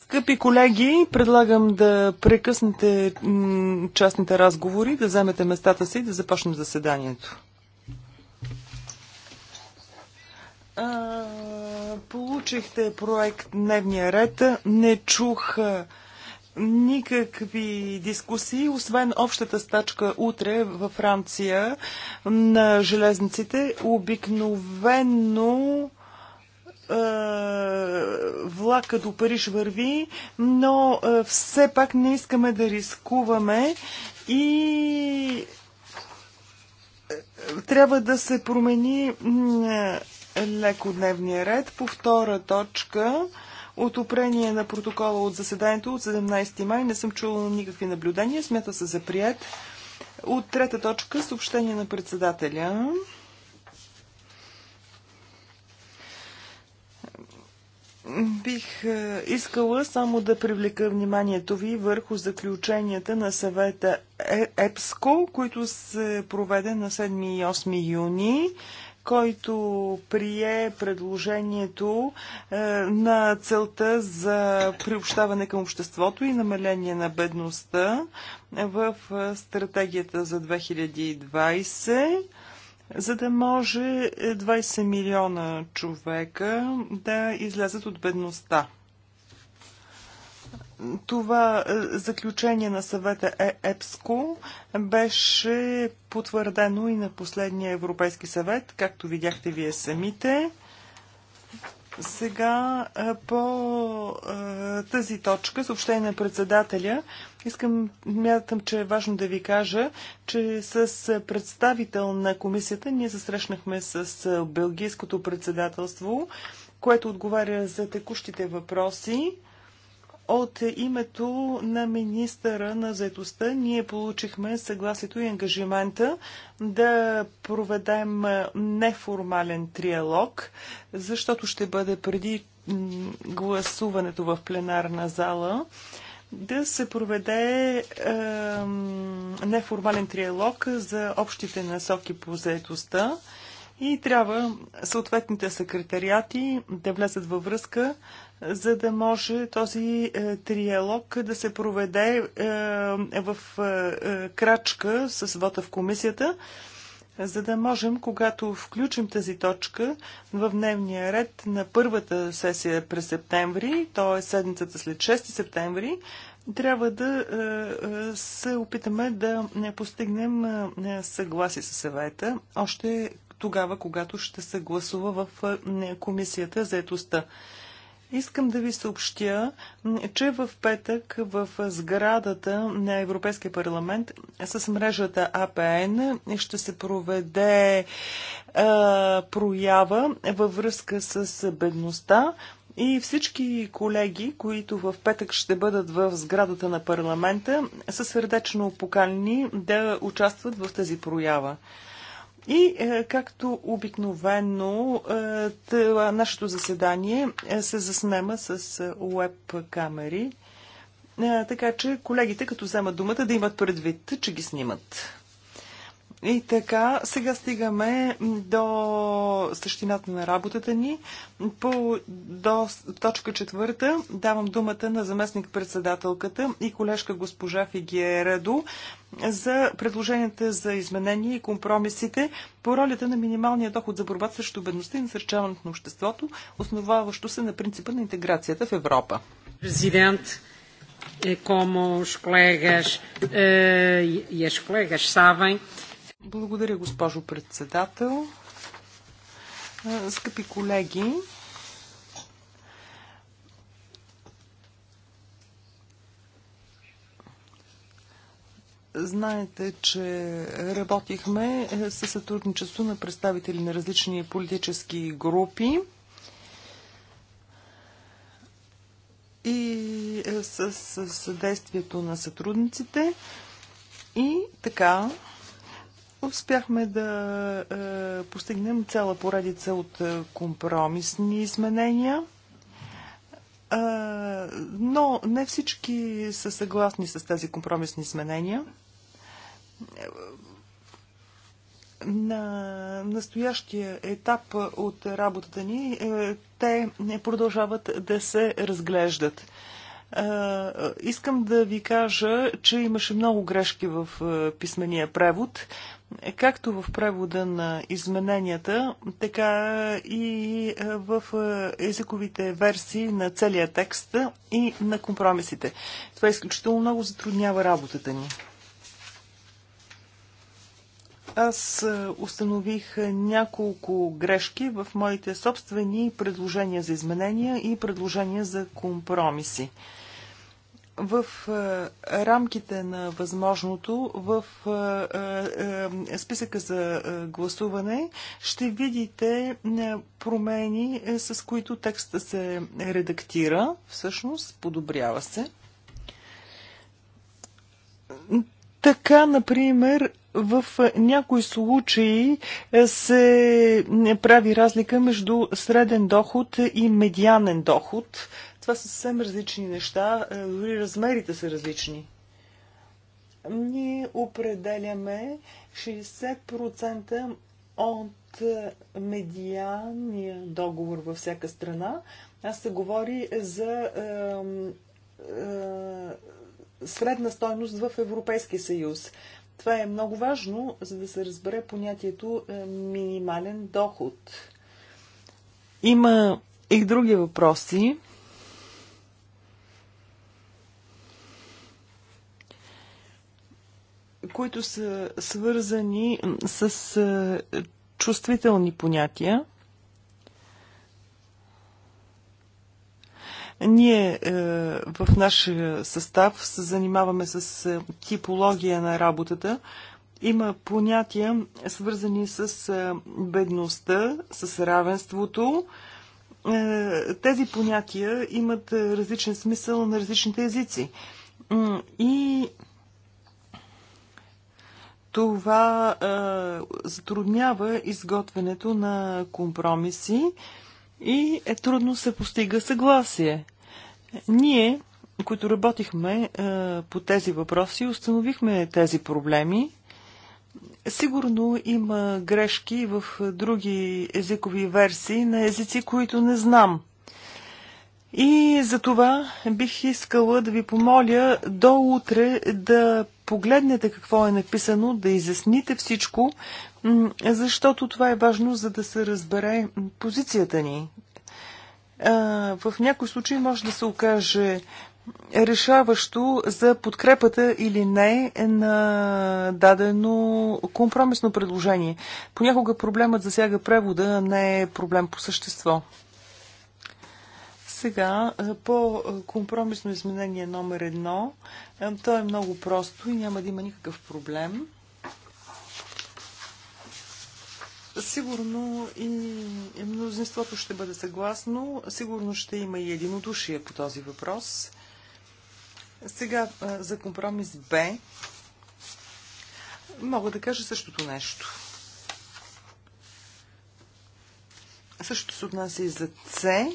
Скъпи колеги, предлагам да прекъснете частните разговори, да вземете местата си и да започнем заседанието. Получихте проект Дневния ред. Не чух никакви дискусии, освен общата стачка утре във Франция на железниците. Обикновено е, влака до Париж върви, но е, все пак не искаме да рискуваме и е, трябва да се промени леко дневния ред по втора точка. отопрение на протокола от заседанието от 17 май. Не съм чула никакви наблюдения. Смята се за прият. От трета точка съобщение на председателя. Бих е, искала само да привлека вниманието ви върху заключенията на съвета е- ЕПСКО, които се проведе на 7 и 8 юни който прие предложението е, на целта за приобщаване към обществото и намаление на бедността в стратегията за 2020 за да може 20 милиона човека да излязат от бедността. Това е, заключение на съвета е ЕПСКО беше потвърдено и на последния Европейски съвет, както видяхте вие самите. Сега по тази точка, съобщение на председателя, искам, мятам, че е важно да ви кажа, че с представител на комисията ние се срещнахме с Белгийското председателство, което отговаря за текущите въпроси. От името на министъра на заедостта ние получихме съгласието и ангажимента да проведем неформален триалог, защото ще бъде преди гласуването в пленарна зала да се проведе е, неформален триалог за общите насоки по заедостта и трябва съответните секретариати да влезат във връзка за да може този е, триалог да се проведе е, в е, крачка с вота в комисията, за да можем, когато включим тази точка в дневния ред на първата сесия през септември, т.е. седмицата след 6 септември, трябва да се опитаме да не постигнем съгласие с съвета още тогава, когато ще се гласува в комисията за етостта. Искам да ви съобщя, че в петък в сградата на Европейския парламент с мрежата АПН ще се проведе е, проява във връзка с бедността. И всички колеги, които в петък ще бъдат в сградата на парламента, са сърдечно поканени да участват в тази проява. И е, както обикновено, е, нашето заседание е, се заснема с веб камери, така че колегите, като вземат думата, да имат предвид, че ги снимат. И така, сега стигаме до същината на работата ни. По до точка четвърта давам думата на заместник-председателката и колежка госпожа Фигиередо за предложенията за изменения и компромисите по ролята на минималния доход за борбата срещу бедността и насърчаването на обществото, основаващо се на принципа на интеграцията в Европа. Президент, е, como os colegas uh, e as colegas sabem, благодаря, госпожо председател. Скъпи колеги, Знаете, че работихме е, със сътрудничество на представители на различни политически групи и е, с съдействието на сътрудниците. И така, Успяхме да е, постигнем цяла поредица от е, компромисни изменения, е, но не всички са съгласни с тези компромисни изменения. На настоящия етап от работата ни е, те не продължават да се разглеждат. Е, искам да ви кажа, че имаше много грешки в е, писмения превод. Е, както в превода на измененията, така и е, в е, езиковите версии на целия текст и на компромисите. Това изключително много затруднява работата ни. Аз установих няколко грешки в моите собствени предложения за изменения и предложения за компромиси в е, рамките на възможното в е, е, списъка за гласуване ще видите промени, с които текста се редактира, всъщност подобрява се. Така, например, в някои случаи се прави разлика между среден доход и медианен доход това са съвсем различни неща, е, дори размерите са различни. Ние определяме 60% от е, медианния договор във всяка страна. Аз се говори за е, е, средна стойност в Европейския съюз. Това е много важно, за да се разбере понятието е, минимален доход. Има и други въпроси. които са свързани с чувствителни понятия. Ние в нашия състав се занимаваме с типология на работата. Има понятия, свързани с бедността, с равенството. Е, тези понятия имат различен смисъл на различните езици. И това а, е, затруднява изготвянето на компромиси и е трудно се постига съгласие. Ние, които работихме а, е, по тези въпроси, установихме тези проблеми. Сигурно има грешки в други езикови версии на езици, които не знам. И за това бих искала да ви помоля до утре да погледнете какво е написано, да изясните всичко, защото това е важно, за да се разбере позицията ни. В някои случай може да се окаже решаващо за подкрепата или не на дадено компромисно предложение. Понякога проблемът засяга превода, а не е проблем по същество. Сега по компромисно изменение номер едно, то е много просто и няма да има никакъв проблем. Сигурно и мнозинството ще бъде съгласно. Сигурно ще има и единодушие по този въпрос. Сега за компромис Б мога да кажа същото нещо. Също се отнася и за С.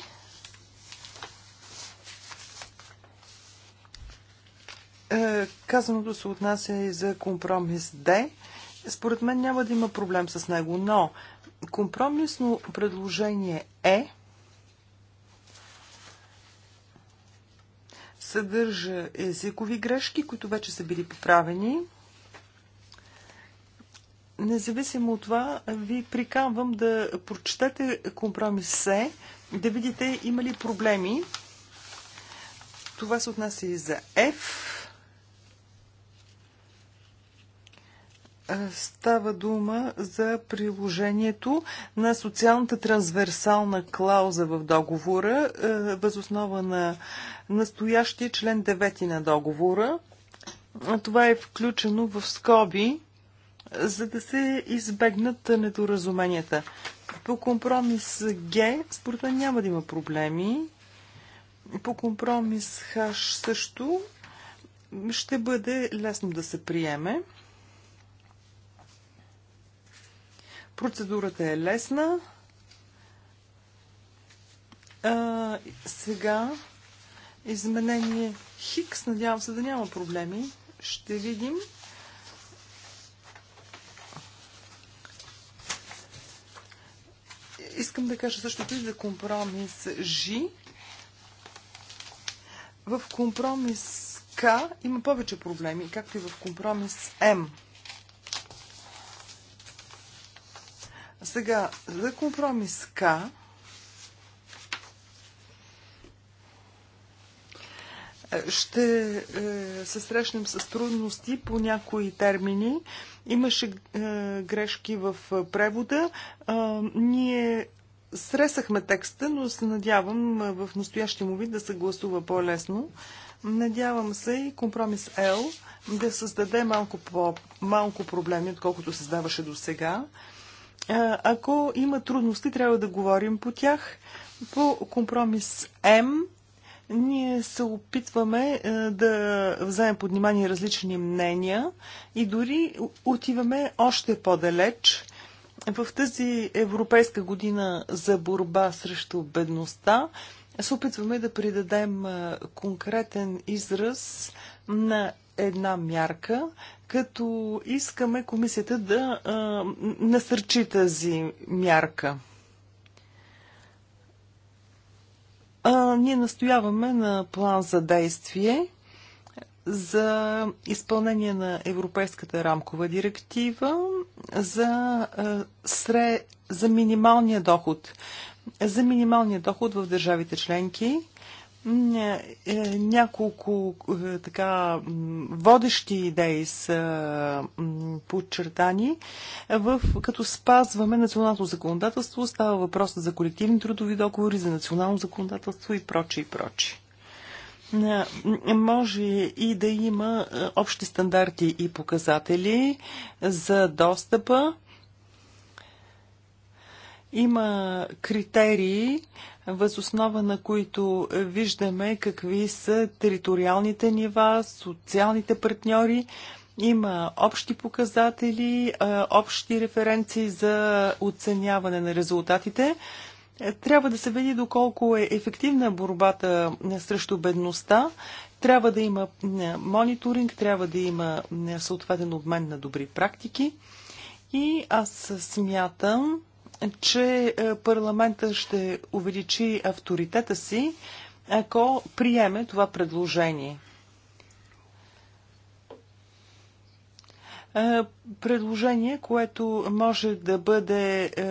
Е, казаното се отнася и за компромис Д. Според мен няма да има проблем с него, но компромисно предложение Е съдържа езикови грешки, които вече са били поправени. Независимо от това, ви приканвам да прочетете компромис С, да видите има ли проблеми. Това се отнася и за F. Става дума за приложението на социалната трансверсална клауза в договора, възоснова на настоящия член 9 на договора. Това е включено в скоби, за да се избегнат недоразуменията. По компромис Г, според мен няма да има проблеми. По компромис Х също ще бъде лесно да се приеме. Процедурата е лесна. А, сега изменение Хикс. Надявам се да няма проблеми. Ще видим. Искам да кажа същото и за компромис Ж. В компромис К има повече проблеми, както и в компромис М. Сега, за компромис К, е, ще е, се срещнем с трудности по някои термини. Имаше е, грешки в превода. Ние сресахме текста, но се надявам в настоящия му вид да се гласува по-лесно. Надявам се и компромис L да създаде малко, по, малко проблеми, отколкото създаваше до сега. Ако има трудности, трябва да говорим по тях. По компромис М ние се опитваме да вземем под внимание различни мнения и дори отиваме още по-далеч. В тази Европейска година за борба срещу бедността се опитваме да придадем конкретен израз на една мярка, като искаме комисията да а, насърчи тази мярка. А, ние настояваме на план за действие за изпълнение на Европейската рамкова директива за, а, сре, за минималния доход. За минималния доход в държавите членки е, няколко е, така водещи идеи са подчертани. В, като спазваме националното законодателство, става въпрос за колективни трудови договори, за национално законодателство и прочи и прочи. Може и да има е, общи стандарти и показатели за достъпа. Има критерии, възоснова на които виждаме какви са териториалните нива, социалните партньори. Има общи показатели, общи референции за оценяване на резултатите. Трябва да се види доколко е ефективна борбата срещу бедността. Трябва да има мониторинг, трябва да има съответен обмен на добри практики. И аз смятам, че е, парламента ще увеличи авторитета си, ако приеме това предложение. Е, предложение, което може да бъде е,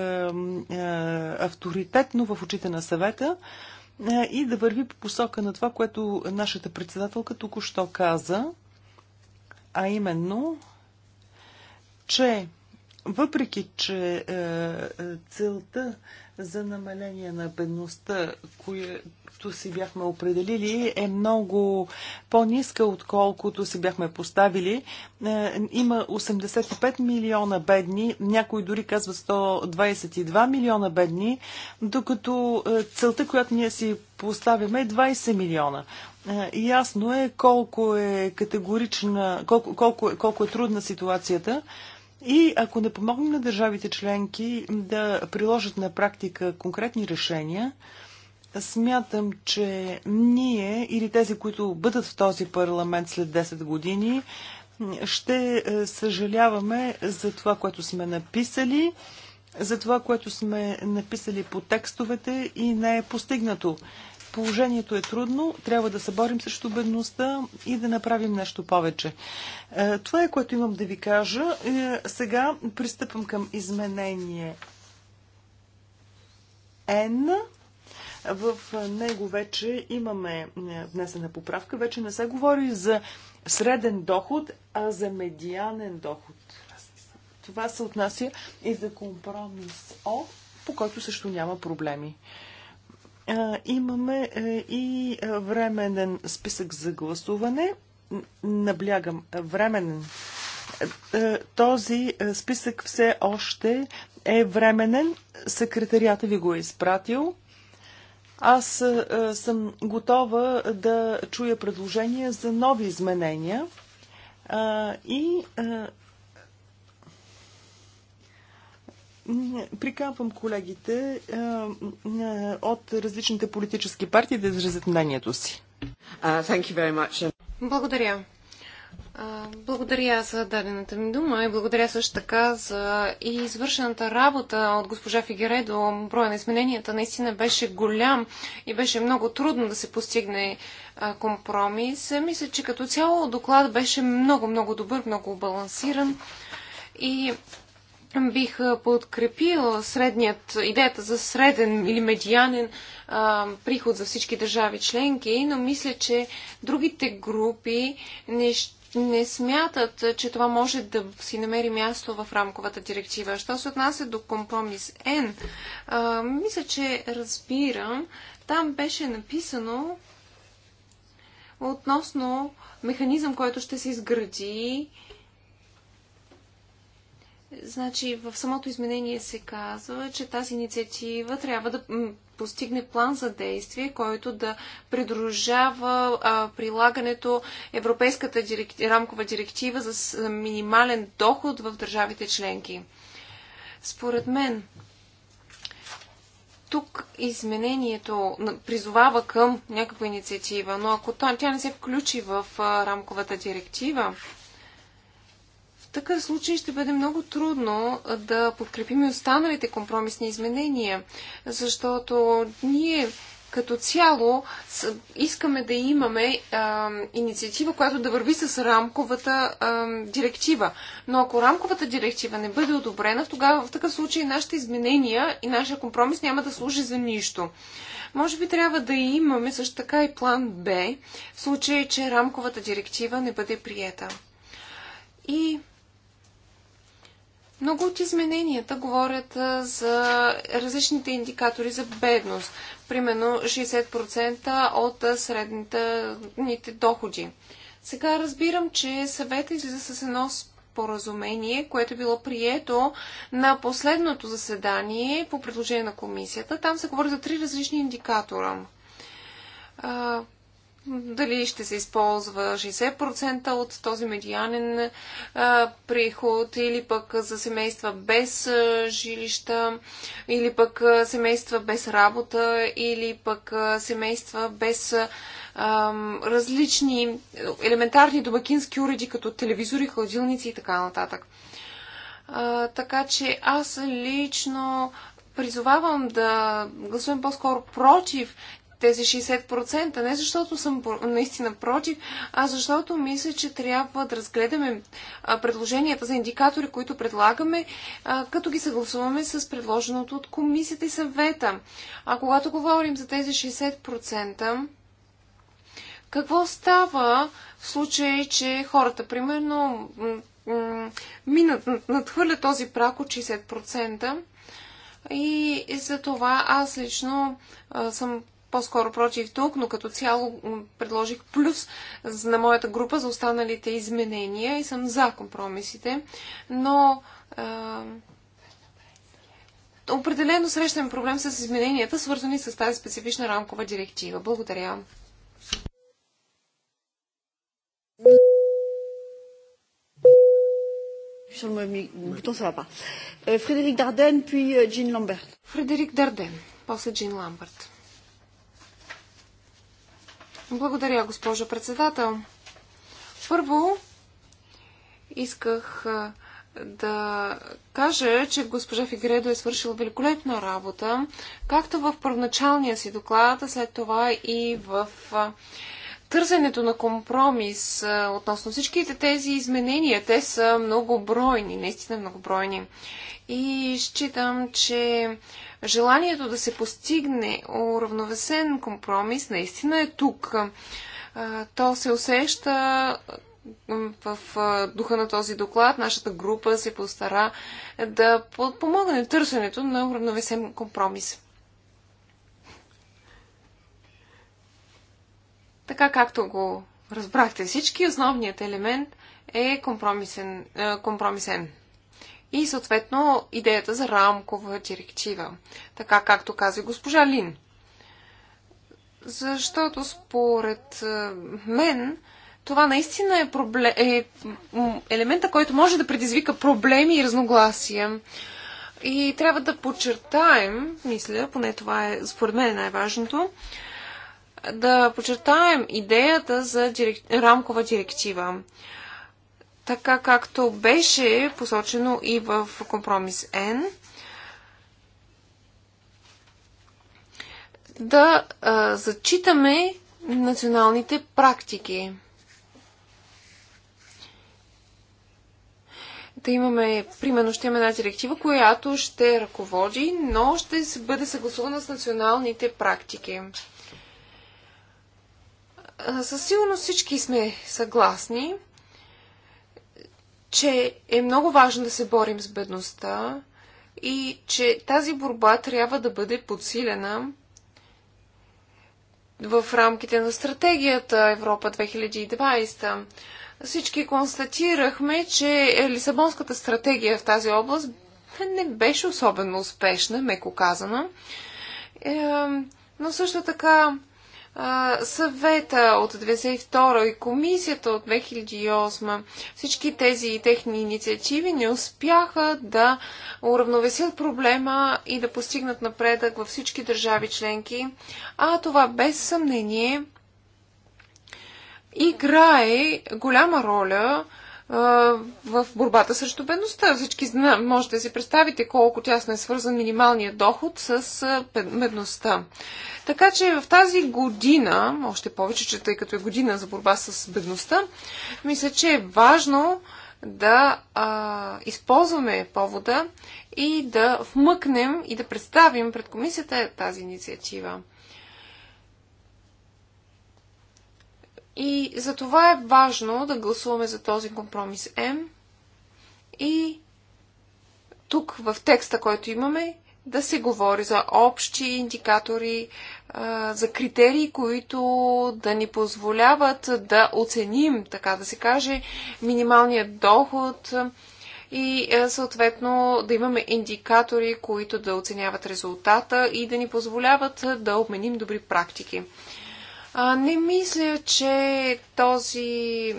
авторитетно в очите на съвета и да върви по посока на това, което нашата председателка току-що каза, а именно, че въпреки, че е, е, целта за намаление на бедността, която си бяхме определили, е много по-ниска, отколкото си бяхме поставили. Е, има 85 милиона бедни, някои дори казват 122 милиона бедни, докато е, целта, която ние си поставяме е 20 милиона. Е, ясно е колко е категорична, колко, колко, е, колко е трудна ситуацията. И ако не помогнем на държавите членки да приложат на практика конкретни решения, смятам, че ние или тези, които бъдат в този парламент след 10 години, ще е, съжаляваме за това, което сме написали, за това, което сме написали по текстовете и не е постигнато. Положението е трудно, трябва да се борим срещу бедността и да направим нещо повече. Е, това е което имам да ви кажа. Е, сега пристъпвам към изменение Н. В него вече имаме е, внесена поправка. Вече не се говори за среден доход, а за медианен доход. Това се отнася и за компромис О, по който също няма проблеми. Имаме е, и е, временен списък за гласуване. Наблягам, временен. Е, този списък все още е временен. Секретарията ви го е изпратил. Аз съм готова да чуя предложения за нови изменения. И Приканвам колегите от различните политически партии да изразят мнението си. Благодаря. Благодаря за дадената ми дума и благодаря също така за и извършената работа от госпожа Фигередо. Броя на измененията наистина беше голям и беше много трудно да се постигне компромис. Мисля, че като цяло доклад беше много, много добър, много балансиран и бих подкрепил средният, идеята за среден или медианен а, приход за всички държави членки, но мисля, че другите групи не, не смятат, че това може да си намери място в рамковата директива. Що се отнася до компромис N, а, мисля, че разбирам, там беше написано относно механизъм, който ще се изгради Значи в самото изменение се казва, че тази инициатива трябва да постигне план за действие, който да придружава а, прилагането Европейската директив, рамкова директива за минимален доход в държавите членки. Според мен, тук изменението призовава към някаква инициатива, но ако тя не се включи в рамковата директива, такъв случай ще бъде много трудно да подкрепим и останалите компромисни изменения, защото ние като цяло искаме да имаме а, инициатива, която да върви с рамковата а, директива. Но ако рамковата директива не бъде одобрена, тогава в такъв случай нашите изменения и нашия компромис няма да служи за нищо. Може би трябва да имаме също така и план Б, в случай, че рамковата директива не бъде приета. И много от измененията говорят за различните индикатори за бедност. Примерно 60% от средните доходи. Сега разбирам, че съвета излиза с едно споразумение, което е било прието на последното заседание по предложение на комисията. Там се говори за три различни индикатора дали ще се използва 60% от този медианен а, приход или пък за семейства без а, жилища, или пък а, семейства без работа, или пък а, семейства без а, различни елементарни домакински уреди, като телевизори, хладилници и така нататък. А, така че аз лично призовавам да гласувам по-скоро против тези 60%. Не защото съм наистина против, а защото мисля, че трябва да разгледаме предложенията за индикатори, които предлагаме, като ги съгласуваме с предложеното от комисията и съвета. А когато говорим за тези 60%, какво става в случай, че хората, примерно, минат, надхвърлят този прак от 60%? И за това аз лично а, съм по-скоро против тук, но като цяло предложих плюс на моята група за останалите изменения и съм за компромисите. Но а, определено срещаме проблем с измененията, свързани с тази специфична рамкова директива. Благодаря. Фредерик Дарден euh, euh, после Джин Ламберт. Благодаря, госпожо председател. Първо, исках да кажа, че госпожа Фигредо е свършила великолепна работа, както в първоначалния си доклад, а след това и в търсенето на компромис относно всичките тези изменения, те са многобройни, наистина многобройни. И считам, че желанието да се постигне уравновесен компромис наистина е тук. То се усеща в духа на този доклад. Нашата група се постара да подпомогне търсенето на уравновесен компромис. Така както го разбрахте всички, основният елемент е компромисен. Е, компромисен. И съответно идеята за рамкова директива, така както каза госпожа Лин. Защото според е, мен това наистина е, проблем, е елемента, който може да предизвика проблеми и разногласия. И трябва да подчертаем, мисля, поне това е според мен най-важното, да подчертаем идеята за дирек... рамкова директива. Така както беше посочено и в компромис Н, да а, зачитаме националните практики. да имаме, примерно, ще имаме една директива, която ще ръководи, но ще бъде съгласувана с националните практики със сигурност всички сме съгласни, че е много важно да се борим с бедността и че тази борба трябва да бъде подсилена в рамките на стратегията Европа 2020. Всички констатирахме, че Лисабонската стратегия в тази област не беше особено успешна, меко казано. Но също така съвета от 1992 и комисията от 2008, всички тези техни инициативи не успяха да уравновесят проблема и да постигнат напредък във всички държави членки, а това без съмнение играе голяма роля в борбата срещу бедността. Всички зна, можете да си представите колко тясно е свързан минималният доход с бедността. Така че в тази година, още повече, че тъй като е година за борба с бедността, мисля, че е важно да а, използваме повода и да вмъкнем и да представим пред комисията тази инициатива. И за това е важно да гласуваме за този компромис М и тук в текста, който имаме, да се говори за общи индикатори, за критерии, които да ни позволяват да оценим, така да се каже, минималният доход и съответно да имаме индикатори, които да оценяват резултата и да ни позволяват да обменим добри практики. не мисля, че този,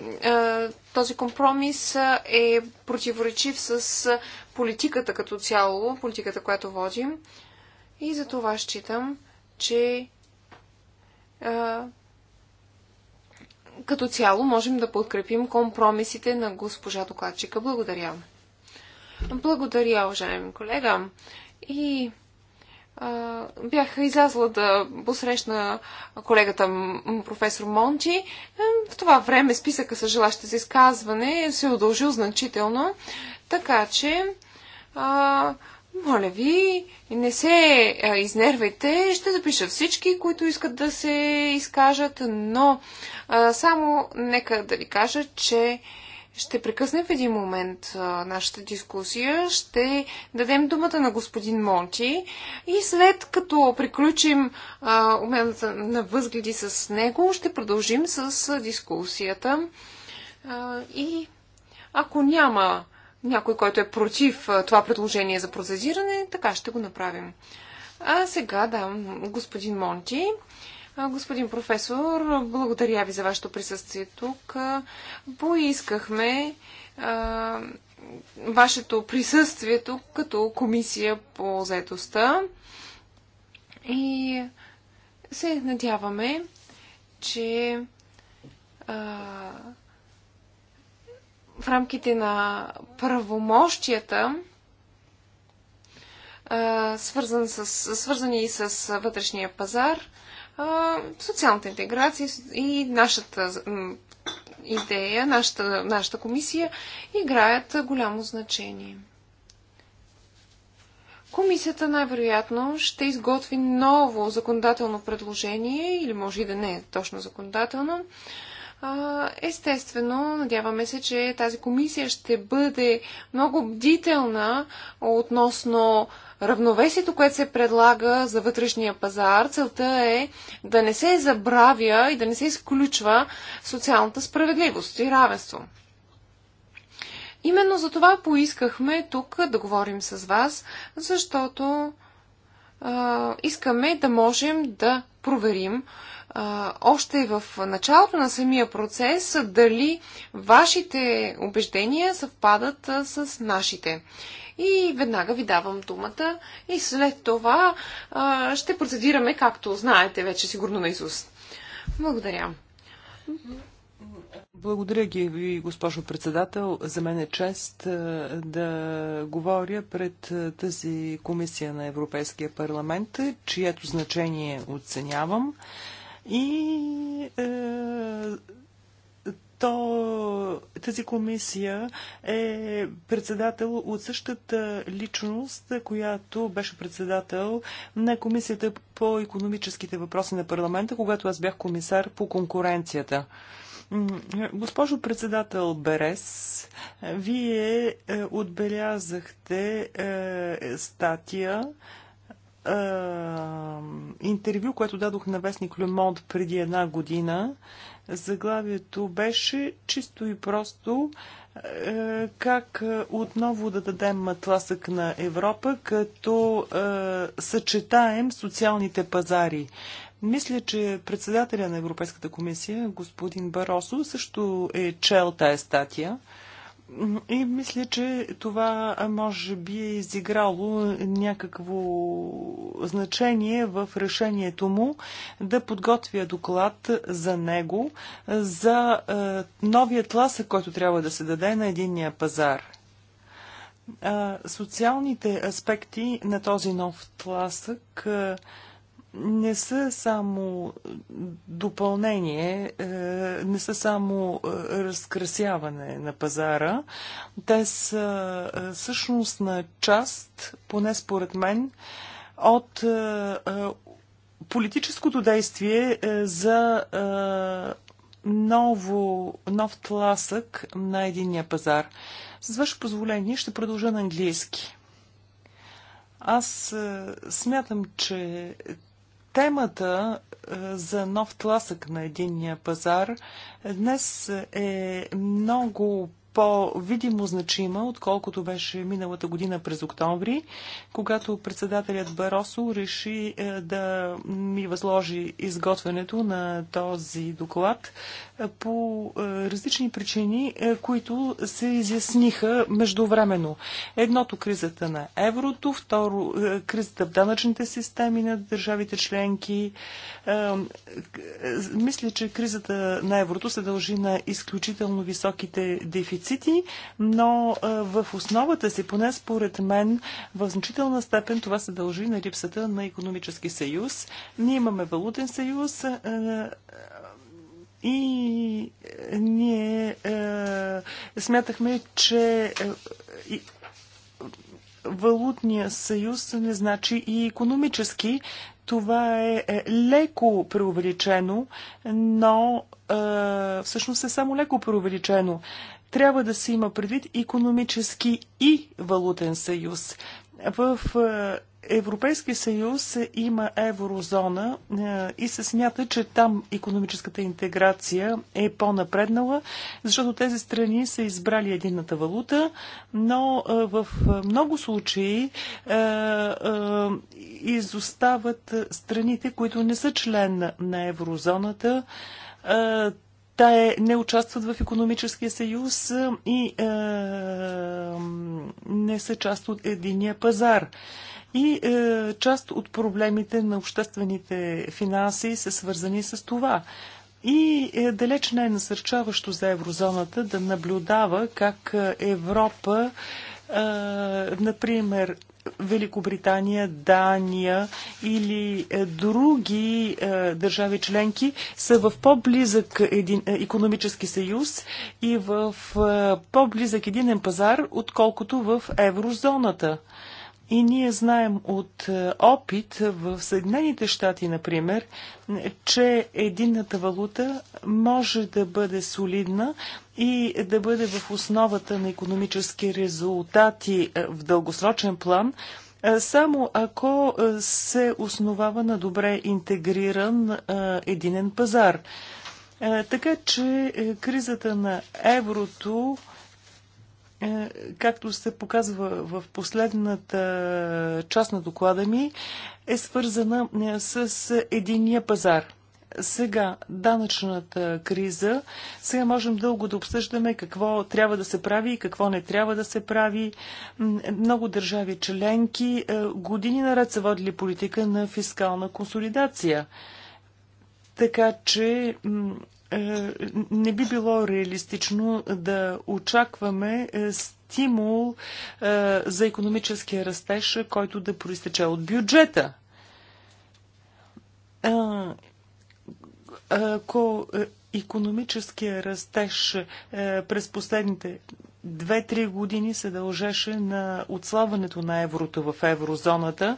този компромис е противоречив с политиката като цяло, политиката, която водим. И за това считам, че а, като цяло можем да подкрепим компромисите на госпожа докладчика. Благодаря. Благодаря, уважаеми колега. И а, бях излязла да посрещна колегата професор Монти, В това време списъка с желащите за изказване се е удължил значително. Така че, а, моля ви, не се изнервайте. Ще запиша всички, които искат да се изкажат, но а, само нека да ви кажа, че ще прекъснем в един момент а, нашата дискусия. Ще дадем думата на господин Монти и след като приключим обмената на възгледи с него, ще продължим с дискусията. А, и ако няма някой, който е против това предложение за процедиране, така ще го направим. А сега, да, господин Монти. Господин професор, благодаря ви за вашето присъствие тук. Поискахме а, вашето присъствие тук като комисия по заедостта и се надяваме, че а, в рамките на правомощията, свързан с, свързани и с вътрешния пазар, социалната интеграция и нашата идея, нашата, нашата комисия играят голямо значение. Комисията най-вероятно ще изготви ново законодателно предложение, или може и да не е точно законодателно, Естествено, надяваме се, че тази комисия ще бъде много бдителна относно равновесието, което се предлага за вътрешния пазар. Целта е да не се забравя и да не се изключва социалната справедливост и равенство. Именно за това поискахме тук да говорим с вас, защото а, искаме да можем да проверим а, още в началото на самия процес дали вашите убеждения съвпадат а, с нашите. И веднага ви давам думата и след това а, ще процедираме, както знаете вече сигурно на Исус. Благодаря. Благодаря ги, госпожо председател. За мен е чест да говоря пред тази комисия на Европейския парламент, чието значение оценявам. И е, то тази комисия е председател от същата личност, която беше председател на комисията по економическите въпроси на парламента, когато аз бях комисар по конкуренцията. Госпожо председател Берес, вие е, отбелязахте е, статия е, интервю, което дадох на вестник Лемонт преди една година. Заглавието беше чисто и просто е, как отново да дадем тласък на Европа, като е, съчетаем социалните пазари. Мисля, че председателя на Европейската комисия, господин Баросо, също е чел тая статия. И мисля, че това може би е изиграло някакво значение в решението му да подготвя доклад за него, за е, новия тласък, който трябва да се даде на единния пазар. Е, социалните аспекти на този нов тласък е, не са само допълнение, е, не са само е, разкрасяване на пазара. Те са е, всъщност на част, поне според мен, от политическото действие за ново, нов тласък на единния пазар. С ваше позволение ще продължа на английски. Аз смятам, че Темата е, за нов тласък на единния пазар днес е много по-видимо значима, отколкото беше миналата година през октомври, когато председателят Баросо реши е, да ми възложи изготвянето на този доклад е, по е, различни причини, които се изясниха междувременно. Едното кризата на еврото, второ кризата в данъчните системи на държавите членки. Мисля, че кризата на еврото се дължи на изключително високите дефицити дефицити, но в основата си, поне според мен, в значителна степен това се дължи на липсата на економически съюз. Ние имаме валутен съюз и ние смятахме, че валутния съюз не значи и економически. Това е, е леко преувеличено, но е, всъщност е само леко преувеличено трябва да се има предвид економически и валутен съюз. В е, Европейския съюз има еврозона е, и се смята, че там економическата интеграция е по-напреднала, защото тези страни са избрали едината валута, но е, в много случаи изостават страните, които не са член на еврозоната е, не участват в економическия съюз и е, не са част от единия пазар. И е, част от проблемите на обществените финанси са свързани с това. И е, далеч не е насърчаващо за еврозоната да наблюдава как Европа, е, например, Великобритания, Дания или е, други е, държави членки са в по-близък един, економически съюз и в е, по-близък единен пазар, отколкото в еврозоната. И ние знаем от е, опит в Съединените щати, например, че единната валута може да бъде солидна и да бъде в основата на економически резултати е, в дългосрочен план, е, само ако се основава на добре интегриран единен пазар. Така че кризата на еврото е, както се показва в последната част на доклада ми, е свързана е, с единия пазар. Сега, данъчната криза, сега можем дълго да обсъждаме какво трябва да се прави и какво не трябва да се прави. Много държави членки е, години наред са водили политика на фискална консолидация. Така че е, не би било реалистично да очакваме е, стимул е, за економическия растеж, който да проистече от бюджета. Ако економическия растеж през последните 2-3 години се дължеше на отслабването на еврото в еврозоната,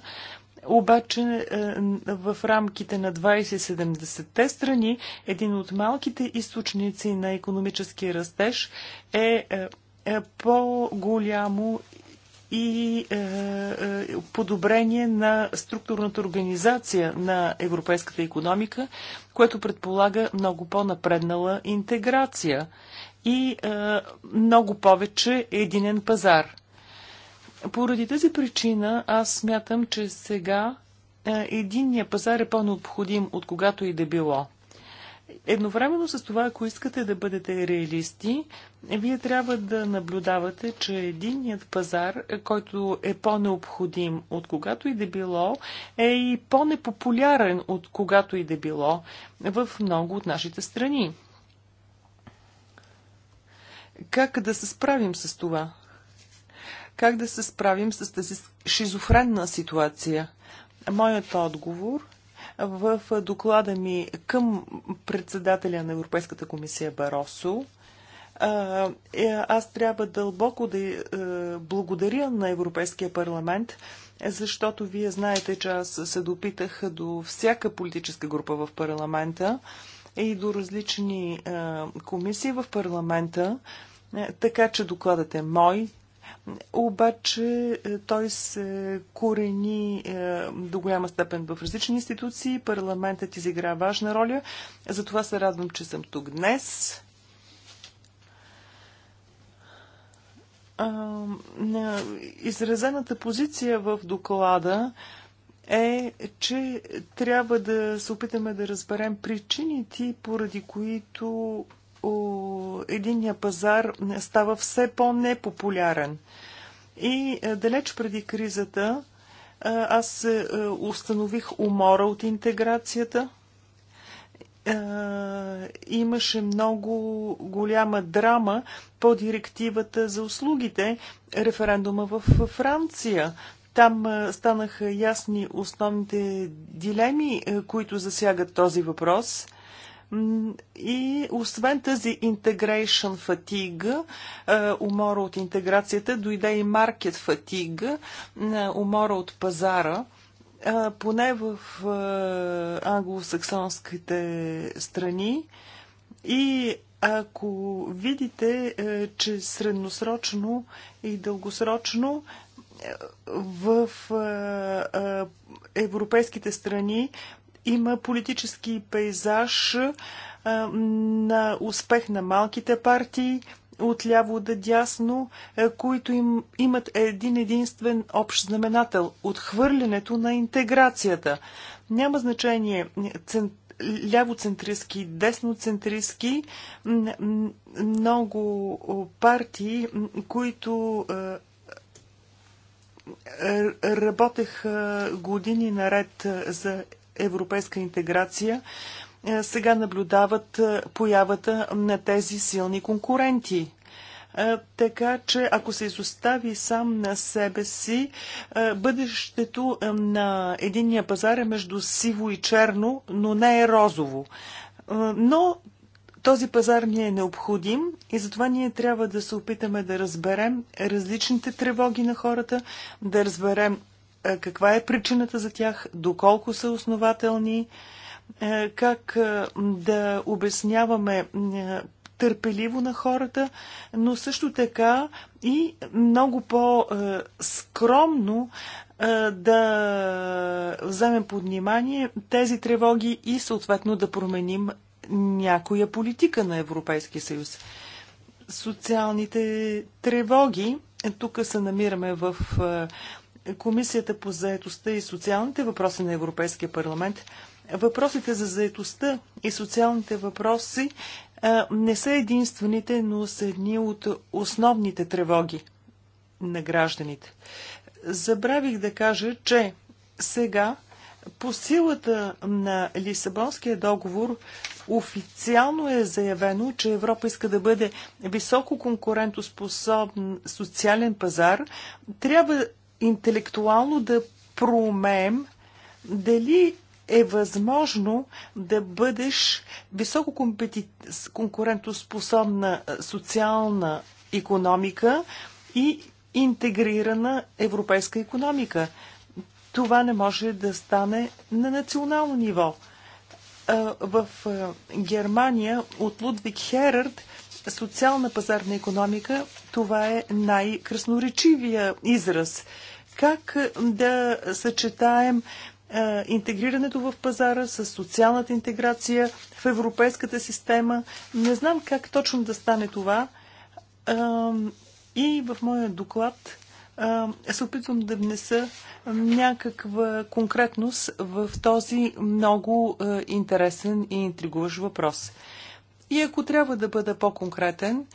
обаче е, в рамките на 20-70-те страни един от малките източници на економически растеж е, е, е по-голямо и подобрение на структурната организация на европейската економика, което предполага много по-напреднала интеграция и много повече единен пазар. Поради тази причина аз смятам, че сега е, единния пазар е по-необходим от когато и да било. Едновременно с това, ако искате да бъдете реалисти, вие трябва да наблюдавате, че единният пазар, който е по-необходим от когато и да било, е и по-непопулярен от когато и да било в много от нашите страни. Как да се справим с това? Как да се справим с тази шизофренна ситуация? Моят отговор в доклада ми към председателя на Европейската комисия Баросо е, аз трябва дълбоко да е, благодаря на Европейския парламент, защото вие знаете, че аз се допитах до всяка политическа група в парламента и до различни е, комисии в парламента, така че докладът е мой, обаче е, той се корени е, до голяма степен в различни институции. Парламентът изигра важна роля. Затова се радвам, че съм тук днес. Изразената позиция в доклада е, че трябва да се опитаме да разберем причините, поради които единния пазар става все по-непопулярен. И е, далеч преди кризата е, аз е, установих умора от интеграцията. Имаше много голяма драма по директивата за услугите, референдума в Франция. Там станаха ясни основните дилеми, които засягат този въпрос. И освен тази integration fatigue, е, умора от интеграцията, дойде и market fatigue, е, умора от пазара. Е, поне в англосаксонските страни и ако видите, че средносрочно и дългосрочно в европейските страни има политически пейзаж на успех на малките партии, от ляво да дясно, които им, имат един единствен общ знаменател – отхвърлянето на интеграцията. Няма значение цент, лявоцентристски, десноцентристски, много партии, които работех години наред за европейска интеграция, е, сега наблюдават е, появата на тези силни конкуренти. Е, така че, ако се изостави сам на себе си, бъдещето на единния пазар е между сиво и черно, но не е розово. Но този пазар ни е необходим и затова ние трябва да се опитаме да разберем различните тревоги на хората, да разберем е, каква е причината за тях, доколко са основателни, е, как е, да обясняваме търпеливо на хората, но също така и много по-скромно да вземем под внимание тези тревоги и съответно да променим някоя политика на Европейския съюз. Социалните тревоги. Тук се намираме в Комисията по заетостта и социалните въпроси на Европейския парламент, въпросите за заетостта и социалните въпроси не са единствените, но са едни от основните тревоги на гражданите. Забравих да кажа, че сега по силата на Лисабонския договор официално е заявено, че Европа иска да бъде високо конкурентоспособен социален пазар. Трябва интелектуално да проумеем дали е възможно да бъдеш високо конкурентоспособна социална економика и интегрирана европейска економика. Това не може да стане на национално ниво. В Германия от Лудвиг Херард е социална пазарна економика, това е най-красноречивия израз. Как да съчетаем е, интегрирането в пазара, с социалната интеграция в европейската система. Не знам как точно да стане това. Е, и в моя доклад се опитвам да внеса някаква конкретност в този много интересен и интригуващ въпрос. И ако трябва да бъда по-конкретен,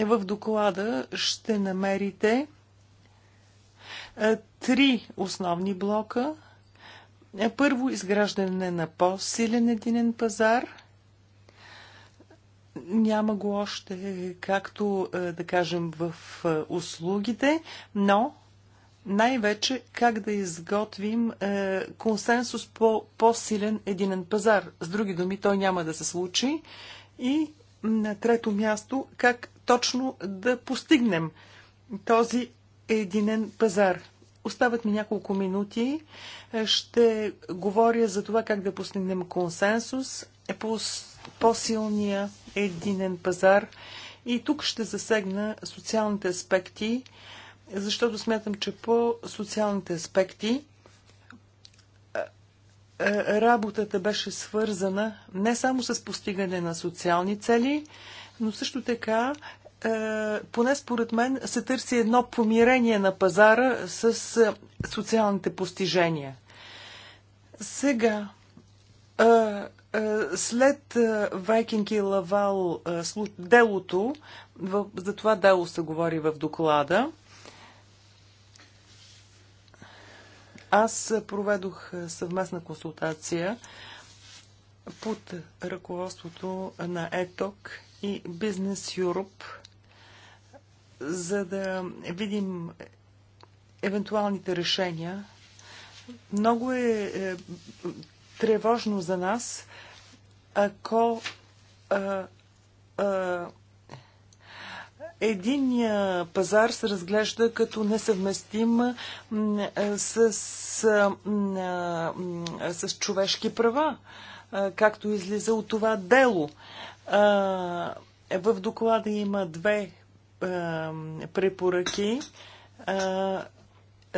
в доклада ще намерите три основни блока. Първо, изграждане на по-силен единен пазар. Няма го още, както да кажем, в услугите, но най-вече как да изготвим е, консенсус по по-силен единен пазар. С други думи, той няма да се случи и на трето място, как точно да постигнем този единен пазар. Остават ми няколко минути. Ще говоря за това как да постигнем консенсус е по по-силния единен пазар. И тук ще засегна социалните аспекти, защото смятам, че по социалните аспекти е, работата беше свързана не само с постигане на социални цели, но също така, е, поне според мен, се търси едно помирение на пазара с е, социалните постижения. Сега, след Вайкинг и Лавал делото, за това дело се говори в доклада, Аз проведох съвместна консултация под ръководството на ЕТОК и Бизнес Юруп, за да видим евентуалните решения. Много е, е тревожно за нас, ако а, а, единия пазар се разглежда като несъвместим с, с, с човешки права, както излиза от това дело. В доклада има две препоръки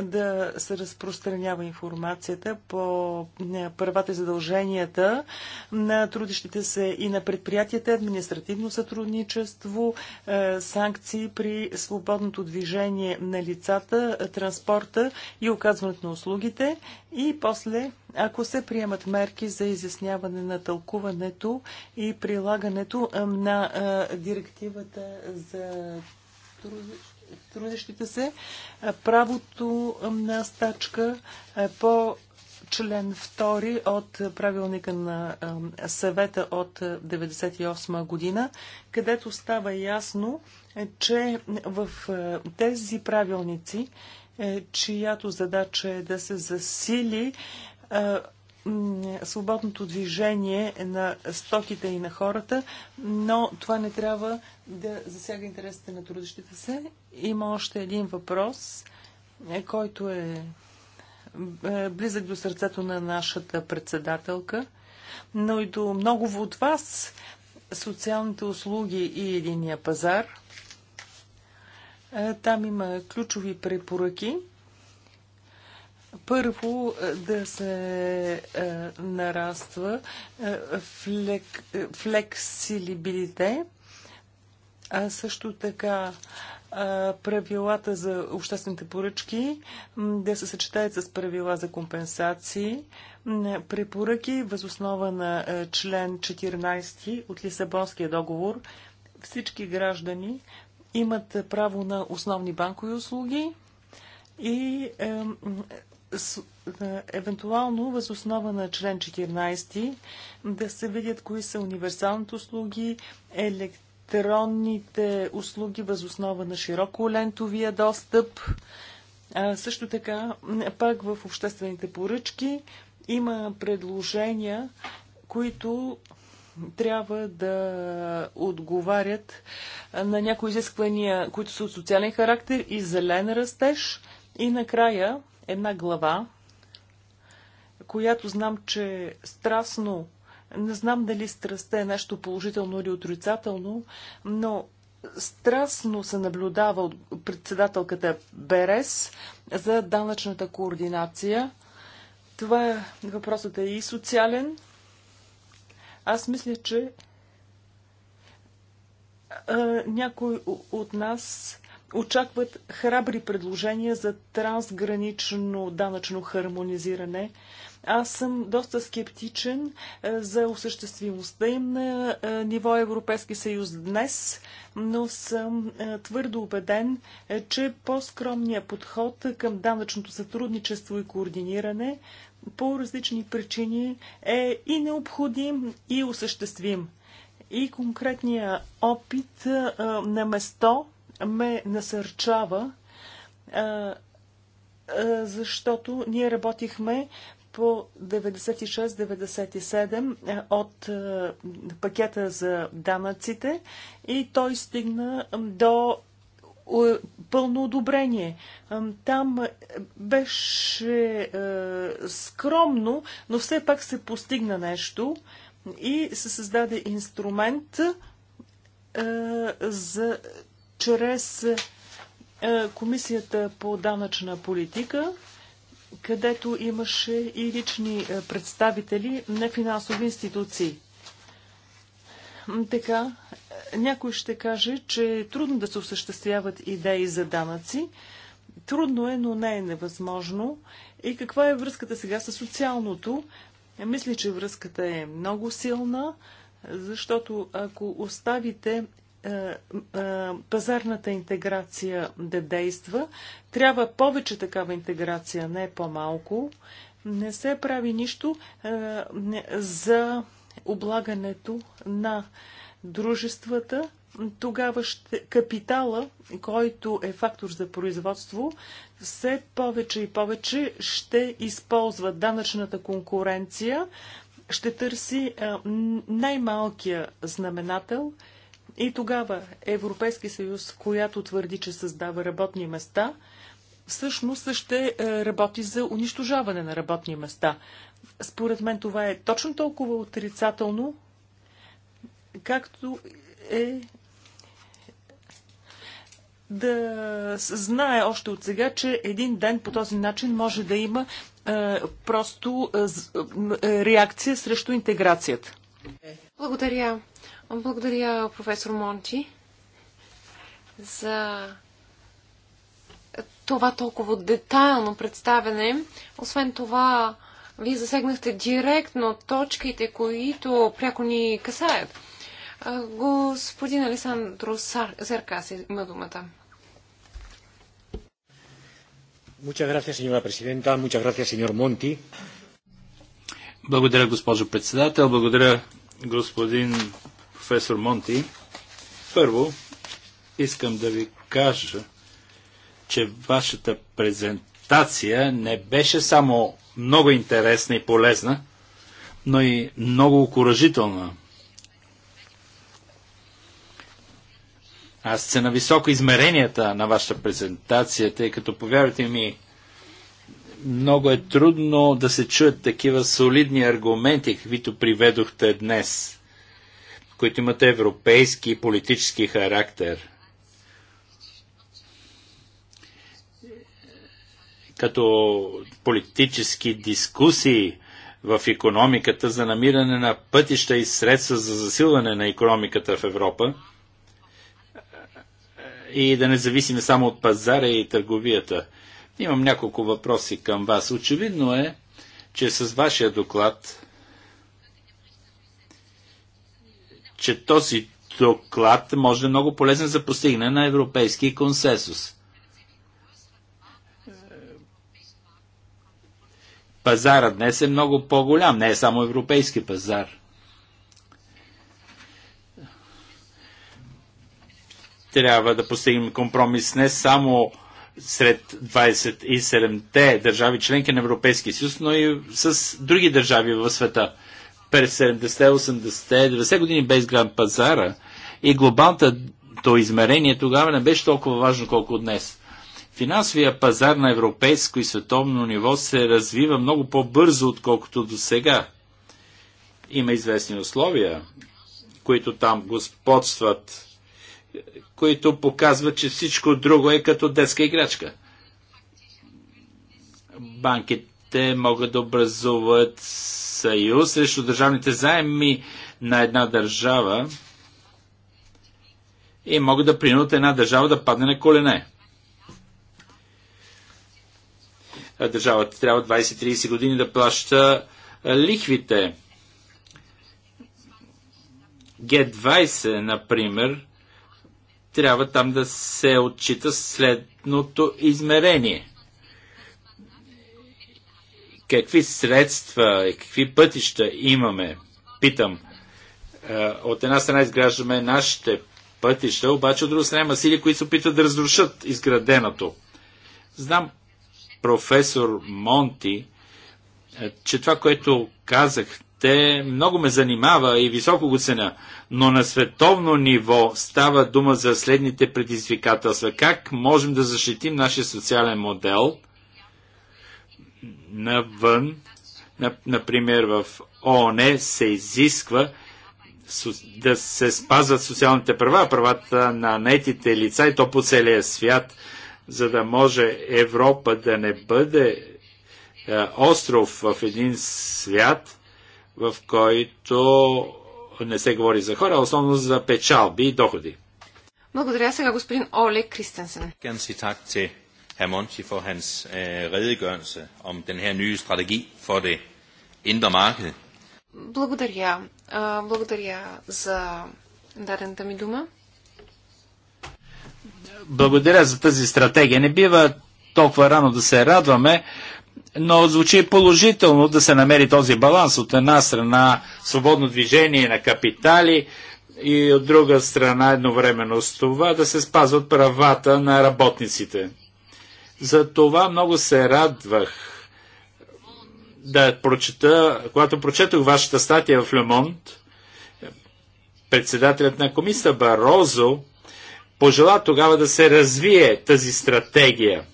да се разпространява информацията по е, правата и задълженията на трудещите се и на предприятията, административно сътрудничество, е, санкции при свободното движение на лицата, транспорта и оказването на услугите и после, ако се приемат мерки за изясняване на тълкуването и прилагането е, на директивата за трудещите трудещите се, правото на стачка по член 2 от правилника на съвета от 1998 година, където става ясно, е, че в тези правилници, е, чиято задача е да се засили свободното движение на стоките и на хората, но това не трябва да засяга интересите на трудещите се. Има още един въпрос, е, който е, е близък до сърцето на нашата председателка, но и до много от вас социалните услуги и единия пазар. Е, там има ключови препоръки – първо е, да се е, нараства е, флек, е, флексилибилите, а също така е, правилата за обществените поръчки да се съчетаят с правила за компенсации, препоръки възоснова на член 14 от Лисабонския договор. Всички граждани имат право на основни банкови услуги и е, евентуално въз основа на член 14 да се видят кои са универсалните услуги, електронните услуги въз основа на широколентовия достъп. А, също така, пак в обществените поръчки има предложения, които трябва да отговарят на някои изисквания, които са от социален характер и зелен растеж. И накрая една глава, която знам, че страстно, не знам дали страстта е нещо положително или отрицателно, но страстно се наблюдава от председателката Берес за данъчната координация. Това е, въпросът е и социален. Аз мисля, че а, някой от нас очакват храбри предложения за трансгранично данъчно хармонизиране. Аз съм доста скептичен е, за осъществимостта им на е, ниво Европейски съюз днес, но съм е, твърдо убеден, че по-скромният подход към данъчното сътрудничество и координиране по различни причини е и необходим, и осъществим. И конкретния опит на место ме насърчава, защото ние работихме по 96-97 от пакета за данъците и той стигна до пълно одобрение. Там беше скромно, но все пак се постигна нещо и се създаде инструмент за чрез е, Комисията по данъчна политика, където имаше и лични е, представители на финансови институции. Така, е, някой ще каже, че е трудно да се осъществяват идеи за данъци. Трудно е, но не е невъзможно. И каква е връзката сега с социалното? Мисля, че връзката е много силна, защото ако оставите е, е, пазарната интеграция да действа. Трябва повече такава интеграция, не по-малко. Не се прави нищо е, за облагането на дружествата. Тогава ще, капитала, който е фактор за производство, все повече и повече ще използва данъчната конкуренция, ще търси най-малкия знаменател – и тогава Европейски съюз, която твърди, че създава работни места, всъщност ще е, работи за унищожаване на работни места. Според мен това е точно толкова отрицателно, както е да знае още от сега, че един ден по този начин може да има е, просто е, е реакция срещу интеграцията. Благодаря. Благодаря, професор Монти, за това толкова детайлно представене. Освен това, вие засегнахте директно точките, които пряко ни касаят. Господин Александро Зеркас има думата. Благодаря, госпожо председател. Благодаря, господин професор Монти. Първо, искам да ви кажа, че вашата презентация не беше само много интересна и полезна, но и много окоръжителна. Аз се на високо измеренията на вашата презентация, тъй като повярвайте ми, много е трудно да се чуят такива солидни аргументи, каквито приведохте днес които имат европейски политически характер. Като политически дискусии в економиката за намиране на пътища и средства за засилване на економиката в Европа и да не зависиме само от пазара и търговията. Имам няколко въпроси към вас. Очевидно е, че с вашия доклад че този доклад може да е много полезен за постигане на европейски консенсус. Пазарът днес е много по-голям, не е само европейски пазар. Трябва да постигнем компромис не само сред 27-те държави членки на Европейския съюз, но и с други държави в света – през 70 80-те, 90 години без град пазара и глобалното измерение тогава не беше толкова важно, колко днес. Финансовия пазар на европейско и световно ниво се развива много по-бързо, отколкото до сега. Има известни условия, които там господстват, които показват, че всичко друго е като детска играчка. Банките те могат да образуват съюз срещу държавните заеми на една държава и могат да принудят една държава да падне на колене. Държавата трябва 20-30 години да плаща лихвите. Г20, например, трябва там да се отчита следното измерение – Какви средства и какви пътища имаме, питам. Е, от една страна изграждаме нашите пътища, обаче от друга страна има сили, които се опитват да разрушат изграденото. Знам професор Монти, е, че това, което казахте, много ме занимава и високо го ценя, но на световно ниво става дума за следните предизвикателства. Как можем да защитим нашия социален модел навън, например в ООН се изисква да се спазват социалните права, правата на наетите лица и то по целия свят, за да може Европа да не бъде е, остров в един свят, в който не се говори за хора, а основно за печалби и доходи. Благодаря сега господин Оле Кристенсен herr Monti for hans øh, redegørelse om den her nye strategi for det indre marked. Благодаря. за Благодаря за тази стратегия. Не бива толкова рано да се радваме, но звучи положително да се намери този баланс. От една страна свободно движение на капитали и от друга страна едновременно с това да се спазват правата на работниците. За това много се радвах да прочета, когато прочетох вашата статия в Лемонт, председателят на комисията Барозо пожела тогава да се развие тази стратегия.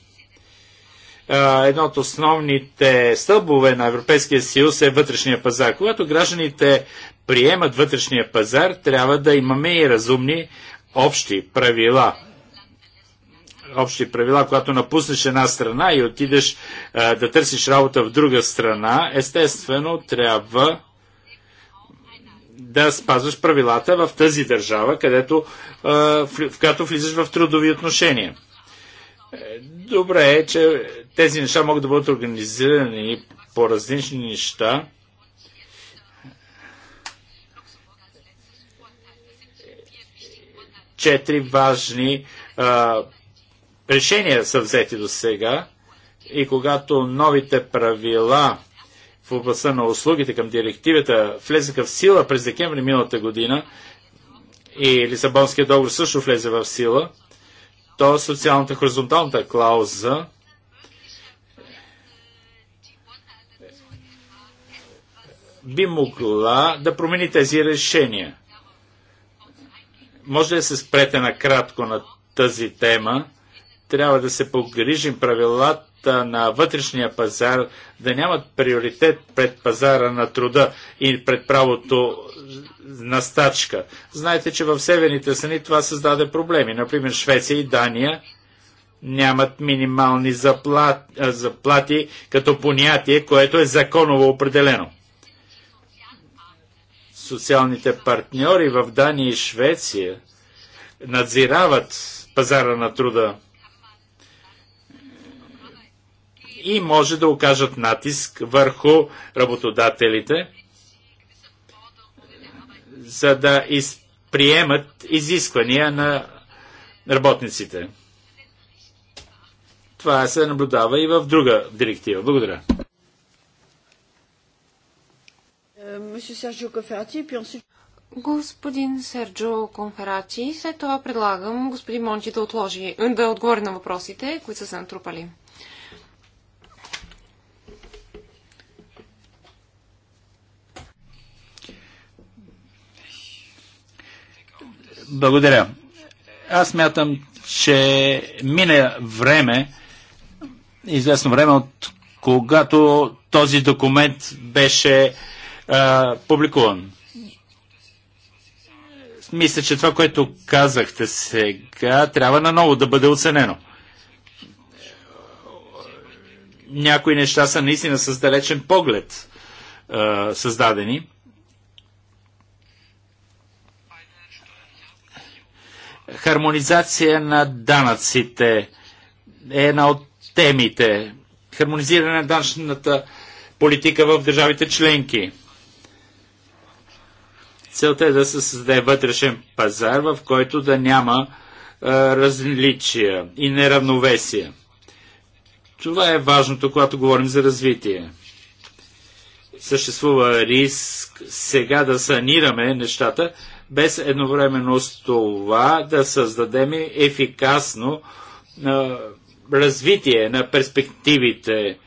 Едно от основните стълбове на Европейския съюз е вътрешния пазар. Когато гражданите приемат вътрешния пазар, трябва да имаме и разумни общи правила – общи правила, когато напуснеш една страна и отидеш а, да търсиш работа в друга страна, естествено трябва да спазваш правилата в тази държава, където, а, в, която влизаш в трудови отношения. Добре е, че тези неща могат да бъдат организирани по различни неща. Четири важни а, решения са взети до сега и когато новите правила в областта на услугите към директивата влезеха в сила през декември миналата година и Лисабонския договор също влезе в сила, то социалната хоризонталната клауза би могла да промени тези решения. Може да се спрете накратко на тази тема, трябва да се погрижим правилата на вътрешния пазар да нямат приоритет пред пазара на труда и пред правото на стачка. Знаете, че в северните страни това създаде проблеми. Например, Швеция и Дания нямат минимални заплати, заплати като понятие, което е законово определено. Социалните партньори в Дания и Швеция надзирават пазара на труда и може да окажат натиск върху работодателите, за да приемат изисквания на работниците. Това се наблюдава и в друга директива. Благодаря. Господин Серджо Конферати, след това предлагам господин Монти да отложи, да отговори на въпросите, които са се натрупали. Благодаря. Аз мятам, че мине време, известно време от когато този документ беше а, публикуван. Мисля, че това, което казахте сега, трябва наново да бъде оценено. Някои неща са наистина с далечен поглед а, създадени. Хармонизация на данъците е една от темите. Хармонизиране на данъчната политика в държавите членки. Целта е да се създаде вътрешен пазар, в който да няма а, различия и неравновесия. Това е важното, когато говорим за развитие. Съществува риск сега да санираме нещата, без едновременно с това да създадем ефикасно а, развитие на перспективите.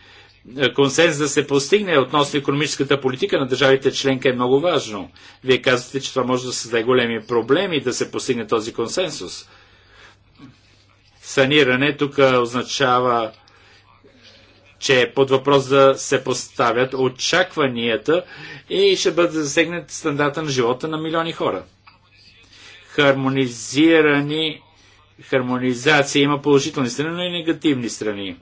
Консенс да се постигне относно економическата политика на държавите членка е много важно. Вие казвате, че това може да създаде големи проблеми да се постигне този консенсус. Саниране тук означава че е под въпрос да се поставят очакванията и ще бъде засегнат стандарта на живота на милиони хора хармонизирани хармонизация има положителни страни, но и негативни страни.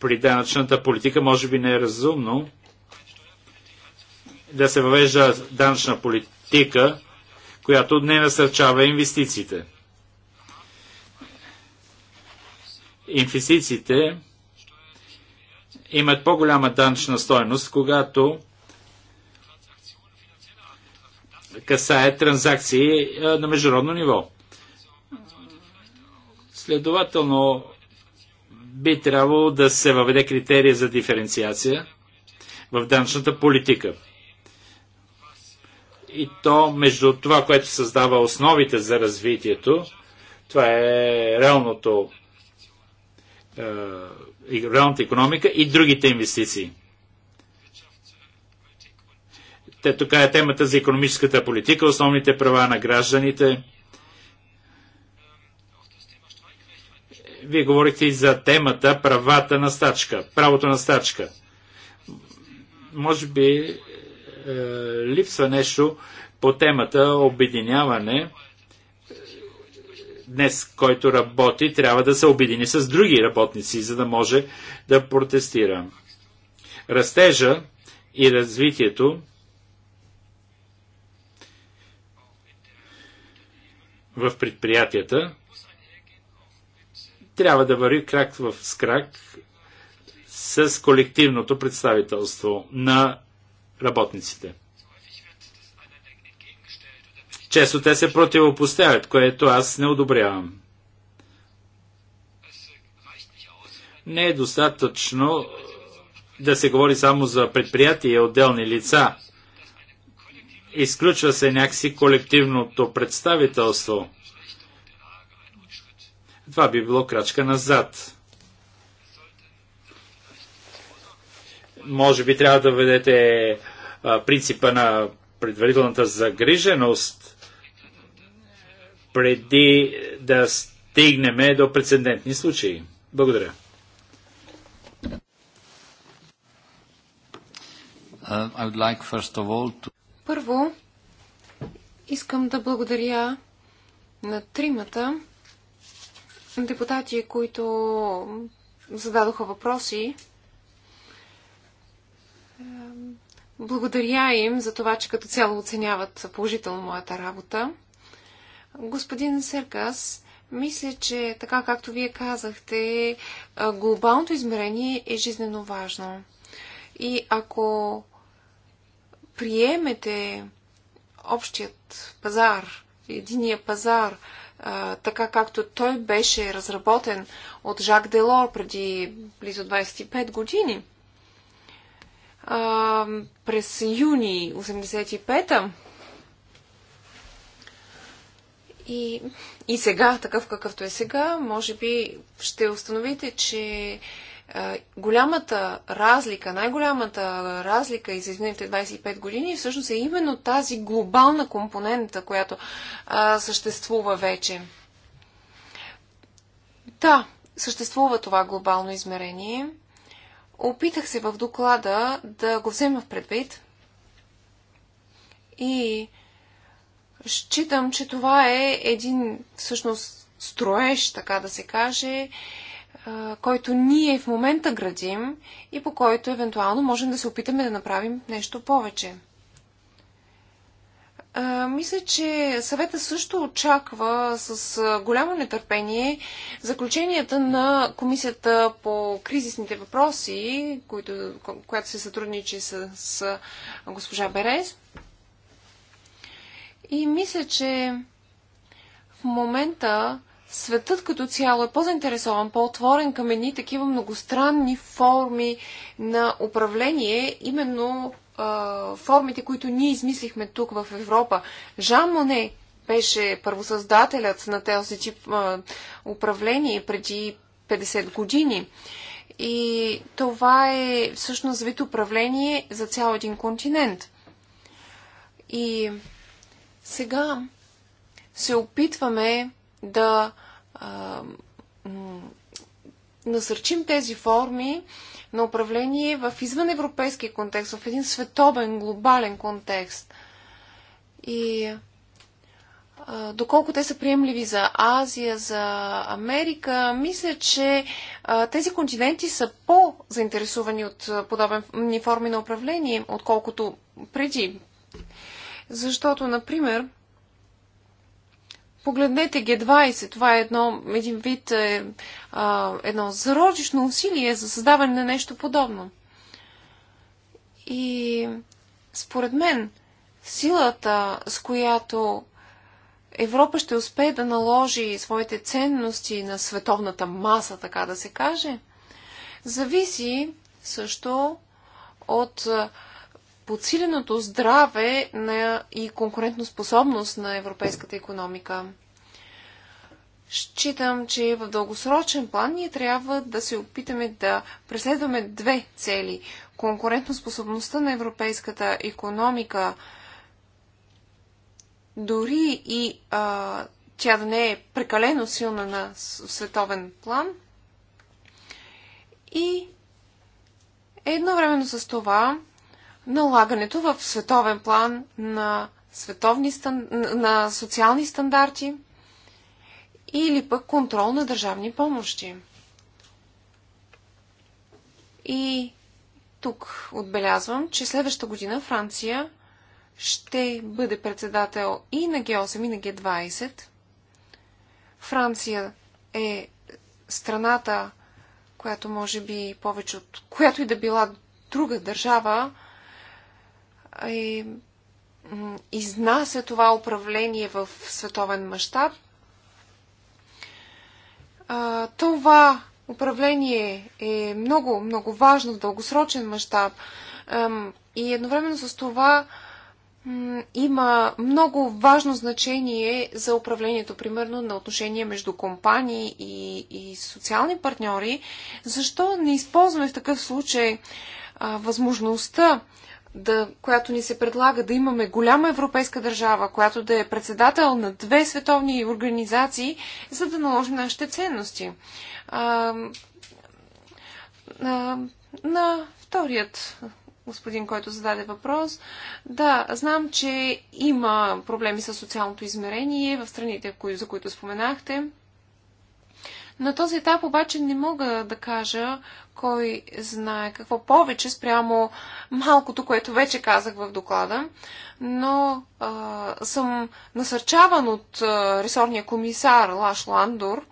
При данъчната политика може би не е разумно да се въвежда данъчна политика, която не насърчава инвестициите. Инвестициите имат по-голяма данъчна стоеност, когато касае транзакции на международно ниво. Следователно, би трябвало да се въведе критерия за диференциация в данъчната политика. И то между това, което създава основите за развитието, това е реалното, е, реалната економика и другите инвестиции. Те тук е темата за економическата политика, основните права на гражданите. Вие говорихте и за темата правата на стачка, правото на стачка. Може би е, липсва нещо по темата обединяване. Днес, който работи, трябва да се обедини с други работници, за да може да протестира. Растежа и развитието в предприятията трябва да върви крак в скрак с колективното представителство на работниците. Често те се противопоставят, което аз не одобрявам. Не е достатъчно да се говори само за предприятия и отделни лица – изключва се някакси колективното представителство. Това би било крачка назад. Може би трябва да ведете принципа на предварителната загриженост преди да стигнем до прецедентни случаи. Благодаря. Uh, I would like first of all to... Първо, искам да благодаря на тримата депутати, които зададоха въпроси. Благодаря им за това, че като цяло оценяват положително моята работа. Господин Серкас, мисля, че така както вие казахте, глобалното измерение е жизненно важно. И ако приемете общият пазар, единия пазар, така както той беше разработен от Жак Делор преди близо 25 години. А, през юни 85-та и, и сега, такъв какъвто е сега, може би ще установите, че е, голямата разлика, най-голямата разлика и за изминалите 25 години всъщност е именно тази глобална компонента, която а, съществува вече. Да, съществува това глобално измерение. Опитах се в доклада да го взема в предвид и считам, че това е един всъщност строеж, така да се каже, който ние в момента градим и по който евентуално можем да се опитаме да направим нещо повече. А, мисля, че съвета също очаква с голямо нетърпение заключенията на Комисията по кризисните въпроси, които, която се сътрудничи с, с госпожа Берез. И мисля, че в момента светът като цяло е по-заинтересован, по-отворен към едни такива многостранни форми на управление, именно а, формите, които ние измислихме тук в Европа. Жан Моне беше първосъздателят на този тип а, управление преди 50 години. И това е всъщност вид управление за цял един континент. И сега се опитваме да а, насърчим тези форми на управление в извъневропейски контекст, в един световен, глобален контекст. И а, доколко те са приемливи за Азия, за Америка, мисля, че а, тези континенти са по-заинтересувани от подобни форми на управление, отколкото преди. Защото, например, Погледнете Г20, това е едно, един вид, е, а, едно зародишно усилие за създаване на нещо подобно. И според мен, силата, с която Европа ще успее да наложи своите ценности на световната маса, така да се каже, зависи също от подсиленото здраве на и конкурентоспособност на европейската економика. Считам, че в дългосрочен план ние трябва да се опитаме да преследваме две цели. Конкурентоспособността на европейската економика, дори и а, тя да не е прекалено силна на световен план. И едновременно с това налагането в световен план на, световни, на социални стандарти или пък контрол на държавни помощи. И тук отбелязвам, че следващата година Франция ще бъде председател и на Г8, и на Г20. Франция е страната, която може би повече от която и да била друга държава, е, изнася това управление в световен мащаб. Това управление е много, много важно в дългосрочен мащаб и едновременно с това има много важно значение за управлението, примерно на отношения между компании и, и социални партньори. Защо не използваме в такъв случай а, възможността да, която ни се предлага да имаме голяма европейска държава, която да е председател на две световни организации, за да наложим нашите ценности. А, а, на вторият господин, който зададе въпрос. Да, знам, че има проблеми с социалното измерение в страните, за които споменахте. На този етап обаче не мога да кажа кой знае какво повече спрямо малкото, което вече казах в доклада, но а, съм насърчаван от а, ресорния комисар Лаш Ландор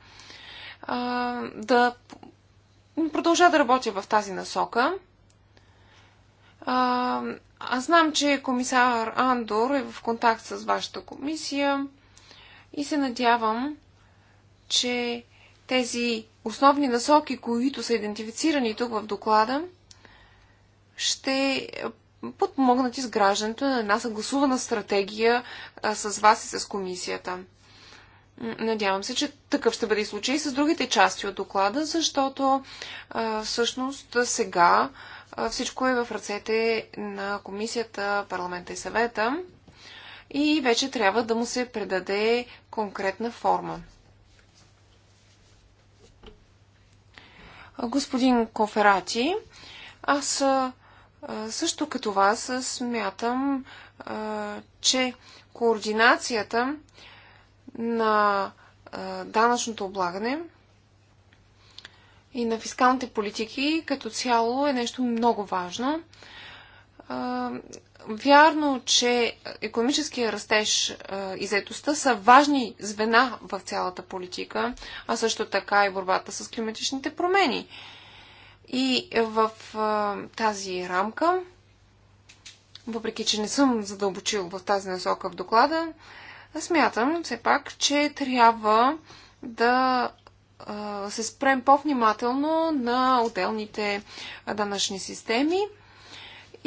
а, да продължа да работя в тази насока. А, аз знам, че комисар Андор е в контакт с вашата комисия и се надявам, че тези основни насоки, които са идентифицирани тук в доклада, ще подпомогнат изграждането на една съгласувана стратегия а, с вас и с комисията. Надявам се, че такъв ще бъде и случай и с другите части от доклада, защото а, всъщност сега а, всичко е в ръцете на комисията, парламента и съвета и вече трябва да му се предаде конкретна форма. Господин Коферати, аз също като вас смятам, че координацията на данъчното облагане и на фискалните политики като цяло е нещо много важно. Вярно, че економическия растеж и заетостта са важни звена в цялата политика, а също така и борбата с климатичните промени. И в тази рамка, въпреки че не съм задълбочил в тази насока в доклада, смятам все пак, че трябва да се спрем по-внимателно на отделните данъчни системи –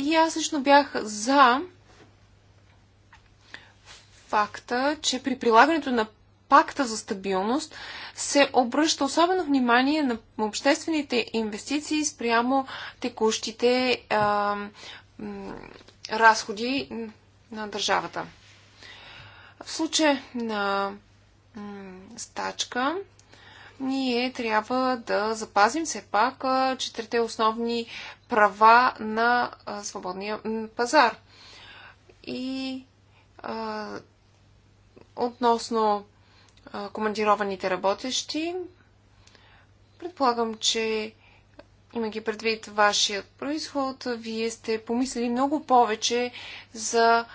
и аз лично бях за факта, че при прилагането на пакта за стабилност се обръща особено внимание на обществените инвестиции спрямо текущите а, разходи на държавата. В случай на стачка ние трябва да запазим все пак четирите основни права на свободния пазар. И а, относно а, командированите работещи, предполагам, че имайки предвид вашия происход, вие сте помислили много повече за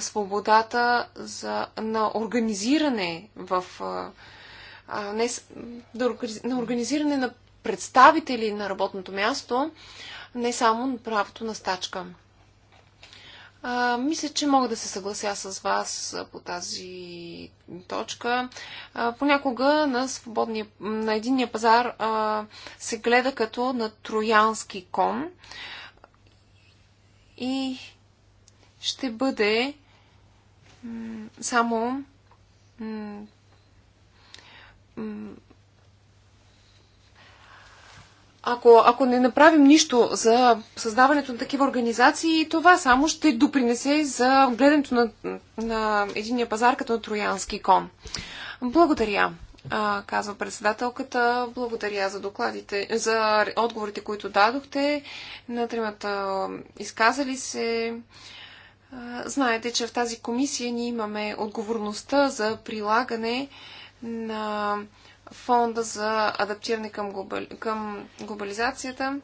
свободата за, на организиране в а, а, не, на организиране на представители на работното място, не само на правото на стачка. А, мисля, че мога да се съглася с вас по тази точка. А, понякога на, свободния, на единния пазар а, се гледа като на троянски кон и ще бъде само ако, ако не направим нищо за създаването на такива организации, това само ще допринесе за гледането на, на единия пазар като троянски кон. Благодаря, казва председателката. Благодаря за докладите, за отговорите, които дадохте на тримата изказали се. Знаете, че в тази комисия ние имаме отговорността за прилагане на фонда за адаптиране към, глобали... към глобализацията.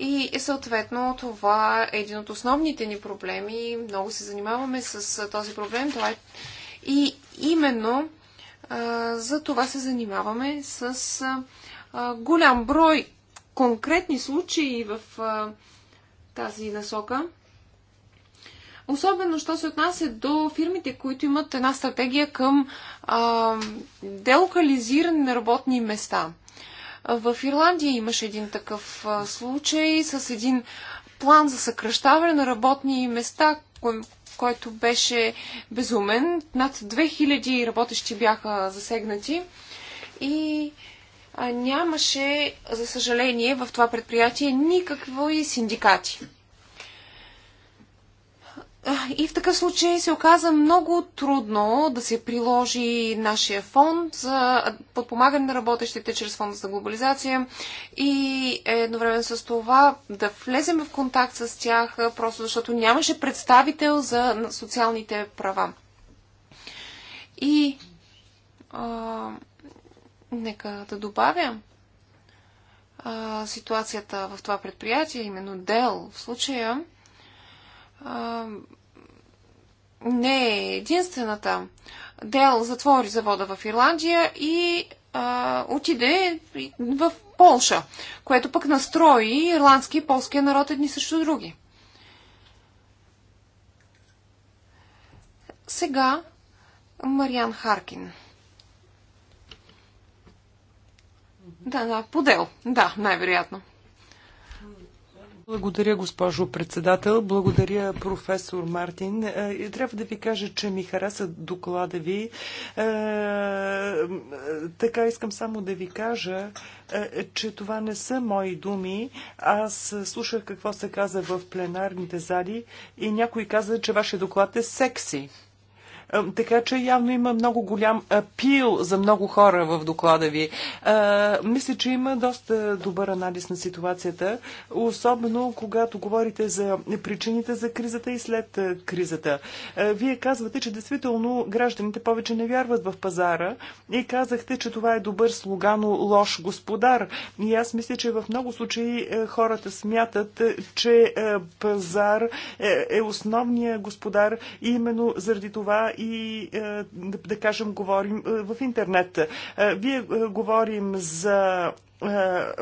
И съответно това е един от основните ни проблеми. Много се занимаваме с този проблем. Това е... И именно а, за това се занимаваме с а, голям брой конкретни случаи в а, тази насока. Особено, що се отнася до фирмите, които имат една стратегия към а, делокализиране на работни места. В Ирландия имаше един такъв случай с един план за съкръщаване на работни места, кой, който беше безумен. Над 2000 работещи бяха засегнати и а, нямаше, за съжаление, в това предприятие никакви синдикати. И в такъв случай се оказа много трудно да се приложи нашия фонд за подпомагане на работещите чрез фонда за глобализация и едновременно с това да влезем в контакт с тях, просто защото нямаше представител за социалните права. И а, нека да добавя а, ситуацията в това предприятие, именно Дел в случая – а, не е единствената. Дел затвори завода в Ирландия и а, отиде в Полша, което пък настрои ирландски и полския народ едни също други. Сега Мариан Харкин. Да, да, подел. Да, най-вероятно. Благодаря, госпожо председател. Благодаря, професор Мартин. Е, трябва да ви кажа, че ми хареса доклада ви. Е, е, така искам само да ви кажа, че това не са мои думи. Аз слушах какво се каза в пленарните зали и някой каза, че вашия доклад е секси. Така че явно има много голям апил за много хора в доклада ви. Мисля, че има доста добър анализ на ситуацията, особено когато говорите за причините за кризата и след кризата. Вие казвате, че действително гражданите повече не вярват в пазара и казахте, че това е добър но лош господар. И аз мисля, че в много случаи хората смятат, че пазар е, е основният господар и именно заради това и да, е, да кажем говорим е, в интернет. Е, вие говорим за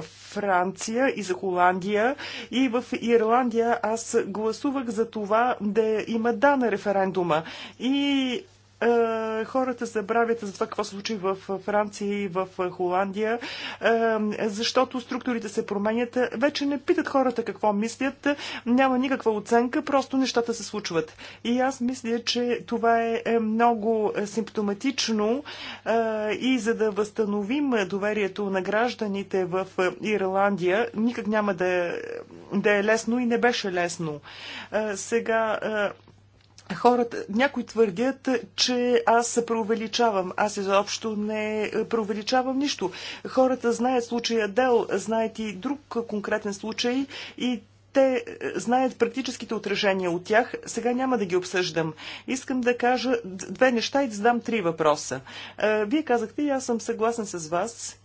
Франция и за Холандия. И в Ирландия аз гласувах за това да има да на референдума. И е, хората забравят за това какво се случи в Франция и в Холандия, е, защото структурите се променят. Вече не питат хората какво мислят, няма никаква оценка, просто нещата се случват. И аз мисля, че това е, е много симптоматично и за да възстановим доверието на гражданите в Ирландия, никак няма да, да е лесно и не беше лесно. Сега хората, някои твърдят, че аз се преувеличавам. Аз изобщо не преувеличавам нищо. Хората знаят случая Дел, знаят и друг конкретен случай и те е, знаят практическите отражения от тях. Сега няма да ги обсъждам. Искам да кажа две неща и да задам три въпроса. Е, вие казахте, и аз съм съгласен с вас,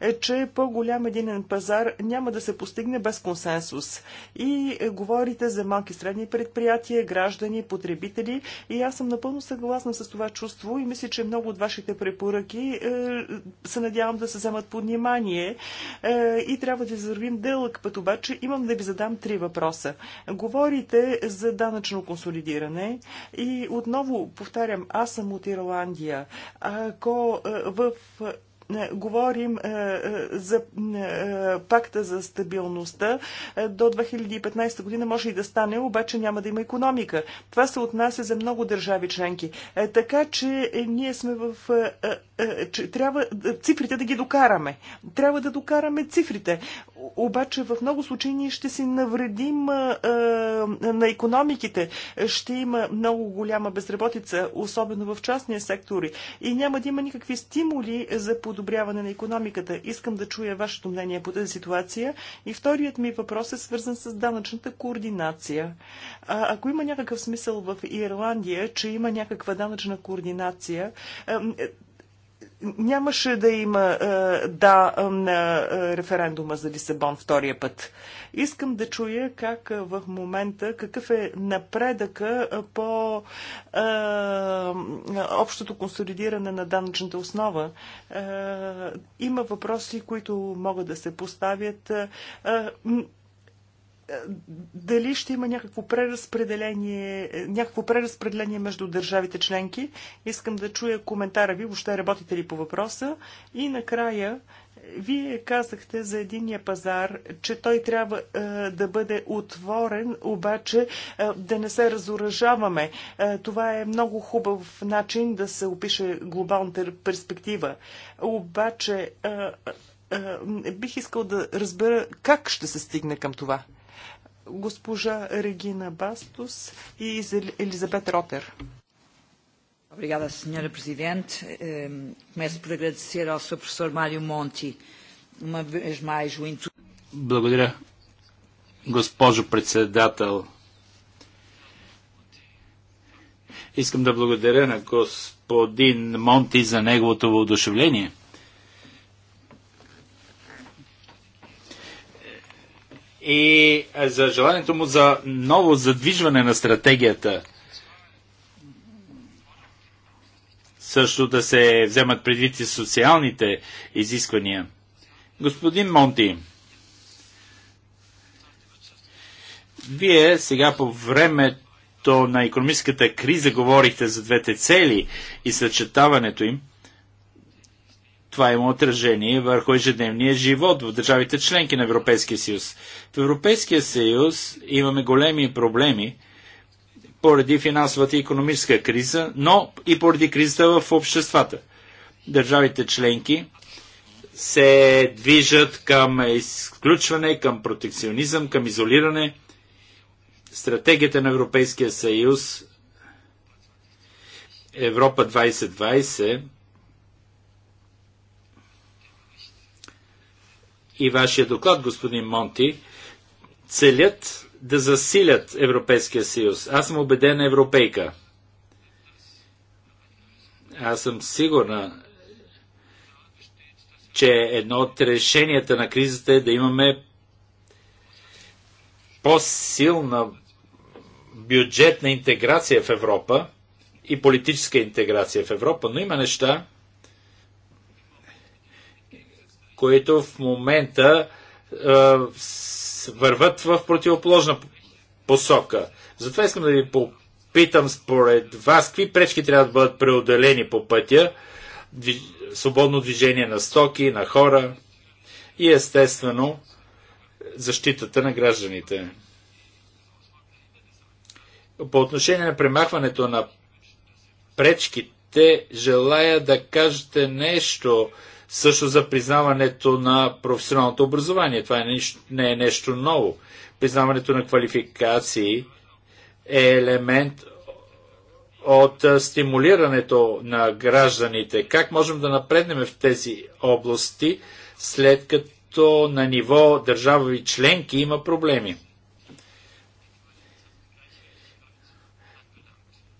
е, че по-голям единен пазар няма да се постигне без консенсус. И е, говорите за малки средни предприятия, граждани, потребители. И аз съм напълно съгласна с това чувство и мисля, че много от вашите препоръки е, се надявам да се вземат под внимание е, и трябва да извървим дълъг път. Обаче имам да ви задам три въпроса. Говорите за данъчно консолидиране и отново повтарям, аз съм от Ирландия. Ако в е, говорим е, е, за пакта за стабилността до 2015 година може и да стане, обаче няма да има економика. Това се отнася за много държави членки. Така че ние сме в... Че трябва цифрите да ги докараме. Трябва да докараме цифрите обаче в много случаи ние ще си навредим а, на економиките. Ще има много голяма безработица, особено в частния сектор. И няма да има никакви стимули за подобряване на економиката. Искам да чуя вашето мнение по тази ситуация. И вторият ми въпрос е свързан с данъчната координация. А, ако има някакъв смисъл в Ирландия, че има някаква данъчна координация, е, нямаше да има е, да е, на е, референдума за Лисабон втория път. Искам да чуя как в момента, какъв е напредъка по е, общото консолидиране на данъчната основа. Е, има въпроси, които могат да се поставят. Е, дали ще има някакво преразпределение, е, някакво преразпределение между държавите членки. Искам да чуя коментара ви, въобще работите ли по въпроса. И накрая, вие казахте за единия пазар, че той трябва е, да бъде отворен, обаче е, да не се разоръжаваме. Е, това е много хубав начин да се опише глобалната перспектива. Обаче, е, е, е бих искал да разбера как ще се стигне към това госпожа Регина Бастус и Елизабет Ротер. Obrigada, Sra. Presidente. Ehm, começo por agradecer ao Sr. Professor Mário Monti uma vez mais o Благодаря, госпожо председател. Искам да благодаря на господин Монти за неговото въодушевление. и е, за желанието му за ново задвижване на стратегията. Също да се вземат предвид и социалните изисквания. Господин Монти, вие сега по времето на економическата криза говорихте за двете цели и съчетаването им това има отражение върху ежедневния живот в държавите членки на Европейския съюз. В Европейския съюз имаме големи проблеми поради финансовата и економическа криза, но и поради кризата в обществата. Държавите членки се движат към изключване, към протекционизъм, към изолиране. Стратегията на Европейския съюз Европа 2020 и вашия доклад, господин Монти, целят да засилят Европейския съюз. Аз съм убедена европейка. Аз съм сигурна, че едно от решенията на кризата е да имаме по-силна бюджетна интеграция в Европа и политическа интеграция в Европа, но има неща, които в момента е, върват в противоположна посока. Затова искам да ви попитам според вас, какви пречки трябва да бъдат преодолени по пътя, свободно движение на стоки, на хора и естествено защитата на гражданите. По отношение на премахването на пречките, желая да кажете нещо също за признаването на професионалното образование. Това е не е нещо ново. Признаването на квалификации е елемент от стимулирането на гражданите. Как можем да напреднем в тези области, след като на ниво държави членки има проблеми?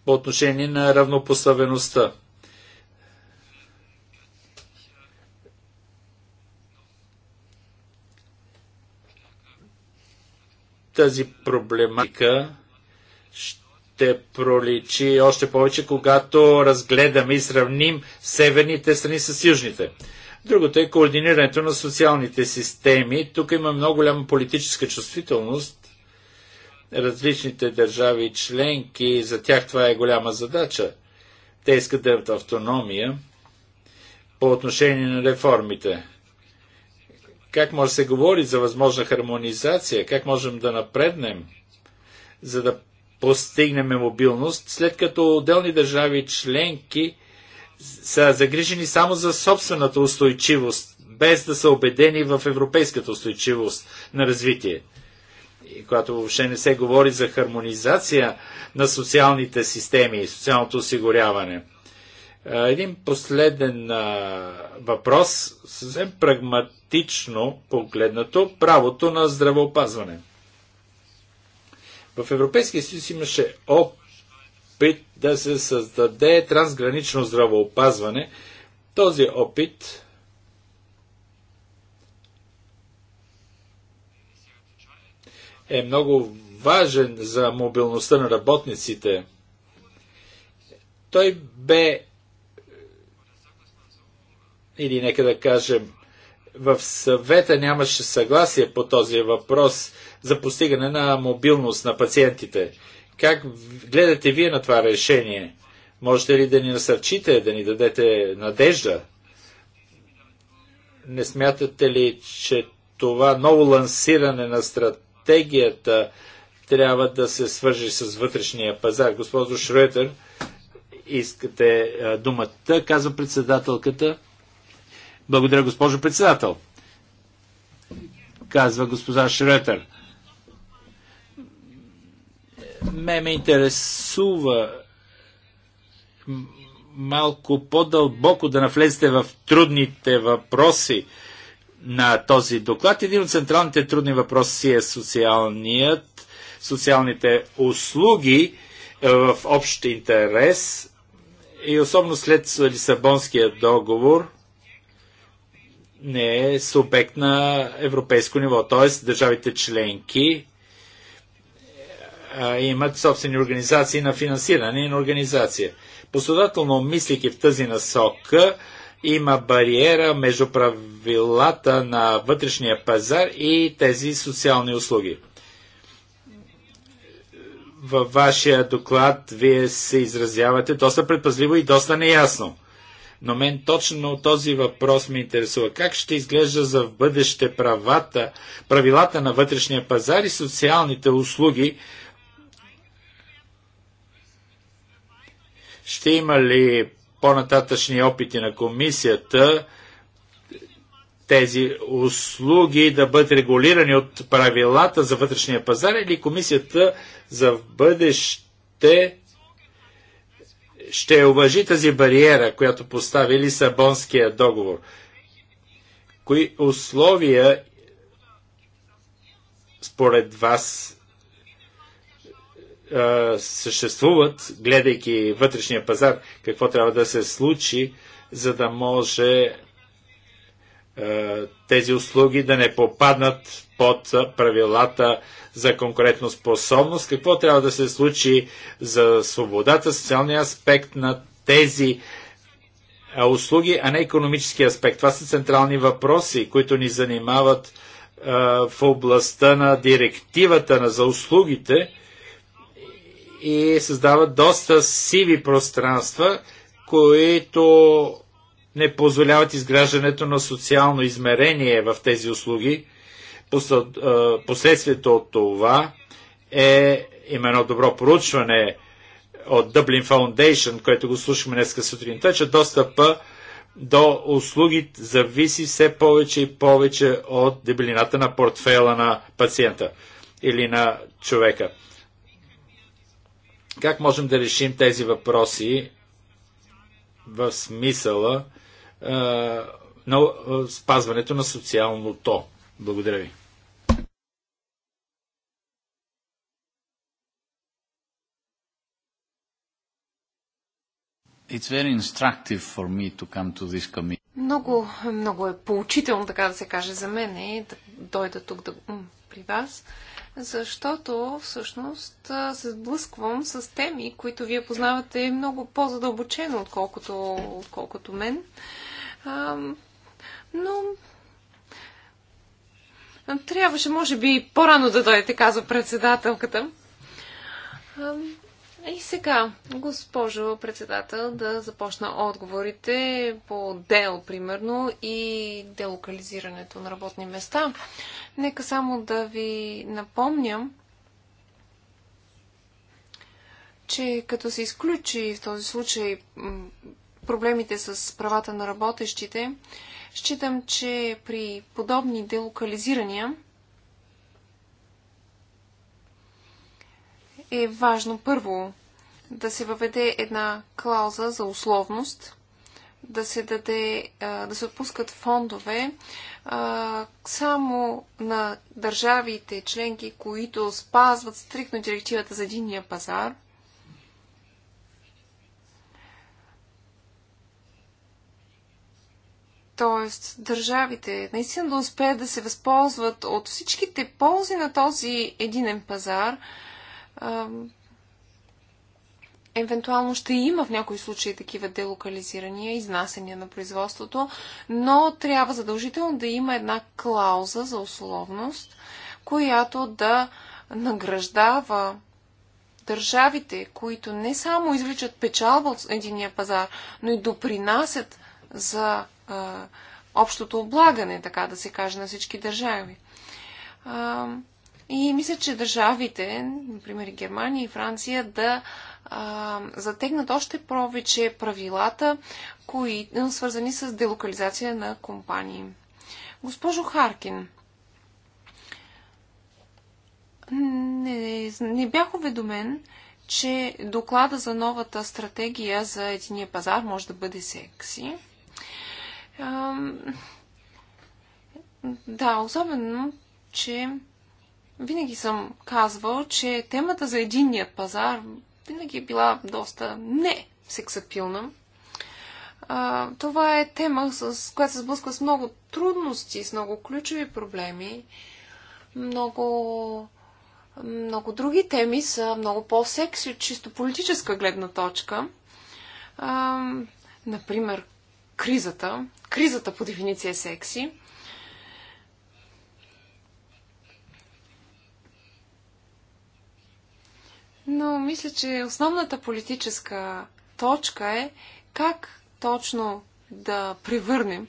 По отношение на равнопоставеността. Тази проблематика ще проличи още повече, когато разгледаме и сравним северните страни с южните. Другото е координирането на социалните системи. Тук има много голяма политическа чувствителност. Различните държави и членки, за тях това е голяма задача. Те искат да имат автономия по отношение на реформите. Как може да се говори за възможна хармонизация? Как можем да напреднем, за да постигнем мобилност, след като отделни държави членки са загрижени само за собствената устойчивост, без да са убедени в европейската устойчивост на развитие. И когато въобще не се говори за хармонизация на социалните системи и социалното осигуряване – е, един последен а, въпрос, съвсем прагматично погледнато, правото на здравеопазване. В Европейския съюз имаше опит да се създаде трансгранично здравеопазване. Този опит е много важен за мобилността на работниците. Той бе или нека да кажем, в съвета нямаше съгласие по този въпрос за постигане на мобилност на пациентите. Как гледате вие на това решение? Можете ли да ни насърчите, да ни дадете надежда? Не смятате ли, че това ново лансиране на стратегията трябва да се свържи с вътрешния пазар? Госпожо Шретер, искате думата, казва председателката. Благодаря, госпожо председател. Казва госпожа Шретер. Ме ме интересува малко по-дълбоко да навлезете в трудните въпроси на този доклад. Един от централните трудни въпроси е социалният, социалните услуги е, в общ интерес и особено след Лисабонския договор – не е субект на европейско ниво. Т.е. държавите членки а, имат собствени организации на финансиране и на организация. Последователно мислики в тази насока, има бариера между правилата на вътрешния пазар и тези социални услуги. Във вашия доклад вие се изразявате доста предпазливо и доста неясно – но мен точно този въпрос ме интересува. Как ще изглежда за в бъдеще правата, правилата на вътрешния пазар и социалните услуги? Ще има ли по-нататъчни опити на комисията тези услуги да бъдат регулирани от правилата за вътрешния пазар или комисията за в бъдеще ще уважи тази бариера, която постави Лисабонския договор? Кои условия според вас съществуват, гледайки вътрешния пазар, какво трябва да се случи, за да може е, тези услуги да не попаднат под правилата за способност. Какво трябва да се случи за свободата, социалния аспект на тези е, услуги, а не економически аспект. Това са централни въпроси, които ни занимават е, в областта на директивата на за услугите и създават доста сиви пространства, които не позволяват изграждането на социално измерение в тези услуги. Последствието от това е именно добро проучване от Dublin Foundation, което го слушахме днес сутринта, че достъпа до услуги зависи все повече и повече от дебелината на портфела на пациента или на човека. Как можем да решим тези въпроси в смисъла на спазването на социалното. Благодаря ви. It's very instructive for me to come to this committee. Много, много е поучително, така да се каже, за мен и е да дойда тук да, при вас, защото всъщност се сблъсквам с теми, които вие познавате много по-задълбочено, отколкото, отколкото мен. А, но трябваше, може би, по-рано да дойдете, казва председателката. А, и сега, госпожо председател, да започна отговорите по дел, примерно, и делокализирането на работни места. Нека само да ви напомням, че като се изключи в този случай проблемите с правата на работещите, считам, че при подобни делокализирания е важно първо да се въведе една клауза за условност, да се, даде, да се отпускат фондове само на държавите членки, които спазват стрикно директивата за единния пазар – Т.е. държавите наистина да успеят да се възползват от всичките ползи на този единен пазар, евентуално ще има в някои случаи такива делокализирания, изнасяния на производството, но трябва задължително да има една клауза за условност, която да награждава държавите, които не само извличат печалба от единия пазар, но и допринасят за а, общото облагане, така да се каже, на всички държави. А, и мисля, че държавите, например и Германия и Франция, да а, затегнат още повече правилата, кои, свързани с делокализация на компании. Госпожо Харкин, не, не бях уведомен, че доклада за новата стратегия за единия пазар може да бъде секси да, особено, че винаги съм казвал, че темата за единния пазар винаги е била доста не сексапилна. това е тема, с която се сблъсква с много трудности, с много ключови проблеми. Много, много други теми са много по-секси от чисто политическа гледна точка. например, кризата. Кризата по дефиниция е секси. Но мисля, че основната политическа точка е как точно да превърнем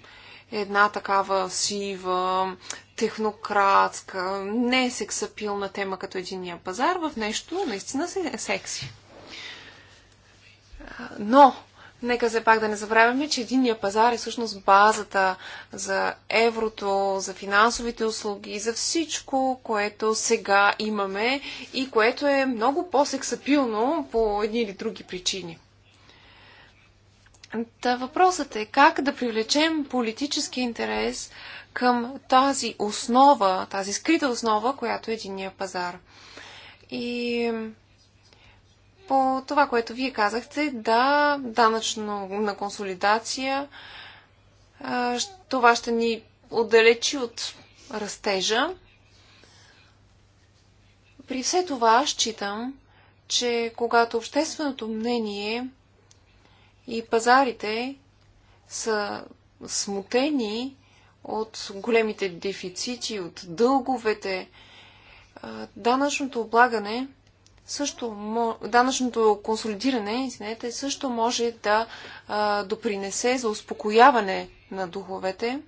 една такава сива, технократска, не сексапилна тема като единия пазар в нещо наистина секси. Но Нека се пак да не забравяме, че единния пазар е всъщност базата за еврото, за финансовите услуги, за всичко, което сега имаме и което е много по-сексапилно по едни или други причини. Та въпросът е как да привлечем политически интерес към тази основа, тази скрита основа, която е единния пазар. И по това, което вие казахте, да, данъчно на консолидация, това ще ни отдалечи от растежа. При все това считам, че когато общественото мнение и пазарите са смутени от големите дефицити, от дълговете, данъчното облагане – също данъчното консолидиране извинете, също може да а, допринесе за успокояване на духовете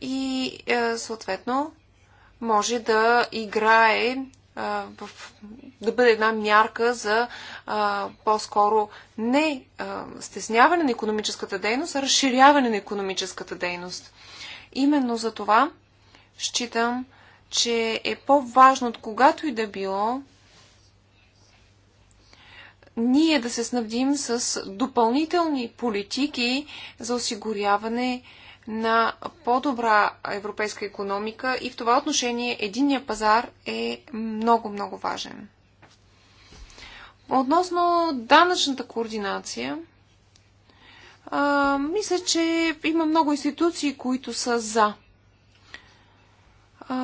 и а, съответно може да играе а, в, да бъде една мярка за по-скоро не стесняване на економическата дейност, а разширяване на економическата дейност. Именно за това считам, че е по-важно от когато и да било ние да се снабдим с допълнителни политики за осигуряване на по-добра европейска економика и в това отношение единния пазар е много-много важен. Относно данъчната координация, а, мисля, че има много институции, които са за. А,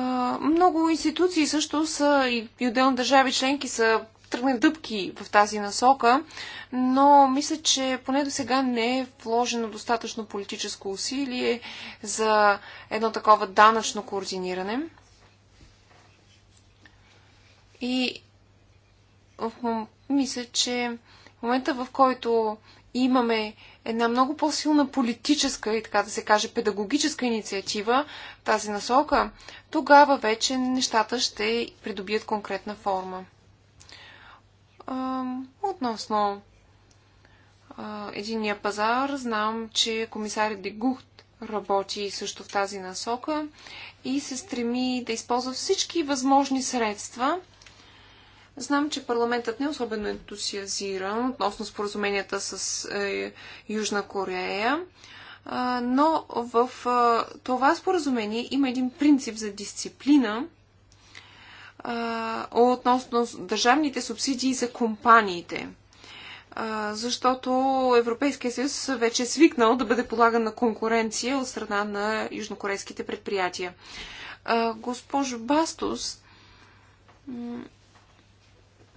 много институции също са и, и отделно държави членки са тръгнем дъпки в тази насока, но мисля, че поне до сега не е вложено достатъчно политическо усилие за едно такова данъчно координиране. И мисля, че в момента, в който имаме една много по-силна политическа и така да се каже педагогическа инициатива в тази насока, тогава вече нещата ще придобият конкретна форма относно а, единия пазар, знам, че комисарят Дегухт работи също в тази насока и се стреми да използва всички възможни средства. Знам, че парламентът не е особено ентусиазиран относно споразуменията с е, Южна Корея, а, но в а, това споразумение има един принцип за дисциплина – относно държавните субсидии за компаниите. защото Европейския съюз вече е свикнал да бъде полаган на конкуренция от страна на южнокорейските предприятия. госпожо Бастус,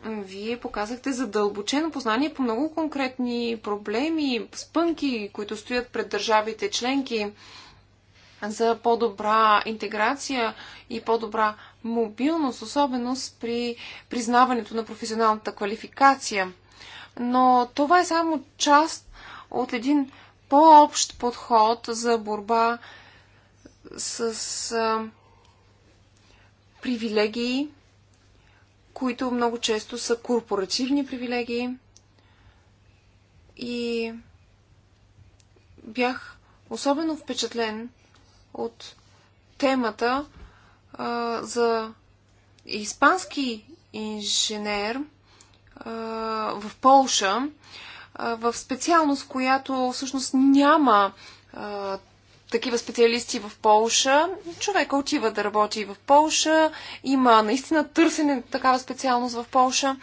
вие показахте задълбочено познание по много конкретни проблеми, спънки, които стоят пред държавите членки за по-добра интеграция и по-добра мобилност, особеност при признаването на професионалната квалификация. Но това е само част от един по-общ подход за борба с а, привилегии, които много често са корпоративни привилегии. И бях особено впечатлен от темата а, за испански инженер а, в Полша, в специалност, която всъщност няма а, такива специалисти в Полша. Човека отива да работи в Полша. Има наистина търсене на такава специалност в Полша.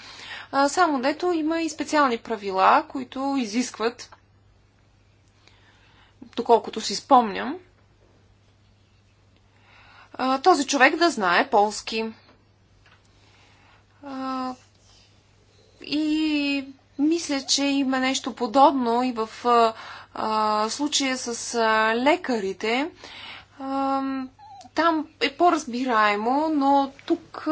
А, само дето има и специални правила, които изискват, доколкото си спомням, този човек да знае полски. и мисля, че има нещо подобно и в случая с лекарите. там е по-разбираемо, но тук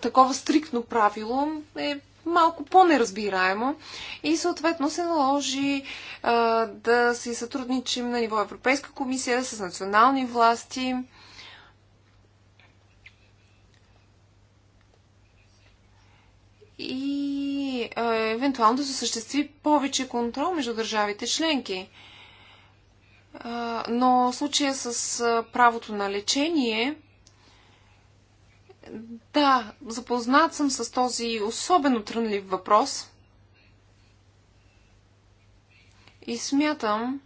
такова стриктно правило е малко по-неразбираемо и съответно се наложи а, да си сътрудничим на ниво Европейска комисия с национални власти и а, е, евентуално да се съществи повече контрол между държавите членки. А, е, но в случая с а, е, правото на лечение, да, запознат съм с този особено трънлив въпрос и смятам,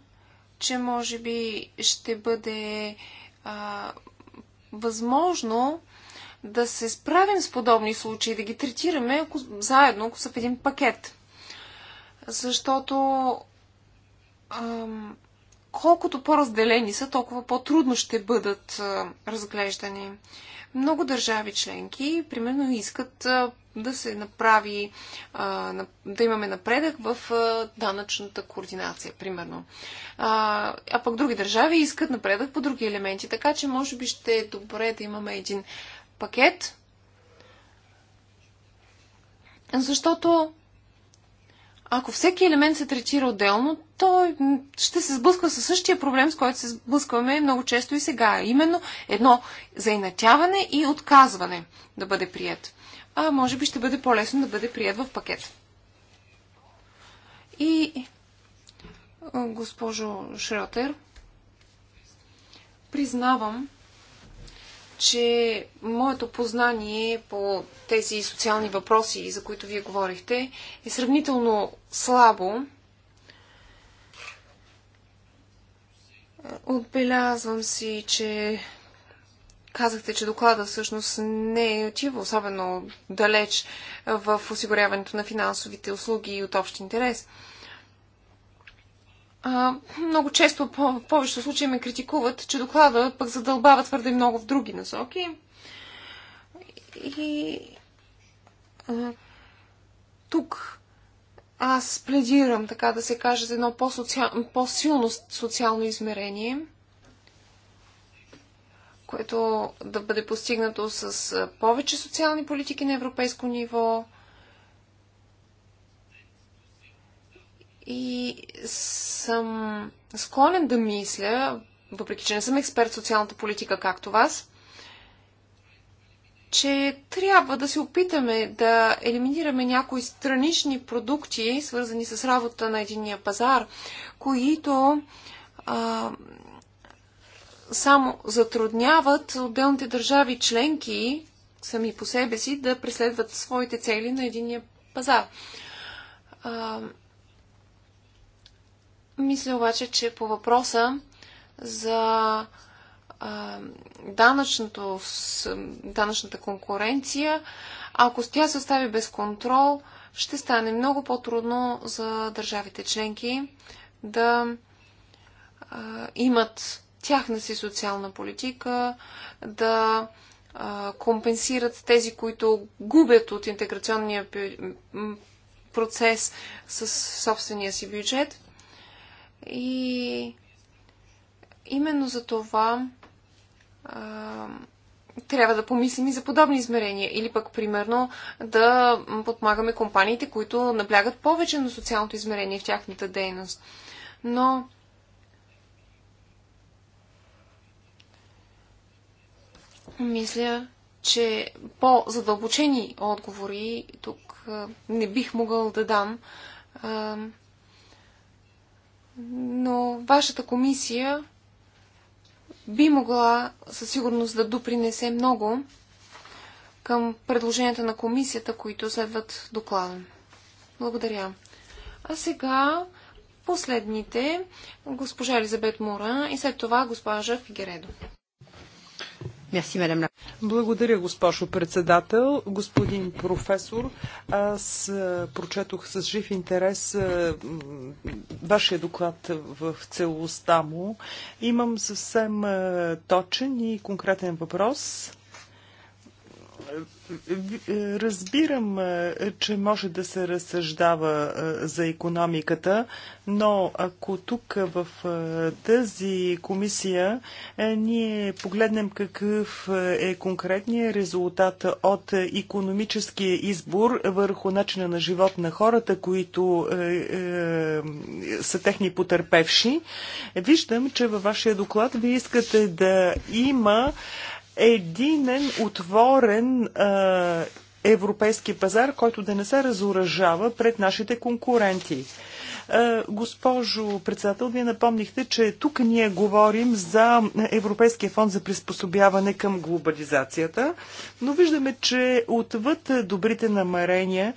че може би ще бъде а, възможно да се справим с подобни случаи, да ги третираме ако, заедно, ако са в един пакет. Защото ам, колкото по-разделени са, толкова по-трудно ще бъдат а, разглеждани. Много държави членки, примерно, искат а, да се направи, а, да имаме напредък в а, данъчната координация, примерно. А, а пък други държави искат напредък по други елементи, така че може би ще е добре да имаме един пакет, защото ако всеки елемент се третира отделно, то ще се сблъсква със същия проблем, с който се сблъскваме много често и сега. Именно едно заинатяване и отказване да бъде прият. А може би ще бъде по-лесно да бъде прият в пакет. И госпожо Шротер, признавам, че моето познание по тези социални въпроси, за които вие говорихте, е сравнително слабо. Отбелязвам си, че казахте, че доклада всъщност не е отива особено далеч в осигуряването на финансовите услуги и от общ интерес. А, много често, по- повечето случаи ме критикуват, че доклада пък задълбава твърде много в други насоки. И а, тук аз пледирам, така да се каже, за едно по-социал... по-силно социално измерение, което да бъде постигнато с повече социални политики на европейско ниво, И съм склонен да мисля, въпреки че не съм експерт в социалната политика както вас, че трябва да се опитаме да елиминираме някои странични продукти, свързани с работа на единия пазар, които а, само затрудняват отделните държави членки сами по себе си да преследват своите цели на единия пазар. А, мисля обаче, че по въпроса за данъчното, данъчната конкуренция, ако тя се остави без контрол, ще стане много по-трудно за държавите членки да а, имат тяхна си социална политика, да а, компенсират тези, които губят от интеграционния процес с собствения си бюджет. И именно за това а, трябва да помислим и за подобни измерения. Или пък, примерно, да подмагаме компаниите, които наблягат повече на социалното измерение в тяхната дейност. Но мисля, че по-задълбочени отговори тук не бих могъл да дам но вашата комисия би могла със сигурност да допринесе много към предложенията на комисията, които следват доклада. Благодаря. А сега последните госпожа Елизабет Мура и след това госпожа Фигередо. Благодаря, госпожо председател. Господин професор, аз прочетох с жив интерес вашия доклад в целостта му. Имам съвсем точен и конкретен въпрос. Разбирам, е, че може да се разсъждава е, за економиката, но ако тук е, в тази комисия ние погледнем какъв е конкретният резултат от економическия избор върху начина на живот на хората, които са техни потерпевши, виждам, че във вашия доклад ви искате да има единен, отворен европейски пазар, който да не се разоръжава пред нашите конкуренти. Госпожо председател, вие напомнихте, че тук ние говорим за Европейския фонд за приспособяване към глобализацията, но виждаме, че отвъд добрите намерения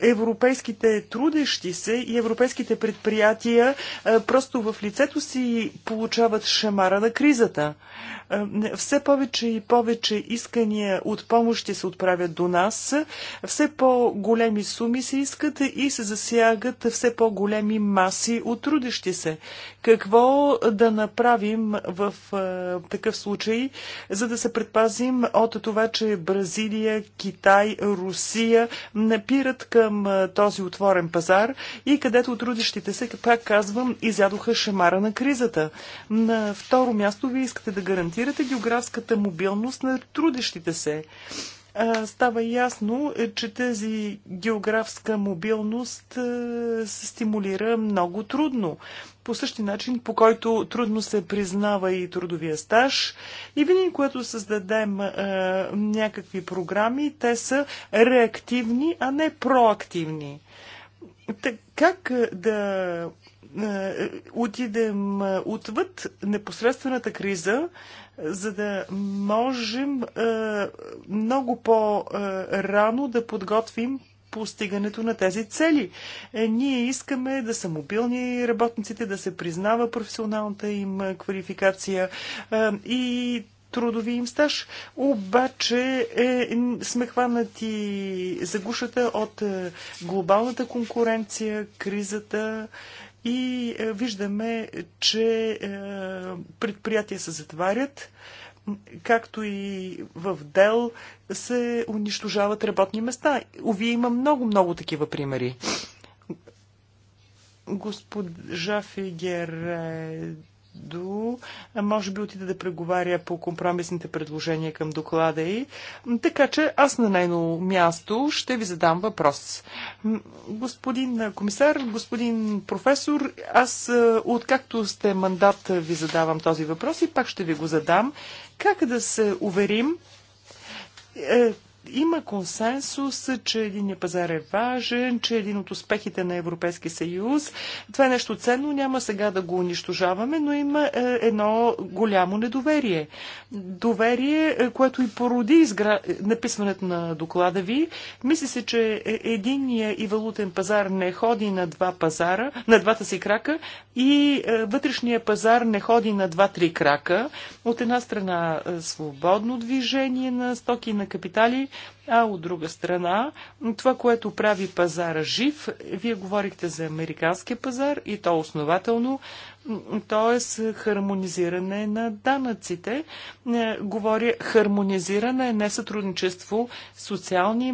европейските трудещи се и европейските предприятия просто в лицето си получават шамара на кризата. Е, все повече и повече искания от помощи се отправят до нас, все по-големи суми се искат и се засягат все по-големи маси от трудещи се. Какво да направим в такъв случай, за да се предпазим от това, че Бразилия, Китай, Русия напират към този отворен пазар и където трудещите се, пак казвам, изядоха шамара на кризата. На второ място, вие искате да гарантирате географската мобилност на трудещите се става ясно, е, че тази географска мобилност се стимулира много трудно. По същия начин, по който трудно се признава и трудовия стаж. И винаги, когато създадем някакви програми, те са реактивни, а не проактивни. Так, как да е, отидем е, отвъд непосредствената криза, за да можем е, много по-рано да подготвим постигането на тези цели. Ние искаме да са мобилни работниците, да се признава професионалната им квалификация и трудови им стаж. Обаче е, сме хванати загушата от глобалната конкуренция, кризата и е, виждаме, че е, предприятия се затварят, както и в Дел се унищожават работни места. Ови има много-много такива примери. Госпожа Фигер до... може би отида да преговаря по компромисните предложения към доклада и. Така че аз на нейно място ще ви задам въпрос. Господин комисар, господин професор, аз откакто сте мандат ви задавам този въпрос и пак ще ви го задам. Как да се уверим, е, има консенсус, че един пазар е важен, че е един от успехите на Европейския съюз. Това е нещо ценно, няма сега да го унищожаваме, но има е, едно голямо недоверие. Доверие, е, което и породи изгра... написването на доклада ви. Мисли се, че е, единия и валутен пазар не ходи на два пазара, на двата си крака и вътрешния пазар не ходи на два-три крака. От една страна свободно движение на стоки на капитали, а от друга страна, това, което прави пазара жив, вие говорихте за американския пазар и то основателно, т.е. хармонизиране на данъците. Е, Говоря хармонизиране, не сътрудничество, социални е,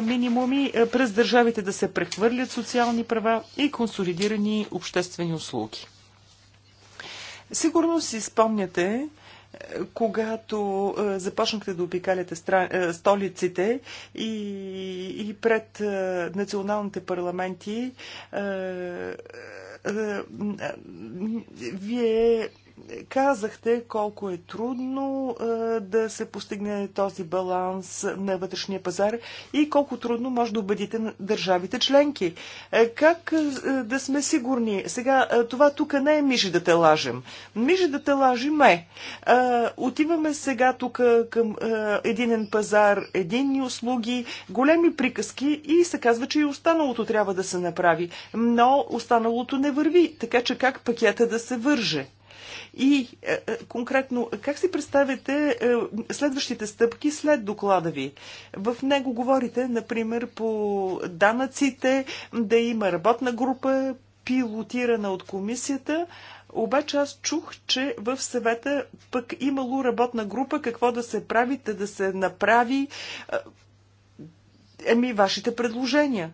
минимуми, е, през държавите да се прехвърлят социални права и консолидирани обществени услуги. Сигурно си спомняте, когато е, започнахте да обикаляте е, столиците и, и пред е, националните парламенти, вие Казахте колко е трудно е, да се постигне този баланс на вътрешния пазар и колко трудно може да убедите на държавите членки. Е, как е, да сме сигурни? Сега, е, това тук не е мижи да те лажем. Мижи да те лажим е. е отиваме сега тук към е, единен пазар, единни услуги, големи приказки и се казва, че и останалото трябва да се направи. Но останалото не върви, така че как пакета да се върже? И е, е, конкретно, как си представяте е, следващите стъпки след доклада ви? В него говорите, например, по данъците, да има работна група, пилотирана от комисията, обаче аз чух, че в съвета пък имало работна група, какво да се прави, да се направи еми вашите предложения.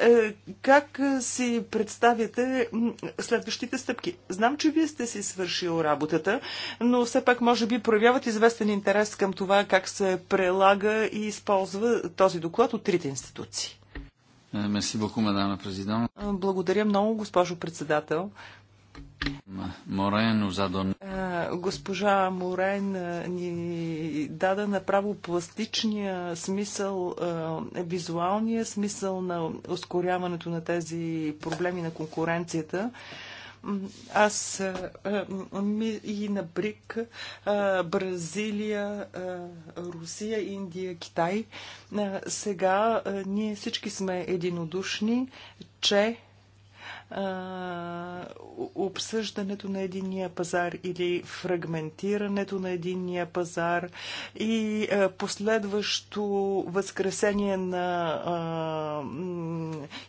Е, как е, си представяте следващите стъпки? Знам, че вие сте си свършил работата, но все пак може би проявяват известен интерес към това как се прелага и използва този доклад от трите институции. Е, благодаря много, госпожо председател. Морен задон. Госпожа Морен ни даде направо пластичния смисъл, визуалния смисъл на ускоряването на тези проблеми на конкуренцията. Аз и на БРИК, Бразилия, Русия, Индия, Китай. Сега ние всички сме единодушни, че обсъждането на единния пазар или фрагментирането на единния пазар и последващо възкресение на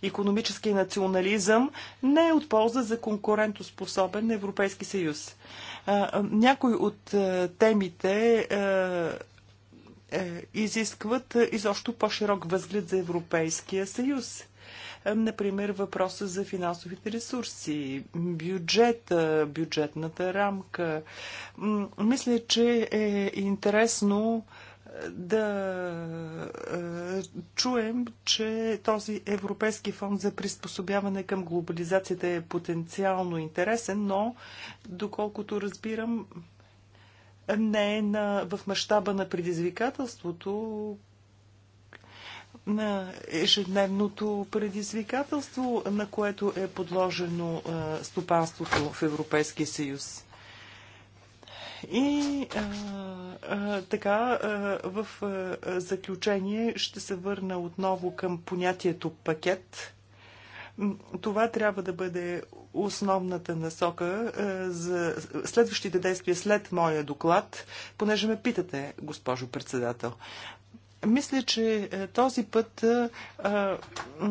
економически национализъм не е от полза за конкурентоспособен Европейски съюз. Някои от темите е, изискват изобщо по-широк възглед за Европейския съюз. Например, въпроса за финансовите ресурси, бюджета, бюджетната рамка. Мисля, че е интересно да е, чуем, че този Европейски фонд за приспособяване към глобализацията е потенциално интересен, но доколкото разбирам, не е на, в мащаба на предизвикателството, на ежедневното предизвикателство, на което е подложено стопанството в Европейския съюз. И а, а, така, а, в а, заключение ще се върна отново към понятието пакет. Това трябва да бъде основната насока а, за следващите действия след моя доклад, понеже ме питате, госпожо председател. Мисля, че е, този път а, е,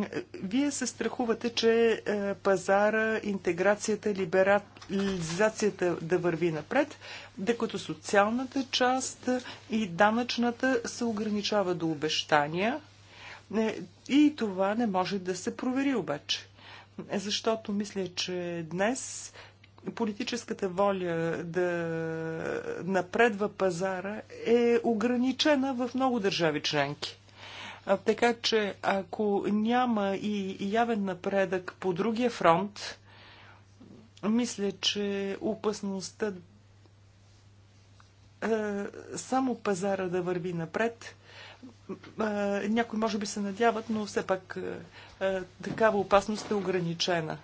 е, вие се страхувате, че а, пазара, интеграцията, либерализацията да върви напред, докато социалната част и данъчната се ограничава до обещания. И това не може да се провери обаче. Защото мисля, че днес политическата воля да напредва пазара е ограничена в много държави членки. Така че ако няма и явен напредък по другия фронт, мисля, че опасността е, само пазара да върви напред. Е, някои може би се надяват, но все пак е, такава опасност е ограничена.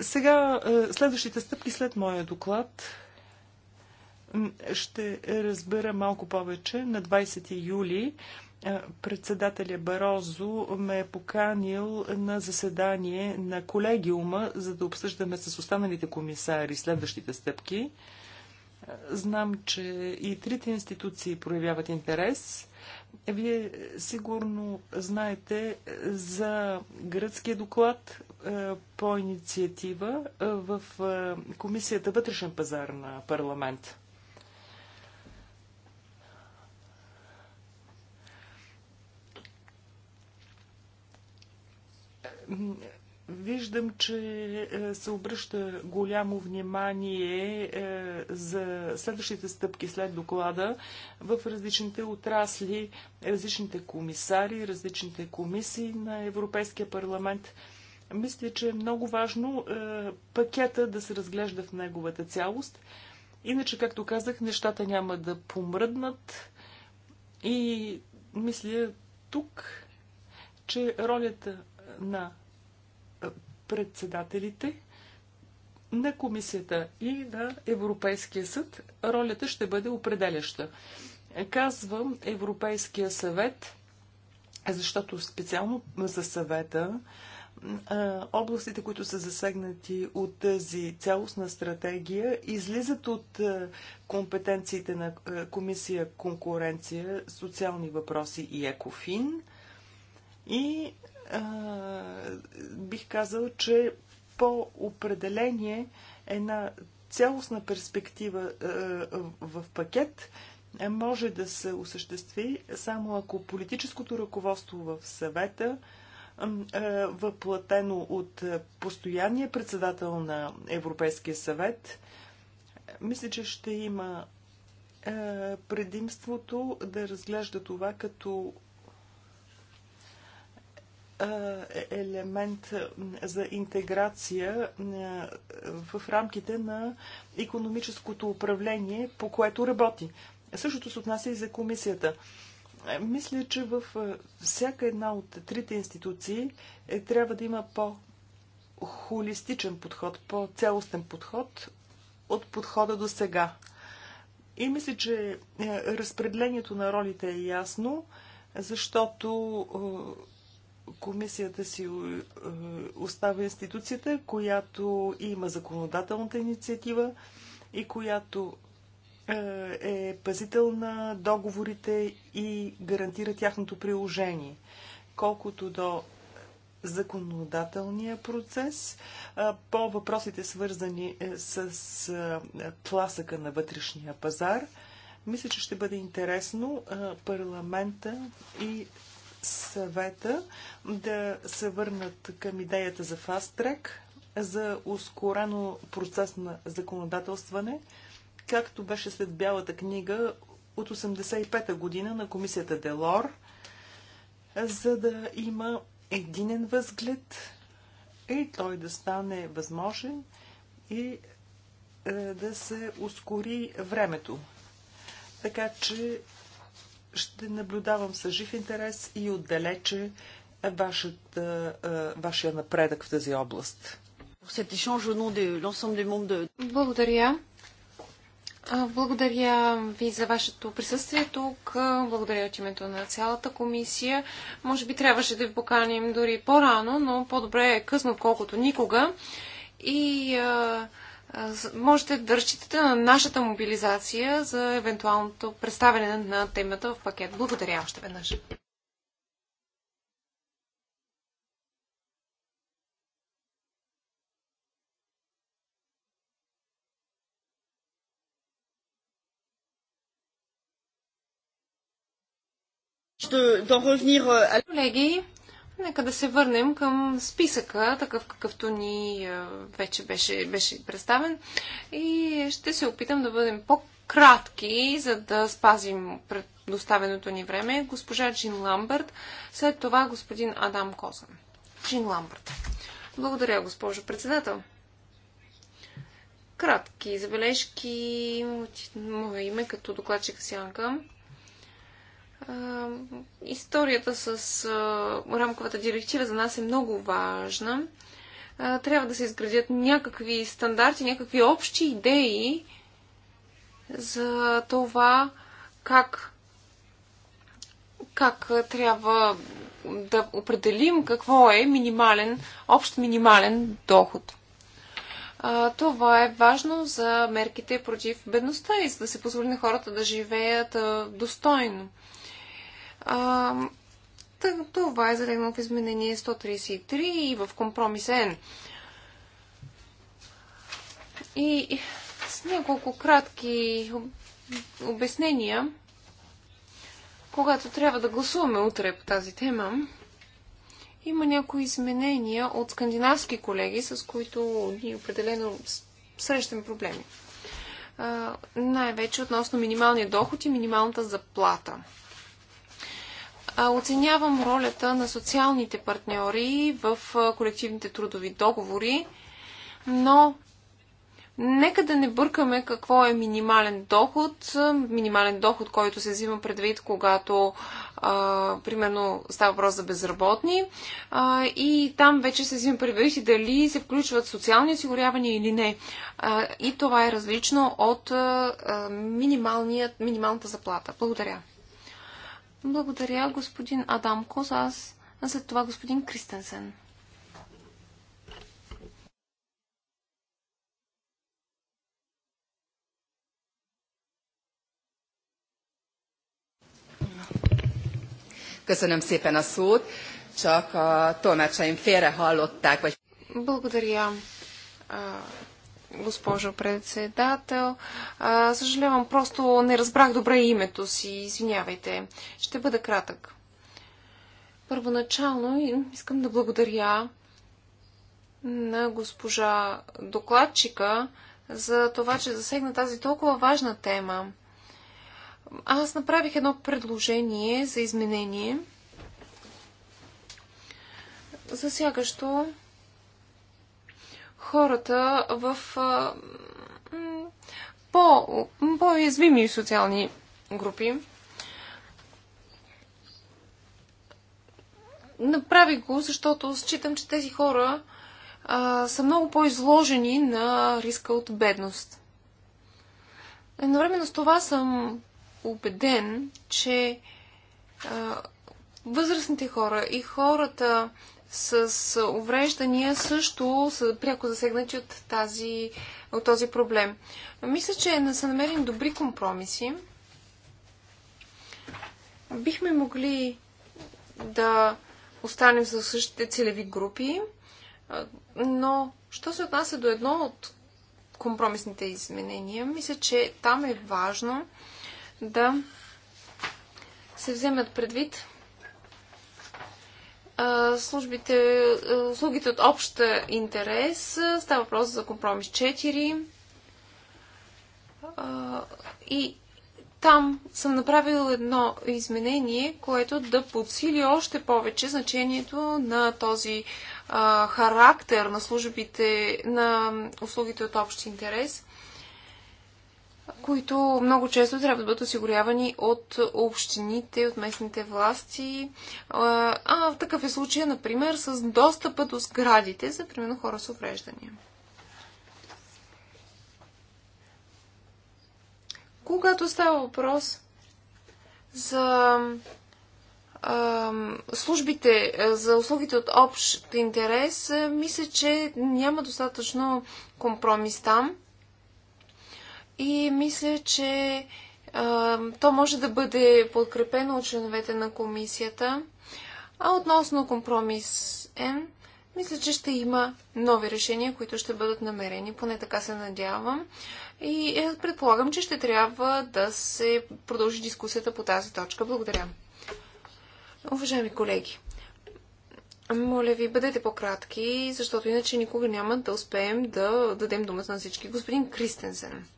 Сега, е, следващите стъпки след моя доклад ще разбера малко повече. На 20 юли е, председателя Барозо ме е поканил на заседание на колегиума, за да обсъждаме с останалите комисари следващите стъпки. Е, знам, че и трите институции проявяват интерес. Вие сигурно знаете за гръцкия доклад, е, по инициатива е, в е, Комисията вътрешен пазар на парламент. Виждам, че се обръща голямо внимание за следващите стъпки след доклада в различните отрасли, различните комисари, различните комисии на Европейския парламент – мисля, че е много важно е, пакета да се разглежда в неговата цялост. Иначе, както казах, нещата няма да помръднат. И мисля тук, че ролята на е, председателите на комисията и на Европейския съд, ролята ще бъде определяща. Казвам Европейския съвет, защото специално за съвета областите, които са засегнати от тази цялостна стратегия, излизат от компетенциите на Комисия конкуренция, социални въпроси и екофин. И а, бих казал, че по определение една цялостна перспектива а, в пакет може да се осъществи само ако политическото ръководство в съвета а, е, въплатено от е, постоянния председател на Европейския съвет, мисля, че ще има е, предимството да разглежда това като елемент за интеграция в рамките на економическото управление, по което работи. Същото се отнася и за комисията. Е, мисля, че във е, всяка една от трите институции е, трябва да има по-холистичен подход, по-цялостен подход от подхода до сега. И мисля, че е, разпределението на ролите е ясно, защото комисията си остава институцията, която има законодателната инициатива и която е пазител на договорите и гарантира тяхното приложение. Колкото до законодателния процес, по въпросите свързани е, с тласъка на вътрешния пазар, мисля, че ще бъде интересно парламента и съвета да се върнат към идеята за фаст-трек, за ускорено процес на законодателстване, както беше след Бялата книга от 85-та година на комисията Делор, за да има единен възглед и той да стане възможен и е, да се ускори времето. Така че ще наблюдавам с жив интерес и отдалече вашата, е, вашия напредък в тази област. Благодаря благодаря ви за вашето присъствие тук. Благодаря от името на цялата комисия. Може би трябваше да ви поканим дори по-рано, но по-добре е късно, колкото никога. И а, а, можете да разчитате на нашата мобилизация за евентуалното представяне на темата в пакет. Благодаря още веднъж. Колеги, нека да се върнем към списъка, такъв какъвто ни вече беше, беше представен. И ще се опитам да бъдем по-кратки, за да спазим предоставеното ни време. Госпожа Джин Ламбърт, след това господин Адам Козан. Джин Ламбърт. Благодаря, госпожо председател. Кратки забележки от мое име като докладчик Сянка историята с а, рамковата директива за нас е много важна. А, трябва да се изградят някакви стандарти, някакви общи идеи за това как, как трябва да определим какво е минимален, общ минимален доход. А, това е важно за мерките против бедността и за да се позволи на хората да живеят а, достойно. А, това е залегнало в изменение 133 и в компромис Н. И с няколко кратки обяснения, когато трябва да гласуваме утре по тази тема, има някои изменения от скандинавски колеги, с които ние определено срещаме проблеми. най-вече относно минималния доход и минималната заплата оценявам ролята на социалните партньори в колективните трудови договори, но нека да не бъркаме какво е минимален доход. Минимален доход, който се взима предвид, когато а, примерно става въпрос за безработни а, и там вече се взима предвид и дали се включват социални осигурявания или не. А, и това е различно от а, минималната заплата. Благодаря. Благодаря, господин Адамкос. Аз а след това господин Кристенсен. Köszönöm szépen a szót, csak a tolmácsaim félre hallották, vagy... Благодаря госпожо председател. А, съжалявам, просто не разбрах добре името си. Извинявайте. Ще бъда кратък. Първоначално искам да благодаря на госпожа докладчика за това, че засегна тази толкова важна тема. Аз направих едно предложение за изменение, засягащо хората в по, по социални групи. Направи го, защото считам, че тези хора а, са много по-изложени на риска от бедност. Едновременно с това съм убеден, че а, възрастните хора и хората с увреждания също са пряко засегнати от, тази, от този проблем. Мисля, че не са намерени добри компромиси. Бихме могли да останем за същите целеви групи, но що се отнася до едно от компромисните изменения, мисля, че там е важно да се вземат предвид службите, услугите от обща интерес. Става въпрос за компромис 4. И там съм направил едно изменение, което да подсили още повече значението на този характер на службите, на услугите от общ интерес които много често трябва да бъдат осигурявани от общините, от местните власти. А в такъв е случая, например, с достъпа до сградите за, примерно, хора с увреждания. Когато става въпрос за службите за услугите от общ интерес, мисля, че няма достатъчно компромис там – и мисля, че а, то може да бъде подкрепено от членовете на комисията. А относно компромис М, мисля, че ще има нови решения, които ще бъдат намерени, поне така се надявам. И е, предполагам, че ще трябва да се продължи дискусията по тази точка. Благодаря. Уважаеми колеги, моля ви, бъдете по-кратки, защото иначе никога няма да успеем да дадем думата на всички. Господин Кристенсен.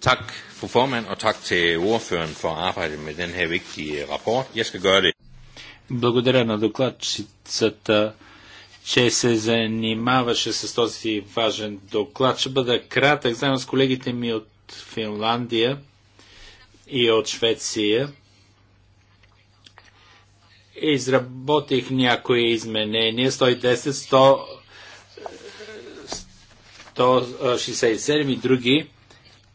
Tak, fru formand, og tak til ordføreren for arbejdet med den her vigtige øh, rapport. Jeg skal gøre det. Благодаря на докладчицата, че се занимаваше с този важен доклад. Ще бъда кратък, заедно с колегите ми от Финландия и от Швеция. Изработих някои изменения, 110, 100, 167 и други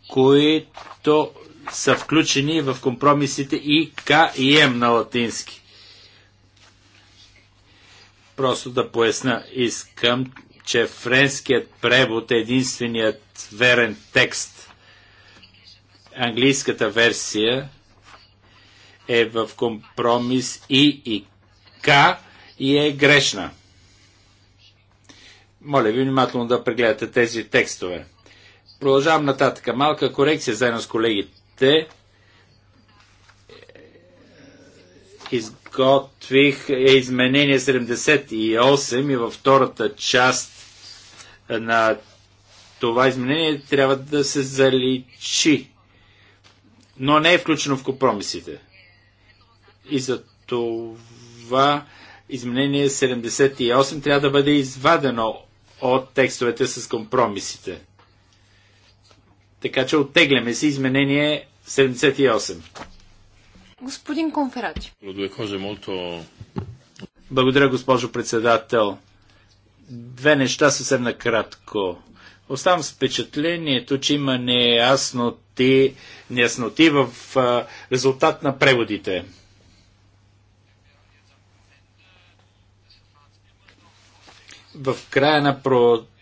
които са включени в компромисите и К и М на латински. Просто да поясна, искам, че френският превод е единственият верен текст. Английската версия е в компромис И и К и е грешна. Моля ви внимателно да прегледате тези текстове. Продължавам нататък. Малка корекция заедно с колегите. Изготвих е изменение 78 и във втората част на това изменение трябва да се заличи. Но не е включено в компромисите. И за това изменение 78 трябва да бъде извадено от текстовете с компромисите. Така че оттегляме си изменение 78. Господин Конферати. Благодаря, госпожо председател. Две неща съвсем накратко. Оставам с впечатлението, че има неясноти, неясноти в резултат на преводите. В края на процедурата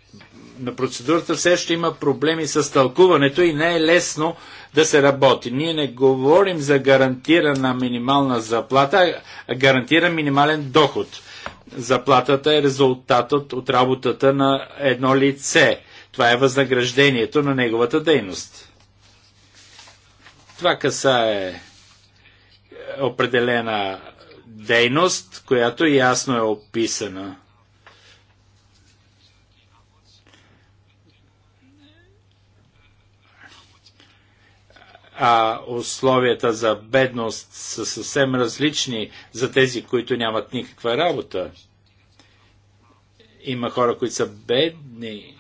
на процедурата все ще има проблеми с тълкуването и не е лесно да се работи. Ние не говорим за гарантирана минимална заплата, а гарантиран минимален доход. Заплатата е резултатът от работата на едно лице. Това е възнаграждението на неговата дейност. Това касае е, определена дейност, която ясно е описана. а условията за бедност са съвсем различни за тези, които нямат никаква работа. Има хора, които са бедни,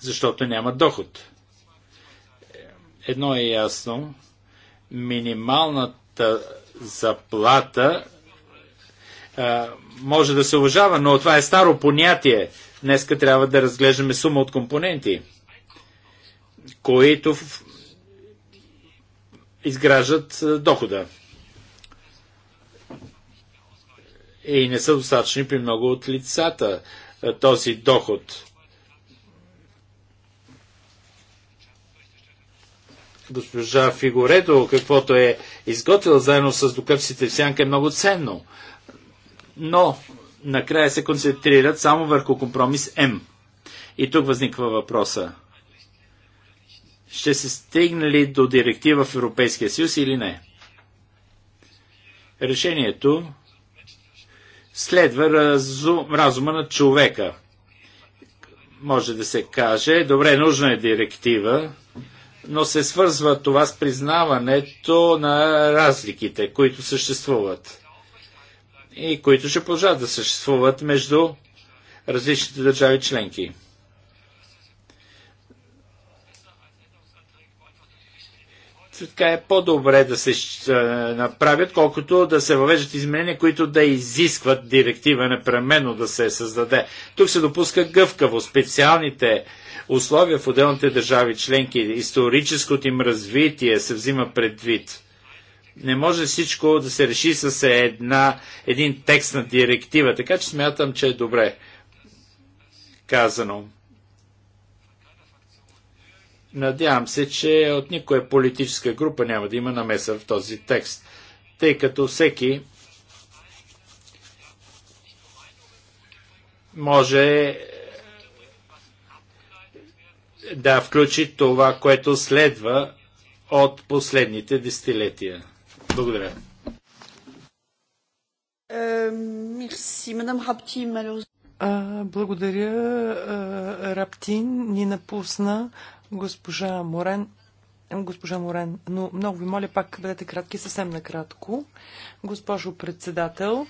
защото нямат доход. Едно е ясно. Минималната заплата а, може да се уважава, но това е старо понятие. Днеска трябва да разглеждаме сума от компоненти, които изграждат е, дохода. И не са достатъчни при много от лицата е, този доход. Госпожа Фигоредо, каквото е изготвила заедно с докъпсите в сянка е много ценно. Но накрая се концентрират само върху компромис М. И тук възниква въпроса ще се стигне ли до директива в Европейския съюз или не. Решението следва разум, разума на човека. Може да се каже, добре, нужна е директива, но се свързва това с признаването на разликите, които съществуват и които ще продължат да съществуват между различните държави членки. така е по-добре да се е, направят, колкото да се въвеждат изменения, които да изискват директива непременно да се създаде. Тук се допуска гъвкаво. Специалните условия в отделните държави членки, историческото им развитие се взима предвид. Не може всичко да се реши с една, един текст на директива, така че смятам, че е добре казано. Надявам се, че от никоя политическа група няма да има намеса в този текст, тъй като всеки може е, да включи това, което следва от последните десетилетия. Благодаря. Е, благодаря. Раптин ни напусна. Госпожа Морен, госпожа Морен, но много ви моля, пак бъдете кратки, съвсем накратко. Госпожо председател,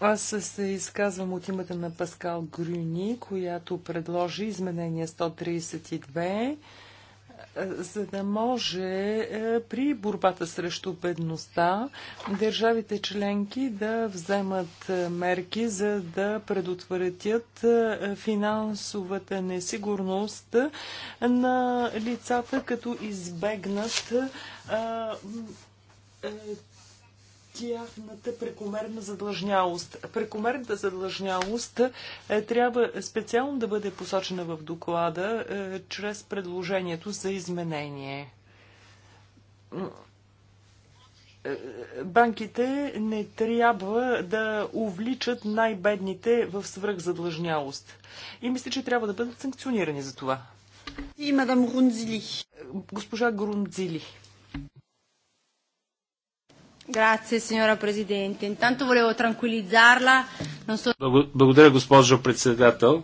аз се изказвам от името на Паскал Грюни, която предложи изменение 132 за да може е, при борбата срещу бедността държавите членки да вземат е, мерки, за да предотвратят е, финансовата несигурност на лицата, като избегнат тяхната прекомерна задлъжнялост. Прекомерната задлъжнялост е, трябва специално да бъде посочена в доклада е, чрез предложението за изменение. Банките не трябва да увличат най-бедните в свръхзадлъжнялост. И мисля, че трябва да бъдат санкционирани за това. И мадам Грунзили. Госпожа Грунзили. Grazie, signora Presidente. Intanto volevo tranquillizzarla. Non so... Благодаря, госпожо председател.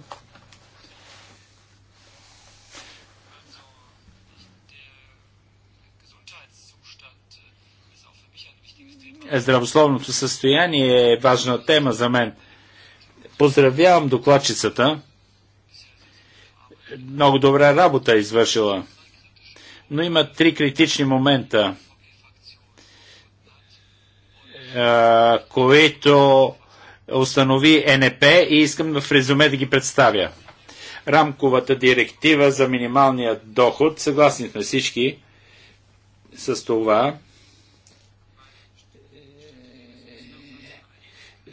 Е, здравословното състояние е важна тема за мен. Поздравявам докладчицата. Много добра работа е извършила. Но има три критични момента които установи НП и искам в резюме да ги представя. Рамковата директива за минималния доход, съгласни сме всички с това,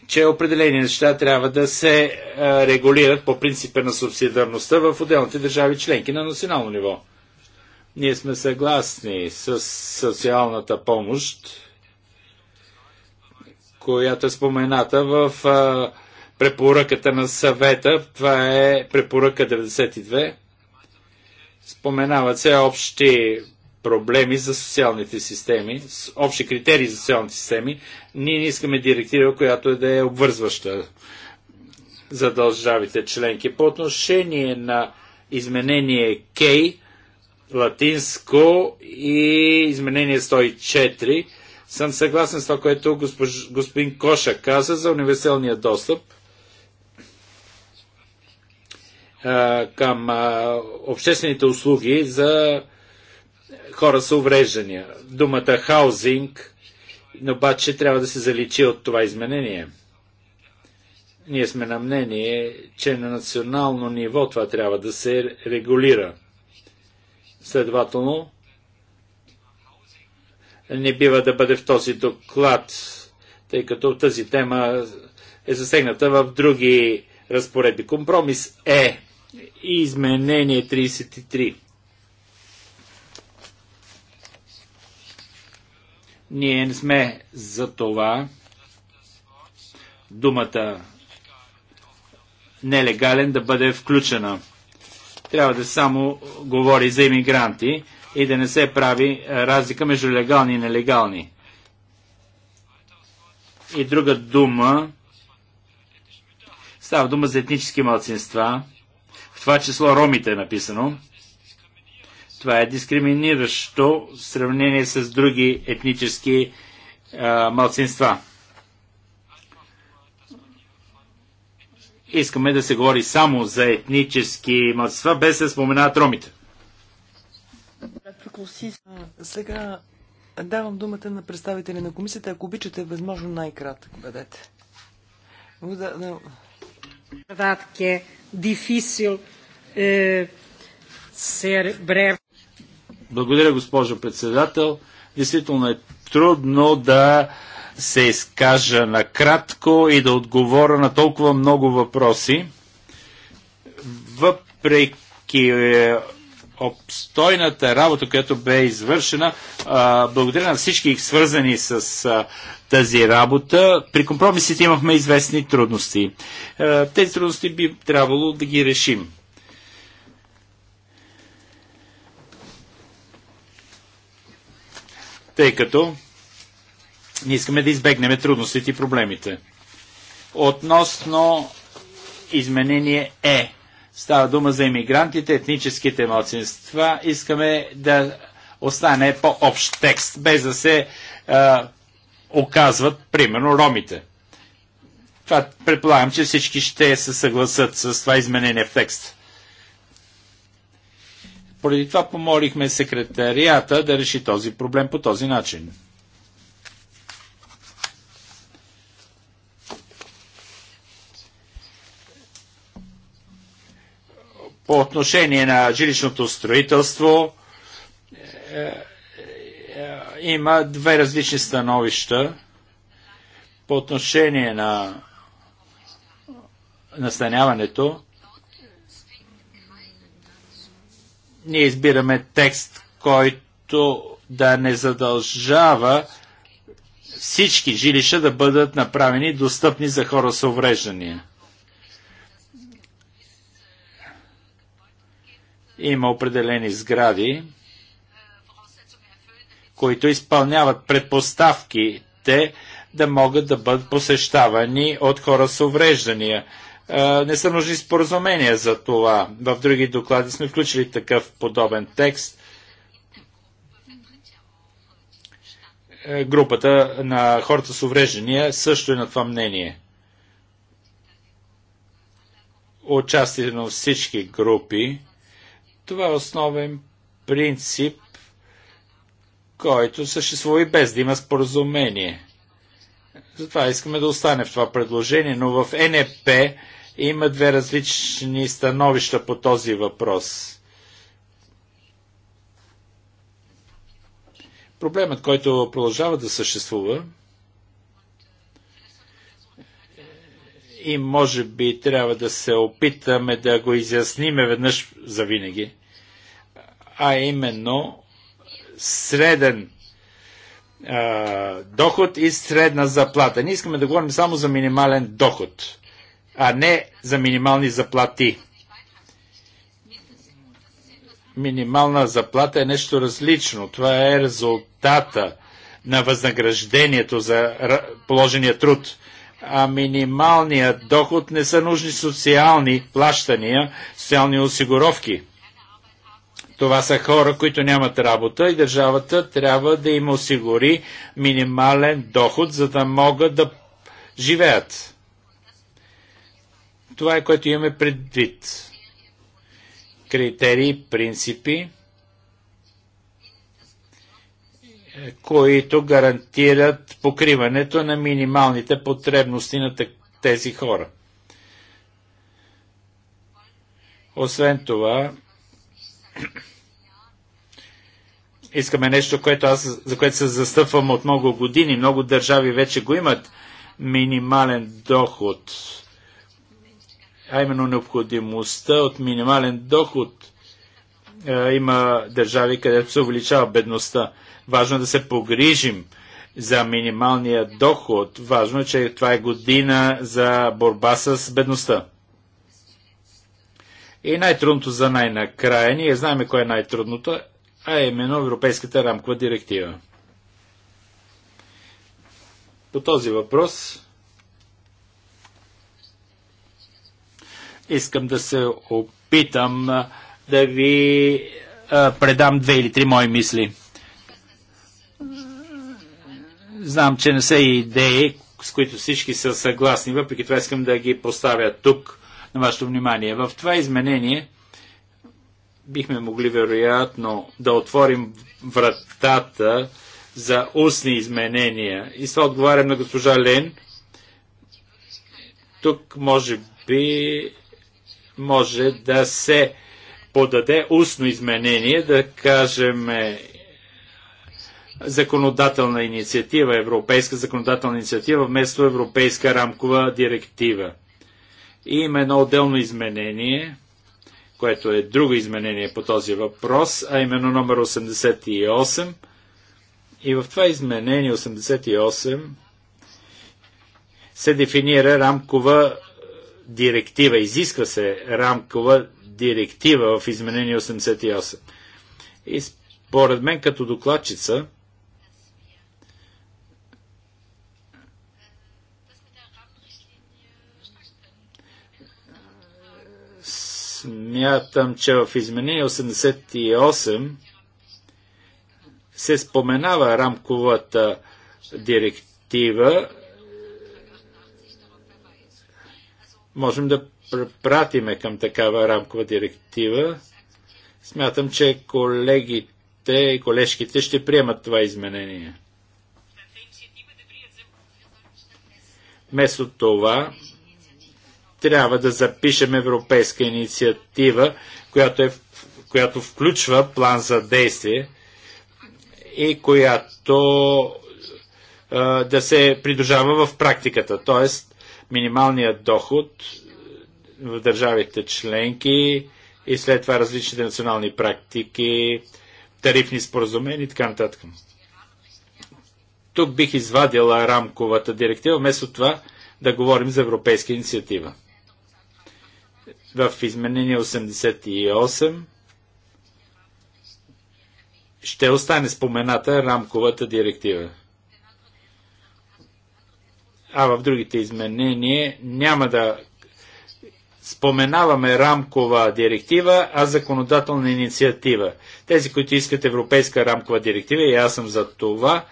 че определени неща трябва да се регулират по принципа на субсидарността в отделните държави членки на национално ниво. Ние сме съгласни с социалната помощ, която е спомената в а, препоръката на съвета. Това е препоръка 92. Споменават се общи проблеми за социалните системи, общи критерии за социалните системи. Ние не искаме директива, която е да е обвързваща за държавите членки. По отношение на изменение Кей, латинско и изменение 104, съм съгласен с това, което госпож... господин Коша каза за универсалния достъп а, към а, обществените услуги за хора с увреждания. Думата хаузинг но обаче трябва да се заличи от това изменение. Ние сме на мнение, че на национално ниво това трябва да се регулира. Следователно, не бива да бъде в този доклад, тъй като тази тема е засегната в други разпоредби. Компромис е изменение 33. Ние не сме за това думата нелегален да бъде включена. Трябва да само говори за иммигранти, и да не се прави е, разлика между легални и нелегални. И друга дума, става дума за етнически малцинства, в това число ромите е написано. Това е дискриминиращо в сравнение с други етнически а, е, малцинства. Искаме да се говори само за етнически малцинства, без да споменават ромите. Сега давам думата на представители на комисията. Ако обичате, възможно най-кратък бъдете. Да, да. Е, е, Благодаря, госпожо председател. Действително е трудно да се изкажа накратко и да отговоря на толкова много въпроси. Въпреки е, обстойната работа, която бе извършена. А, благодаря на всички свързани с а, тази работа. При компромисите имахме известни трудности. А, тези трудности би трябвало да ги решим. Тъй като не искаме да избегнем трудностите и проблемите. Относно изменение Е Става дума за иммигрантите, етническите младсинства. Искаме да остане по-общ текст, без да се а, оказват, примерно, ромите. Това предполагам, че всички ще се съгласат с това изменение в текст. Поради това помолихме секретарията да реши този проблем по този начин. по отношение на жилищното строителство е, е, е, има две различни становища по отношение на настаняването. Ние избираме текст, който да не задължава всички жилища да бъдат направени достъпни за хора с увреждания. Има определени сгради, които изпълняват предпоставките да могат да бъдат посещавани от хора с увреждания. Не са нужни споразумения за това. В други доклади сме включили такъв подобен текст. Е, групата на хората с увреждания също е на това мнение. Участие на всички групи това е основен принцип, който съществува и без да има споразумение. Затова искаме да остане в това предложение, но в НП има две различни становища по този въпрос. Проблемът, който продължава да съществува и може би трябва да се опитаме да го изясниме веднъж за винаги, а именно среден а, доход и средна заплата. Ние искаме да говорим само за минимален доход, а не за минимални заплати. Минимална заплата е нещо различно. Това е резултата на възнаграждението за положения труд. А минималният доход не са нужни социални плащания, социални осигуровки – това са хора, които нямат работа и държавата трябва да им осигури минимален доход, за да могат да живеят. Това е което имаме предвид. Критерии, принципи, които гарантират покриването на минималните потребности на тези хора. Освен това, искаме нещо, което аз, за което се застъпвам от много години. Много държави вече го имат минимален доход. А именно необходимостта от минимален доход. А, е, има държави, където се увеличава бедността. Важно е да се погрижим за минималния доход. Важно е, че това е година за борба с бедността. И най-трудното за най-накрая, ние знаем кое е най-трудното, а именно Европейската рамкова директива. По този въпрос искам да се опитам да ви предам две или три мои мисли. Знам, че не са идеи, с които всички са съгласни, въпреки това искам да ги поставя тук на вашето внимание. В това изменение – бихме могли вероятно да отворим вратата за устни изменения. И това отговарям на госпожа Лен. Тук може би може да се подаде устно изменение, да кажем е, законодателна инициатива, европейска законодателна инициатива вместо европейска рамкова директива. И има едно отделно изменение – което е друго изменение по този въпрос, а именно номер 88. И в това изменение 88 се дефинира рамкова е, директива, изисква се рамкова директива в изменение 88. И според мен като докладчица, Мятам, че в изменение 88 се споменава рамковата директива. Можем да пратиме към такава рамкова директива. Смятам, че колегите и колежките ще приемат това изменение. Вместо това, трябва да запишем европейска инициатива, която, е, която включва план за действие и която да се придържава в практиката. Тоест, минималният доход в държавите членки и след това различните национални практики, тарифни споразумения и така нататък. Тук бих извадила рамковата директива, вместо това да говорим за европейска инициатива в изменение 88 ще остане спомената рамковата директива. А в другите изменения няма да споменаваме рамкова директива, а законодателна инициатива. Тези, които искат европейска рамкова директива, и аз съм за това,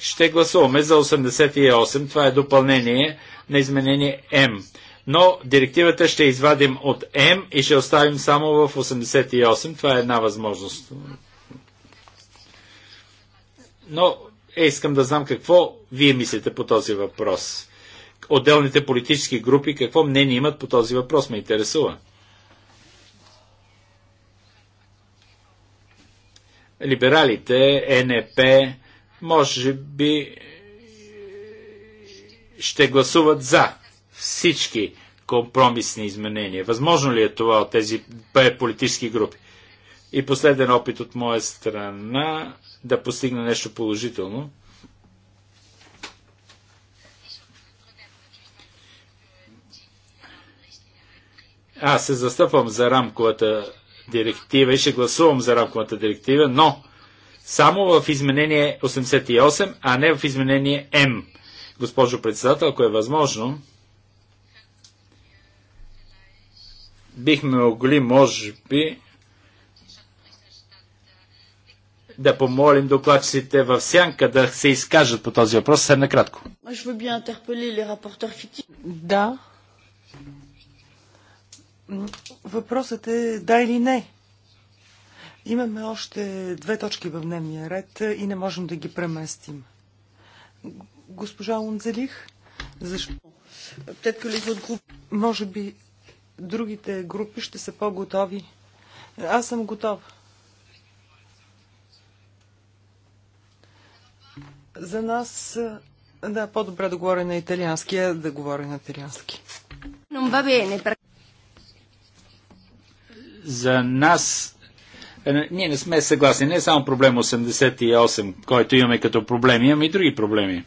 ще гласуваме за 88. Това е допълнение на изменение М но директивата ще извадим от М и ще оставим само в 88. Това е една възможност. Но е, искам да знам какво вие мислите по този въпрос. Отделните политически групи какво мнение имат по този въпрос ме интересува. Либералите, НП, може би ще гласуват за всички компромисни изменения. Възможно ли е това от тези политически групи? И последен опит от моя страна да постигна нещо положително. Аз се застъпвам за рамковата директива и ще гласувам за рамковата директива, но само в изменение 88, а не в изменение М. Госпожо председател, ако е възможно, бихме могли, може би, да помолим докладчиците в сянка да се изкажат по този въпрос съвсем накратко. Да. Въпросът е да или не. Имаме още две точки в дневния ред и не можем да ги преместим. Госпожа Лунзелих, защо? Може би другите групи ще са по-готови. Аз съм готов. За нас, да, по-добре да говоря на италиански, а да говоря на италиански. За нас е, ние не сме съгласни. Не е само проблем 88, който имаме като проблеми, имаме и други проблеми.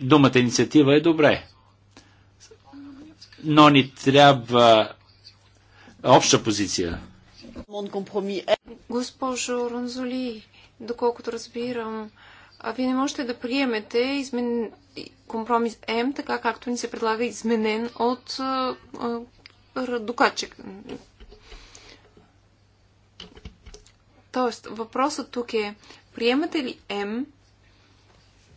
Думата инициатива е добре но ни трябва обща позиция. Госпожо Ронзоли, доколкото разбирам, а вие не можете да приемете измен... компромис М, така както ни се предлага изменен от а, а, докачек. Тоест, въпросът тук е, приемате ли М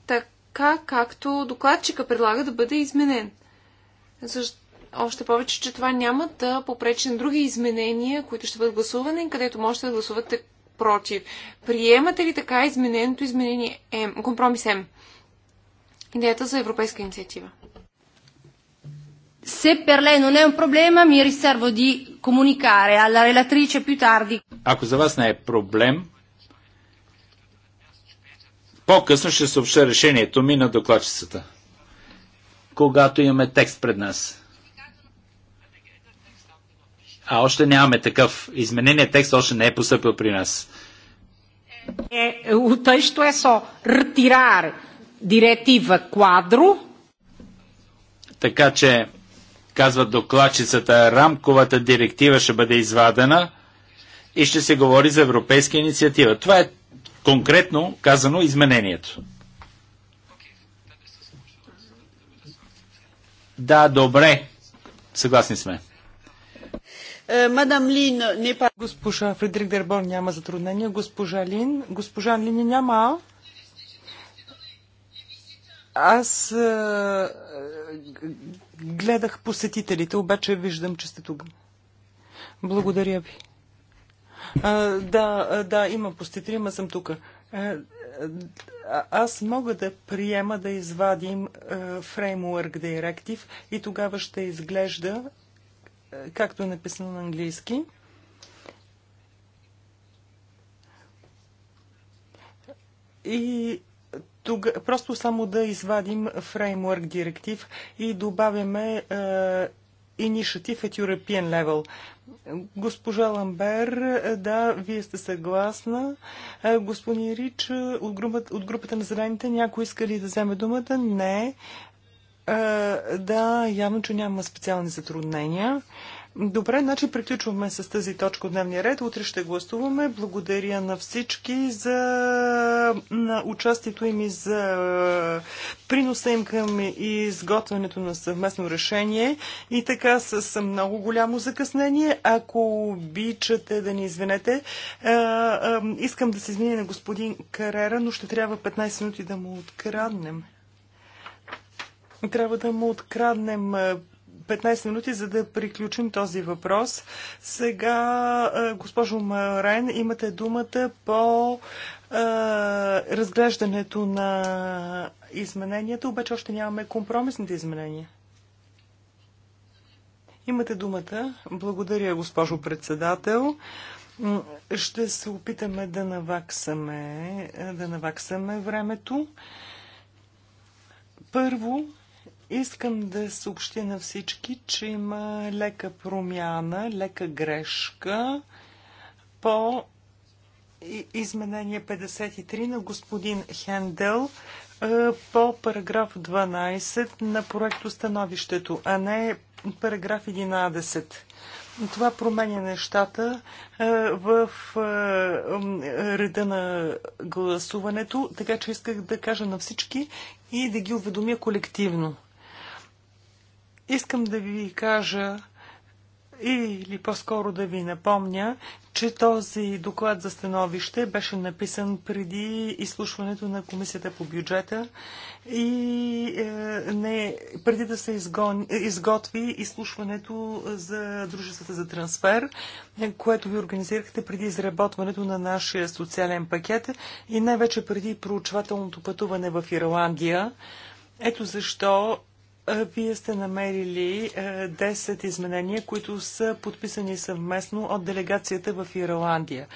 така както докладчика предлага да бъде изменен? Защо? Още повече, че това няма да попречи на други изменения, които ще бъдат гласувани, където можете да гласувате против. Приемате ли така измененото изменение М, компромис М? Идеята за европейска инициатива. Се per lei non è un problema, mi riservo di alla relatrice più tardi. Ако за вас не е проблем, по-късно ще съобща решението ми на докладчицата, когато имаме текст пред нас. А още нямаме такъв. Изменение текст още не е поступил при нас. Е, той ще е со retirar директива квадро. Така че, казва докладчицата, рамковата директива ще бъде извадена и ще се говори за европейска инициатива. Това е конкретно казано изменението. Да, добре. Съгласни сме. Е, мадам Лин не па... Госпожа Фредерик Дербор няма затруднения. Госпожа Лин. Госпожа Лин няма. Аз е, гледах посетителите, обаче виждам, че сте тук. Благодаря ви. А, е, да, е, да, има посетители, ма съм тук. Аз мога да приема да извадим Framework Directive и тогава ще изглежда както е написано на английски. И тога, просто само да извадим фреймворк директив и добавяме инициатив е, Initiative at European Level. Госпожа Ламбер, да, вие сте съгласна. Е, господин Рич, от групата, от групата на зелените някой иска ли да вземе думата? Не. Е, да, явно, че няма специални затруднения. Добре, значи приключваме с тази точка от дневния ред. Утре ще гласуваме. Благодаря на всички за на участието им и за приноса им към изготвянето на съвместно решение. И така с много голямо закъснение. Ако обичате да ни извинете, е, е, искам да се извиня на господин Карера, но ще трябва 15 минути да му откраднем. Трябва да му откраднем 15 минути, за да приключим този въпрос. Сега, госпожо Марен, имате думата по разглеждането на измененията, обаче още нямаме компромисните изменения. Имате думата. Благодаря, госпожо председател. Ще се опитаме да наваксаме, да наваксаме времето. Първо, Искам да съобщя на всички, че има лека промяна, лека грешка по изменение 53 на господин Хендел е, по параграф 12 на проекто становището, а не параграф 11. Това променя нещата е, в е, реда на гласуването, така че исках да кажа на всички и да ги уведомя колективно. Искам да ви кажа или по-скоро да ви напомня, че този доклад за становище беше написан преди изслушването на Комисията по бюджета и е, не, преди да се изгон, изготви изслушването за дружествата за трансфер, което ви организирахте преди изработването на нашия социален пакет и най-вече преди проучвателното пътуване в Ирландия. Ето защо вие сте намерили 10 изменения, които са подписани съвместно от делегацията в Ирландия.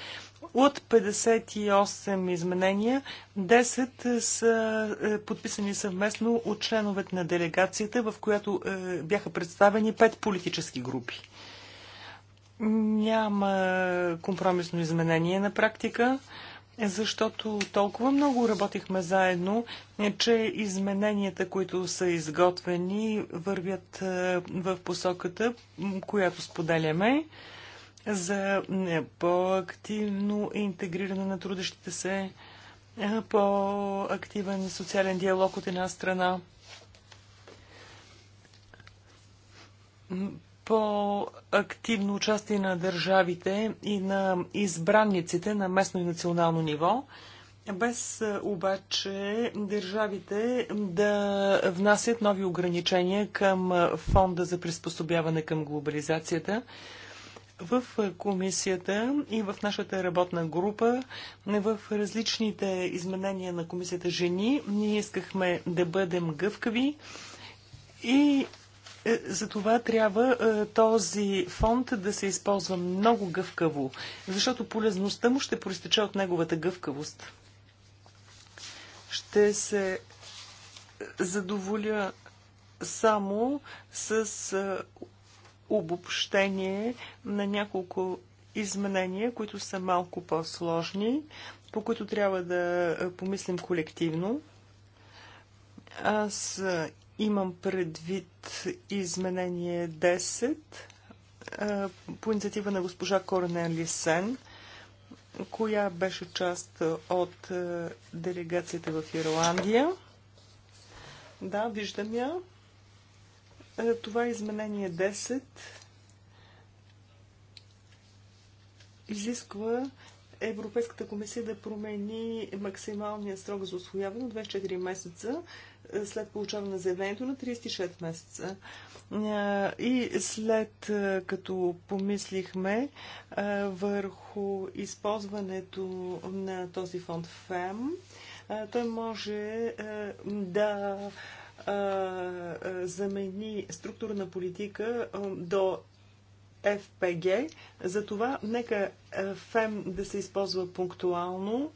От 58 изменения, 10 са е, подписани съвместно от членовете на делегацията, в която е, бяха представени 5 политически групи. Няма компромисно изменение на практика защото толкова много работихме заедно, е, че измененията, които са изготвени, вървят е, в посоката, която споделяме за е, по-активно интегриране на трудещите се, по-активен социален диалог от една страна, по-активно участие на държавите и на избранниците на местно и национално ниво, без е, обаче държавите да внасят нови ограничения към е, фонда за приспособяване към глобализацията. В е, комисията и в нашата работна група, в различните изменения на комисията жени, ние искахме да бъдем гъвкави и е, за това трябва е, този фонд да се използва много гъвкаво, защото полезността му ще проистече от неговата гъвкавост. Ще се е, задоволя само с обобщение на няколко изменения, които са малко по-сложни, по които трябва да помислим колективно. Аз Имам предвид изменение 10 по инициатива на госпожа Корнен Лисен, коя беше част от делегацията в Ирландия. Да, виждам я. Това е изменение 10 изисква Европейската комисия да промени максималния срок за освояване от 24 месеца след получаване на заявлението на 36 месеца. И след като помислихме върху използването на този фонд ФЕМ, той може да замени структурна политика до ФПГ. Затова нека ФЕМ да се използва пунктуално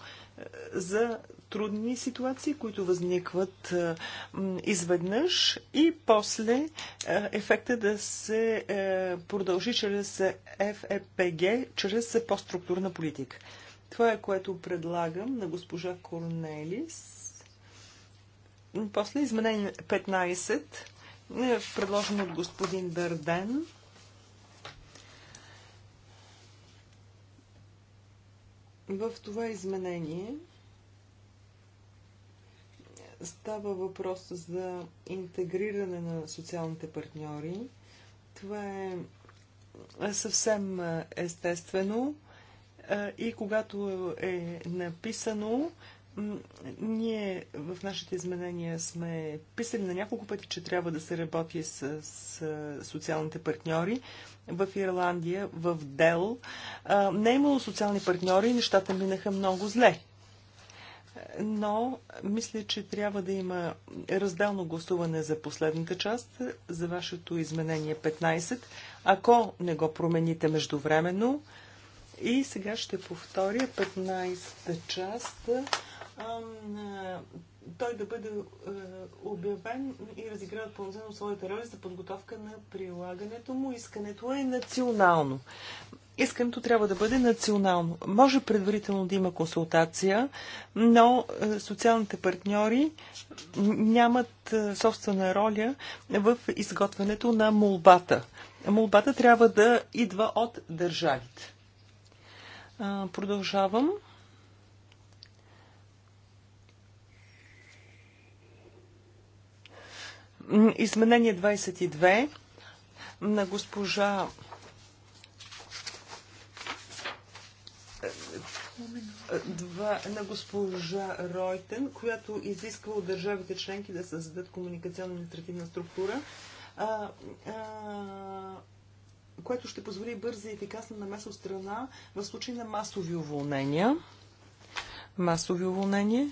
за трудни ситуации, които възникват изведнъж и после ефекта да се продължи чрез ФЕПГ, e чрез по-структурна политика. Това е което предлагам на госпожа Корнелис. После изменение 15, е, предложено от господин Дарден. В това изменение става въпрос за интегриране на социалните партньори. Това е, е съвсем е, естествено е, и когато е написано, ние в нашите изменения сме писали на няколко пъти, че трябва да се работи с, с социалните партньори. В Ирландия, в Дел, не е имало социални партньори и нещата минаха много зле. Но мисля, че трябва да има разделно гласуване за последната част, за вашето изменение 15, ако не го промените междувременно. И сега ще повторя 15-та част той да бъде е, обявен и разиграва пълноценно своята роля за подготовка на прилагането му. Искането е национално. Искането трябва да бъде национално. Може предварително да има консултация, но е, социалните партньори нямат е, собствена роля в изготвянето на молбата. Молбата трябва да идва от държавите. Продължавам. Изменение 22 на госпожа Два, на госпожа Ройтен, която изисква от държавите членки да създадат комуникационна административна структура, а, а, което ще позволи бърза и ефикасна на от страна в случай на масови уволнения. Масови уволнения.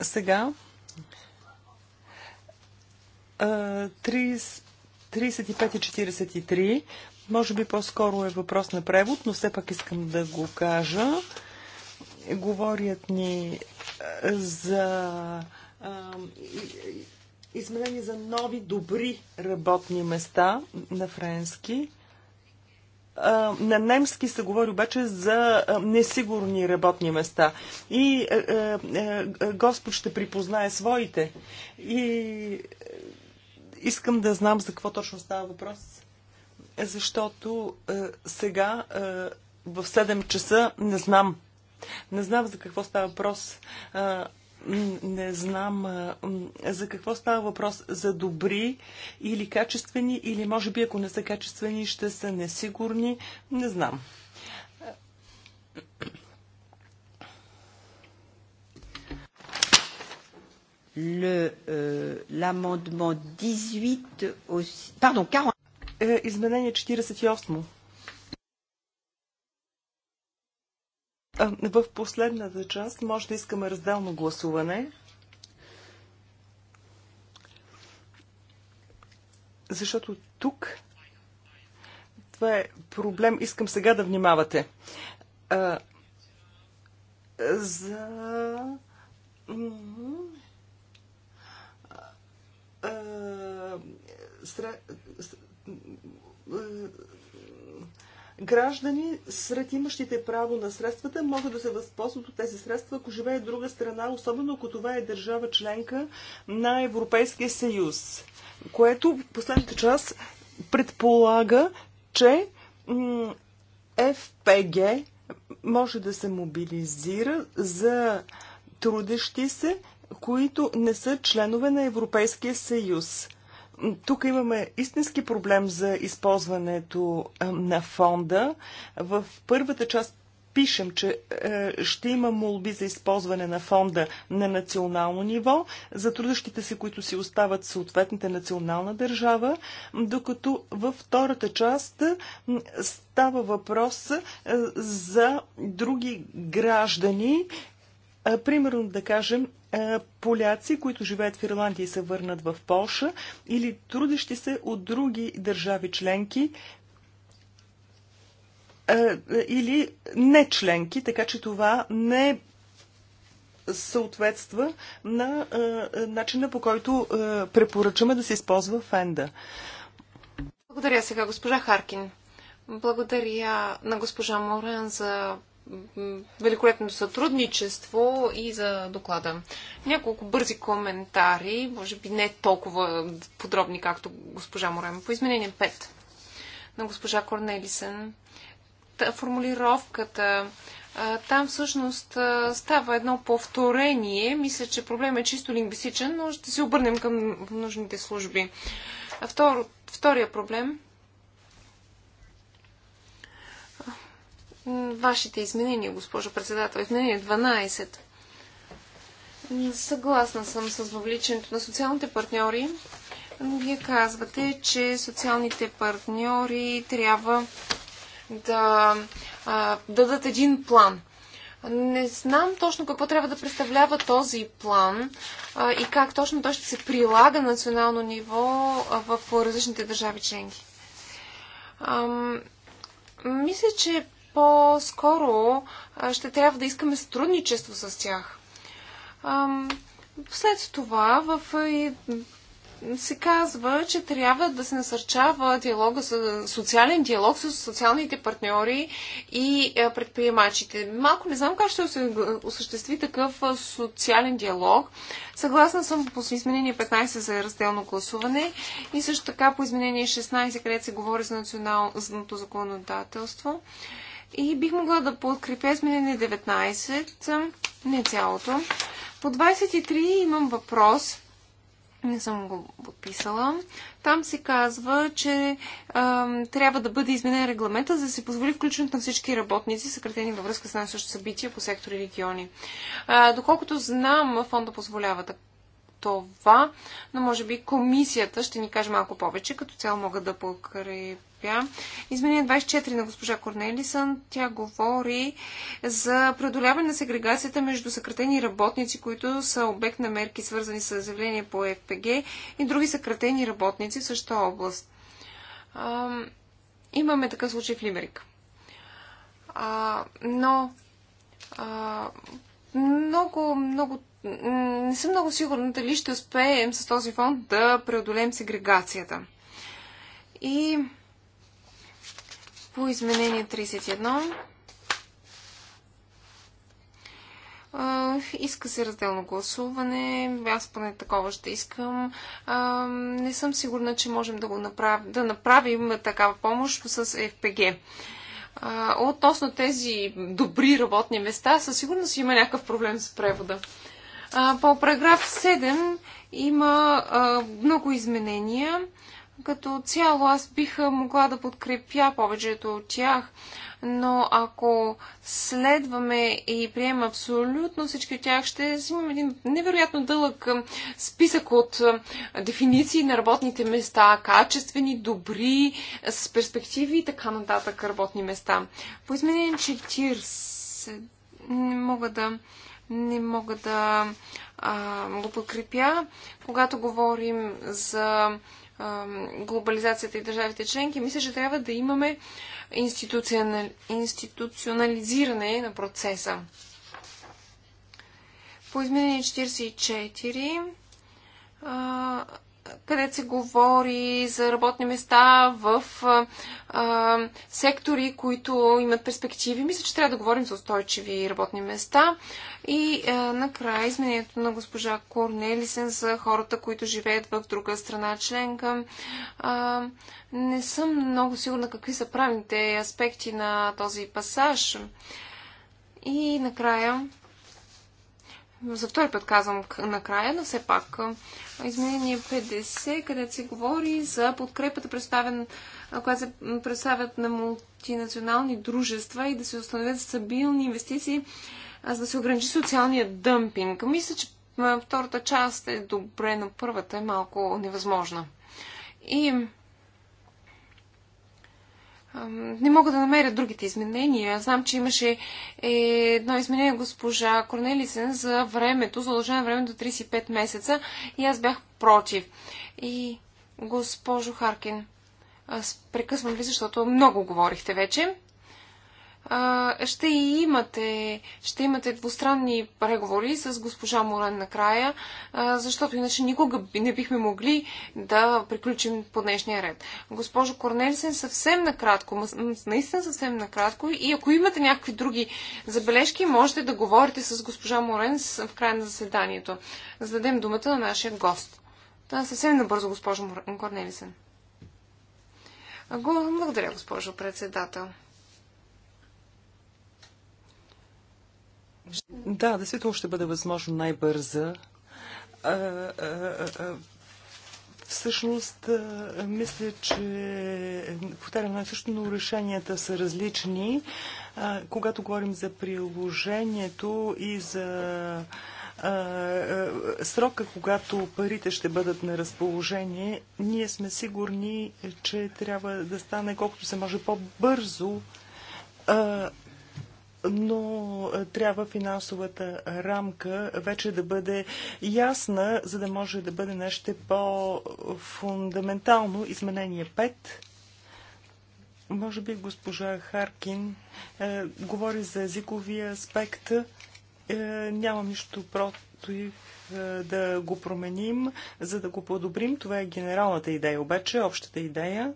Сега 35 43. Може би по-скоро е въпрос на превод, но все пак искам да го кажа. Говорят ни за изменени за нови добри работни места на френски. На немски се говори обаче за несигурни работни места. И Господ ще припознае своите. И Искам да знам за какво точно става въпрос, е, защото е, сега е, в 7 часа не знам. Не знам за какво става въпрос. Е, не знам е, за какво става въпрос. За добри или качествени, или може би ако не са качествени, ще са несигурни. Не знам. Euh, l'amendement 18 aussi. Pardon, 40. Е, изменение 48. В последната част може да искаме разделно гласуване. Защото тук това е проблем. Искам сега да внимавате. за граждани сред имащите право на средствата могат да се възползват от тези средства, ако живее друга страна, особено ако това е държава членка на Европейския съюз, което в последната част предполага, че ФПГ може да се мобилизира за трудещи се които не са членове на Европейския съюз. Тук имаме истински проблем за използването на фонда. В първата част пишем, че е, ще има молби за използване на фонда на национално ниво, за трудещите се, които си остават съответната национална държава, докато във втората част става въпрос е, за други граждани, е, примерно да кажем е, поляци, които живеят в Ирландия и се върнат в Полша, или трудещи се от други държави членки, е, е, или не членки, така че това не съответства на начина по който препоръчаме да се използва фенда. Благодаря сега, госпожа Харкин. Благодаря на госпожа Морен за великолепно сътрудничество и за доклада. Няколко бързи коментари, може би не толкова подробни, както госпожа Морема. По изменение 5 на госпожа Корнелисен, формулировката там всъщност става едно повторение. Мисля, че проблем е чисто лингвистичен, но ще се обърнем към нужните служби. Втор, втория проблем вашите изменения, госпожо председател. Изменение 12. Съгласна съм с въвличането на социалните партньори. Вие казвате, че социалните партньори трябва да а, дадат един план. Не знам точно какво трябва да представлява този план а, и как точно той ще се прилага на национално ниво в различните държави членки. мисля, че по-скоро ще трябва да искаме сътрудничество с тях. След това в е, се казва, че трябва да се насърчава диалога, социален диалог с социалните партньори и е, предприемачите. Малко не знам как ще се осъществи такъв е, социален диалог. Съгласна съм по изменение 15 за разделно гласуване и също така по изменение 16, където се говори за националното законодателство. И бих могла да подкрепя изменение 19, не цялото. По 23 имам въпрос. Не съм го подписала. Там се казва, че а, трябва да бъде изменен регламента, за да се позволи включването на всички работници, съкратени във връзка с най-също събития по сектори и региони. А, доколкото знам, фонда позволява това, но може би комисията ще ни каже малко повече. Като цяло мога да покрепя успя. Изменение 24 на госпожа Корнелисън. Тя говори за преодоляване на сегрегацията между съкратени работници, които са обект на мерки, свързани с заявление по ФПГ и други съкратени работници в същата област. А, имаме такъв случай в Лимерик. А, но а, много, много не съм много сигурна дали ще успеем с този фонд да преодолеем сегрегацията. И по изменение 31. Иска се разделно гласуване. Аз поне такова ще искам. Не съм сигурна, че можем да, го направим, да направим такава помощ с FPG. Относно тези добри работни места, със сигурност има някакъв проблем с превода. По параграф 7 има много изменения като цяло аз бих могла да подкрепя повечето от тях, но ако следваме и приемем абсолютно всички от тях, ще взимам един невероятно дълъг списък от дефиниции на работните места, качествени, добри, с перспективи и така нататък работни места. По изменение 40 не мога да не мога да а, го подкрепя. Когато говорим за глобализацията и държавите членки, мисля, че трябва да имаме институционализиране на процеса. По изменение 44 където се говори за работни места в а, сектори, които имат перспективи. Мисля, че трябва да говорим за устойчиви работни места. И а, накрая изменението на госпожа Корнелисен за хората, които живеят в друга страна членка. А, не съм много сигурна какви са правните аспекти на този пасаж. И накрая за втори път казвам накрая, но все пак изменение 50, където се говори за подкрепата, представен, която се представят на мултинационални дружества и да се установят стабилни инвестиции, за да се ограничи социалния дъмпинг. Мисля, че втората част е добре, но първата е малко невъзможна. И не мога да намеря другите изменения. Знам, че имаше е, едно изменение госпожа Корнелисен за времето, за удължено време до 35 месеца и аз бях против. И госпожо Харкин, аз прекъсвам ви, защото много говорихте вече ще имате, ще имате двустранни преговори с госпожа Морен накрая, защото иначе никога не бихме могли да приключим по днешния ред. Госпожо Корнелисен съвсем накратко, наистина съвсем накратко и ако имате някакви други забележки, можете да говорите с госпожа Морен в края на заседанието. За дадем думата на нашия гост. Та, съвсем набързо, госпожо Корнелисен. Благодаря, госпожо председател. Да, действително ще бъде възможно най-бърза. Всъщност, мисля, че най също, но решенията са различни. Когато говорим за приложението и за срока, когато парите ще бъдат на разположение, ние сме сигурни, че трябва да стане колкото се може по-бързо но е, трябва финансовата рамка вече да бъде ясна, за да може да бъде нещо по-фундаментално. Изменение 5. Може би госпожа Харкин е, говори за езиковия аспект. Е, нямам нищо против е, да го променим, за да го подобрим. Това е генералната идея, обаче общата идея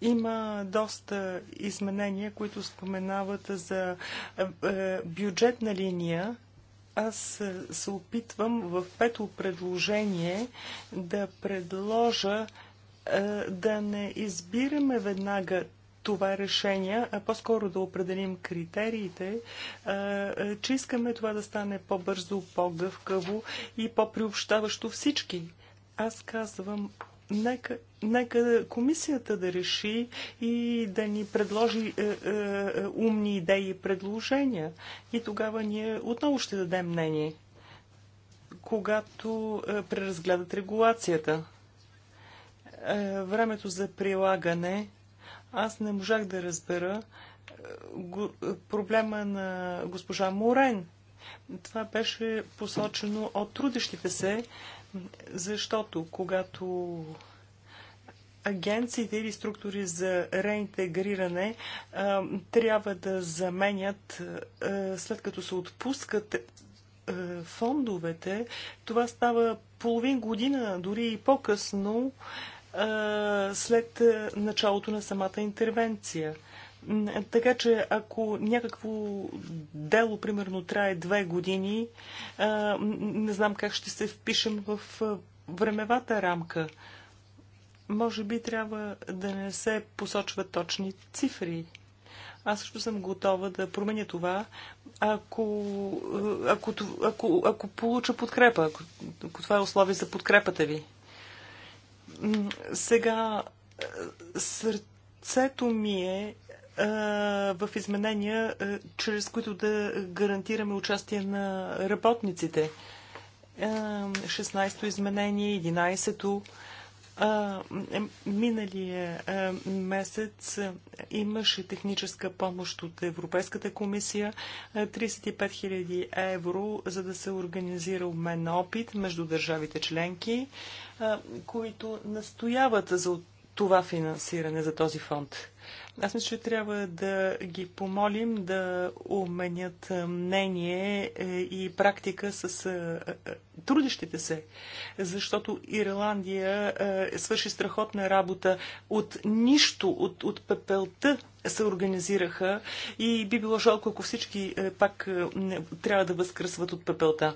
Има доста изменения, които споменават за е, е, бюджетна линия. Аз се опитвам в пето предложение да предложа е, да не избираме веднага това решение, а по-скоро да определим критериите, че искаме това да стане по-бързо, по-гъвкаво и по-приобщаващо всички. Аз казвам, нека Нека комисията да реши и да ни предложи е, е, е, умни идеи и предложения. И тогава ние отново ще дадем мнение, когато е, преразгледат регулацията. Е, времето за прилагане, аз не можах да разбера е, го, проблема на госпожа Морен. Това беше посочено от трудещите се, защото когато агенциите или структури за реинтегриране а, трябва да заменят, а, след като се отпускат а, фондовете, това става половин година, дори и по-късно, след началото на самата интервенция. Така че ако някакво дело, примерно, трае две години, не знам как ще се впишем в времевата рамка. Може би трябва да не се посочват точни цифри. Аз също съм готова да променя това, ако, ако, ако, ако получа подкрепа, ако, ако това е условие за подкрепата ви. Сега, е, сърцето ми е, е в изменения, е, чрез които да гарантираме участие на работниците. 16-то изменение, 11-то. Миналия месец имаше техническа помощ от Европейската комисия 35 000 евро, за да се организира обмен на опит между държавите членки, които настояват за това финансиране за този фонд. Аз мисля, че трябва да ги помолим да уменят мнение е, и практика с трудещите се, защото Ирландия свърши страхотна работа от нищо, от, от пепелта се организираха и би било жалко, ако всички пак трябва да възкръсват от пепелта.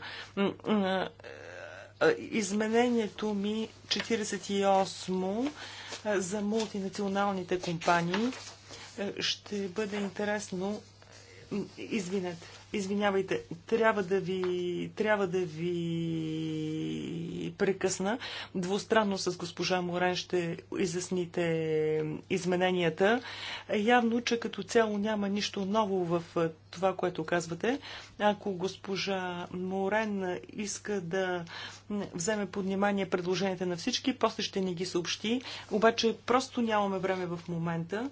Изменението ми 48 за мултинационалните компании е, ще бъде интересно. Извинете, извинявайте, трябва да ви, трябва да ви прекъсна. Двустранно с госпожа Морен ще изясните измененията. Явно, че като цяло няма нищо ново в е, това, което казвате. Ако госпожа Морен иска да вземе под внимание предложенията на всички, после ще ни ги съобщи. Обаче просто нямаме време в момента.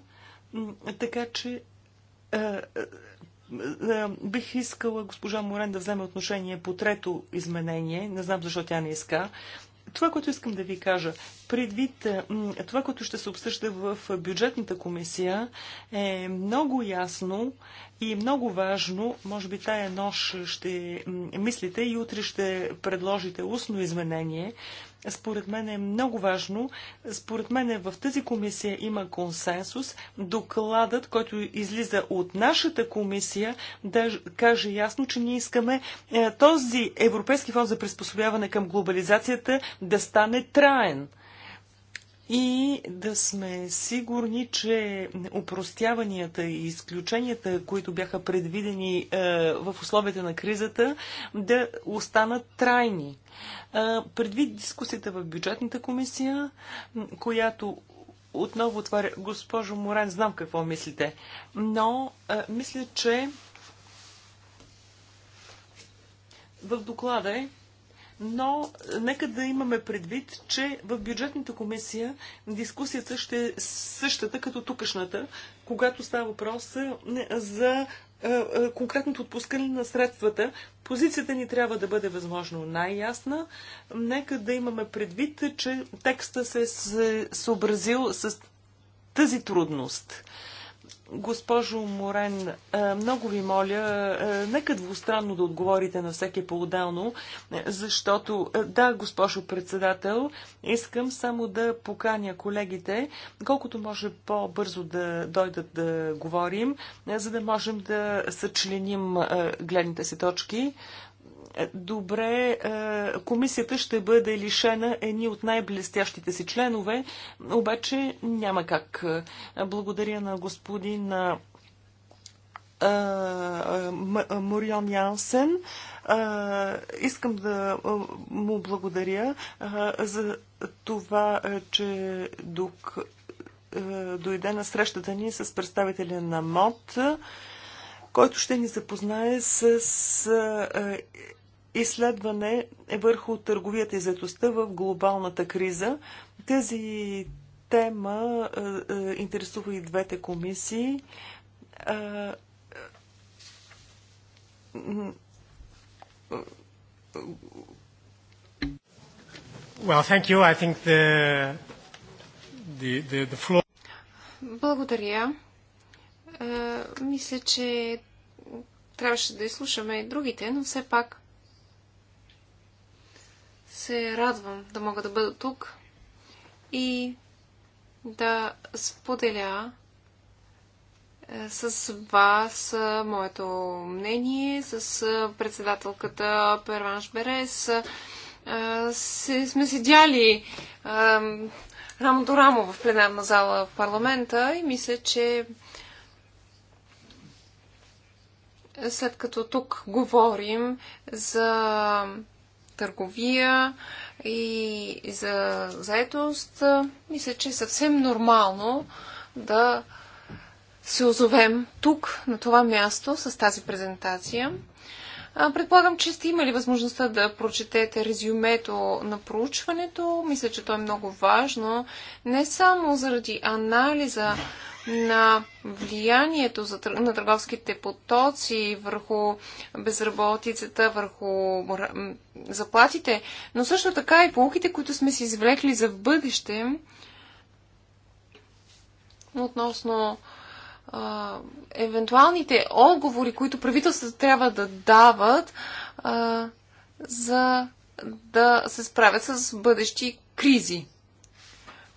Така че е, е, е, бих искала госпожа Морен да вземе отношение по трето изменение. Не знам защо тя не иска. Това, което искам да ви кажа, предвид това, което ще се обсъжда в бюджетната комисия, е много ясно и много важно. Може би тая нощ ще мислите и утре ще предложите устно изменение според мен е много важно. Според мен е, в тази комисия има консенсус. Докладът, който излиза от нашата комисия, да каже ясно, че ние искаме е, този Европейски фонд за приспособяване към глобализацията да стане траен и да сме сигурни, че упростяванията и изключенията, които бяха предвидени е, в условията на кризата, да останат трайни. Е, предвид дискусията в бюджетната комисия, която отново отваря. Госпожо Морен, знам какво мислите, но е, мисля, че в доклада е, но нека да имаме предвид, че в бюджетната комисия дискусията ще е същата като тукашната, когато става въпрос е, за е, е, конкретното отпускане на средствата. Позицията ни трябва да бъде възможно най-ясна. Нека да имаме предвид, че текста се съобразил с тази трудност. Госпожо Морен, е, много ви моля, е, нека двустранно да отговорите на всеки по-отделно, е, защото, да, госпожо председател, искам само да поканя колегите, колкото може по-бързо да дойдат да говорим, за да можем да съчленим гледните си точки добре, е, комисията ще бъде лишена едни от най-блестящите си членове, обаче няма как. Благодаря на господин е, е, Морион Янсен. Искам да му благодаря за това, че док дойде на срещата ни с представителя на МОД който ще ни запознае с изследване е върху търговията и заедостта в глобалната криза. Тази тема е, е, интересува и двете комисии. Е, well, thank you. I think the, the, the, the floor... Благодаря. мисля, че трябваше да изслушаме и другите, но все пак се радвам да мога да бъда тук и да споделя е, с вас е, моето мнение, с е, председателката Перванш Берес. Се, сме седяли рамо до рамо в пленарна зала в парламента и мисля, че след като тук говорим за търговия и за заетост, мисля, че е съвсем нормално да се озовем тук, на това място, с тази презентация. Предполагам, че сте имали възможността да прочетете резюмето на проучването. Мисля, че то е много важно, не само заради анализа на влиянието на търговските потоци върху безработицата, върху заплатите, но също така и полуките, които сме си извлекли за в бъдеще относно а, евентуалните отговори, които правителствата трябва да дават, а, за да се справят с бъдещи кризи.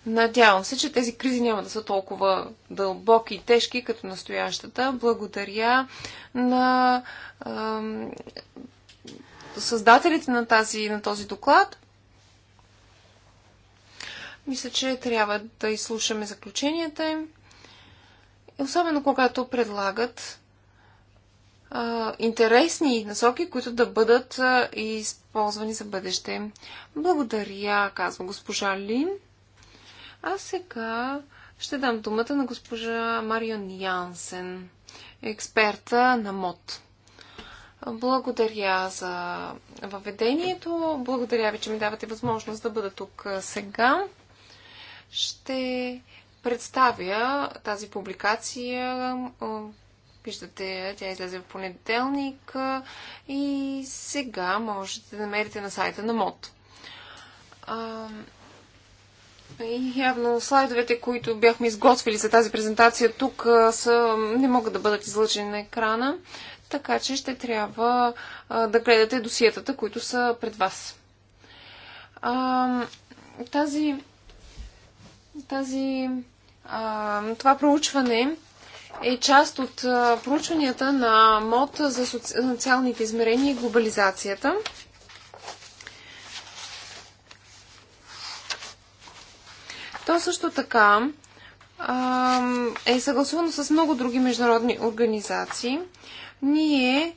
Надявам се, че тези кризи няма да са толкова дълбоки и тежки, като настоящата. Благодаря на ам, създателите на, тази, на този доклад. Мисля, че трябва да изслушаме заключенията им. Особено когато предлагат а, интересни насоки, които да бъдат а, използвани за бъдеще. Благодаря, казва госпожа Лин. А сега ще дам думата на госпожа Марион Янсен, експерта на МОД. Благодаря за въведението. Благодаря ви, че ми давате възможност да бъда тук сега. Ще представя тази публикация. Виждате, тя излезе в понеделник и сега можете да намерите на сайта на МОД. И явно слайдовете, които бяхме изготвили за тази презентация тук, са, не могат да бъдат излъчени на екрана, така че ще трябва а, да гледате досиетата, които са пред вас. А, тази, тази, а, това проучване е част от проучванията на МОД за социалните измерения и глобализацията. То също така е съгласувано с много други международни организации. Ние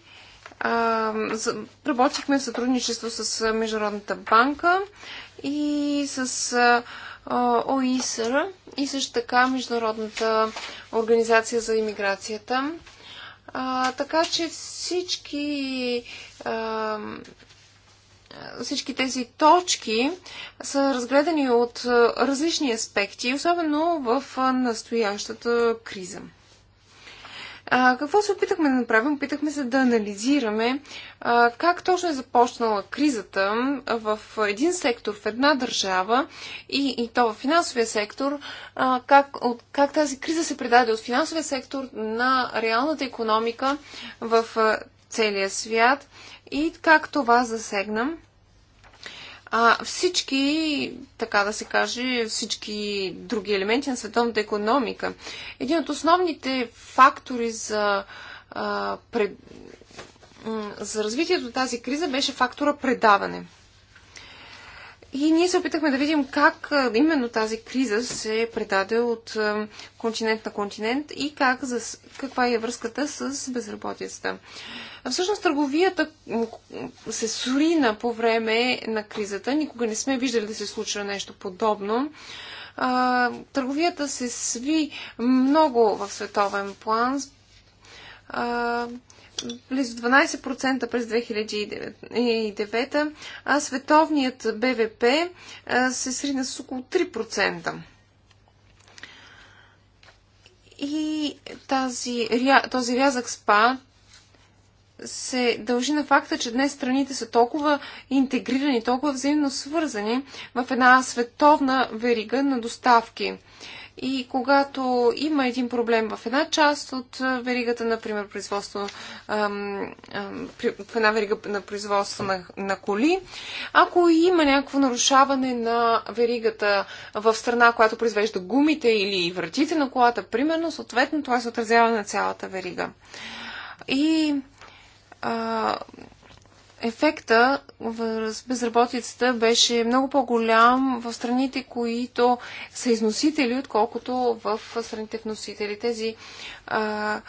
работихме в сътрудничество с Международната банка и с ОИСР и също така Международната организация за иммиграцията. така че всички всички тези точки са разгледани от различни аспекти, особено в настоящата криза. А, какво се опитахме да направим? Опитахме се да анализираме а, как точно е започнала кризата в един сектор, в една държава и, и то в финансовия сектор, а, как, от, как тази криза се предаде от финансовия сектор на реалната економика в целия свят, и как това засегна а, всички, така да се каже, всички други елементи на световната економика. Един от основните фактори за, а, пред, за развитието на тази криза беше фактора предаване – и ние се опитахме да видим как именно тази криза се е предаде от континент на континент и как, каква е връзката с безработицата. Всъщност търговията се сурина по време на кризата. Никога не сме виждали да се случва нещо подобно. Търговията се сви много в световен план близо 12% през 2009, а световният БВП се срина с около 3%. И тази, този рязък СПА се дължи на факта, че днес страните са толкова интегрирани, толкова взаимно свързани в една световна верига на доставки. И когато има един проблем в една част от веригата, например, производство, ам, ам, в една верига на производство на, на коли, ако има някакво нарушаване на веригата в страна, която произвежда гумите или вратите на колата, примерно, съответно това се отразява на цялата верига. И а, ефекта в безработицата беше много по-голям в страните, които са износители, отколкото в страните вносители. Тези а,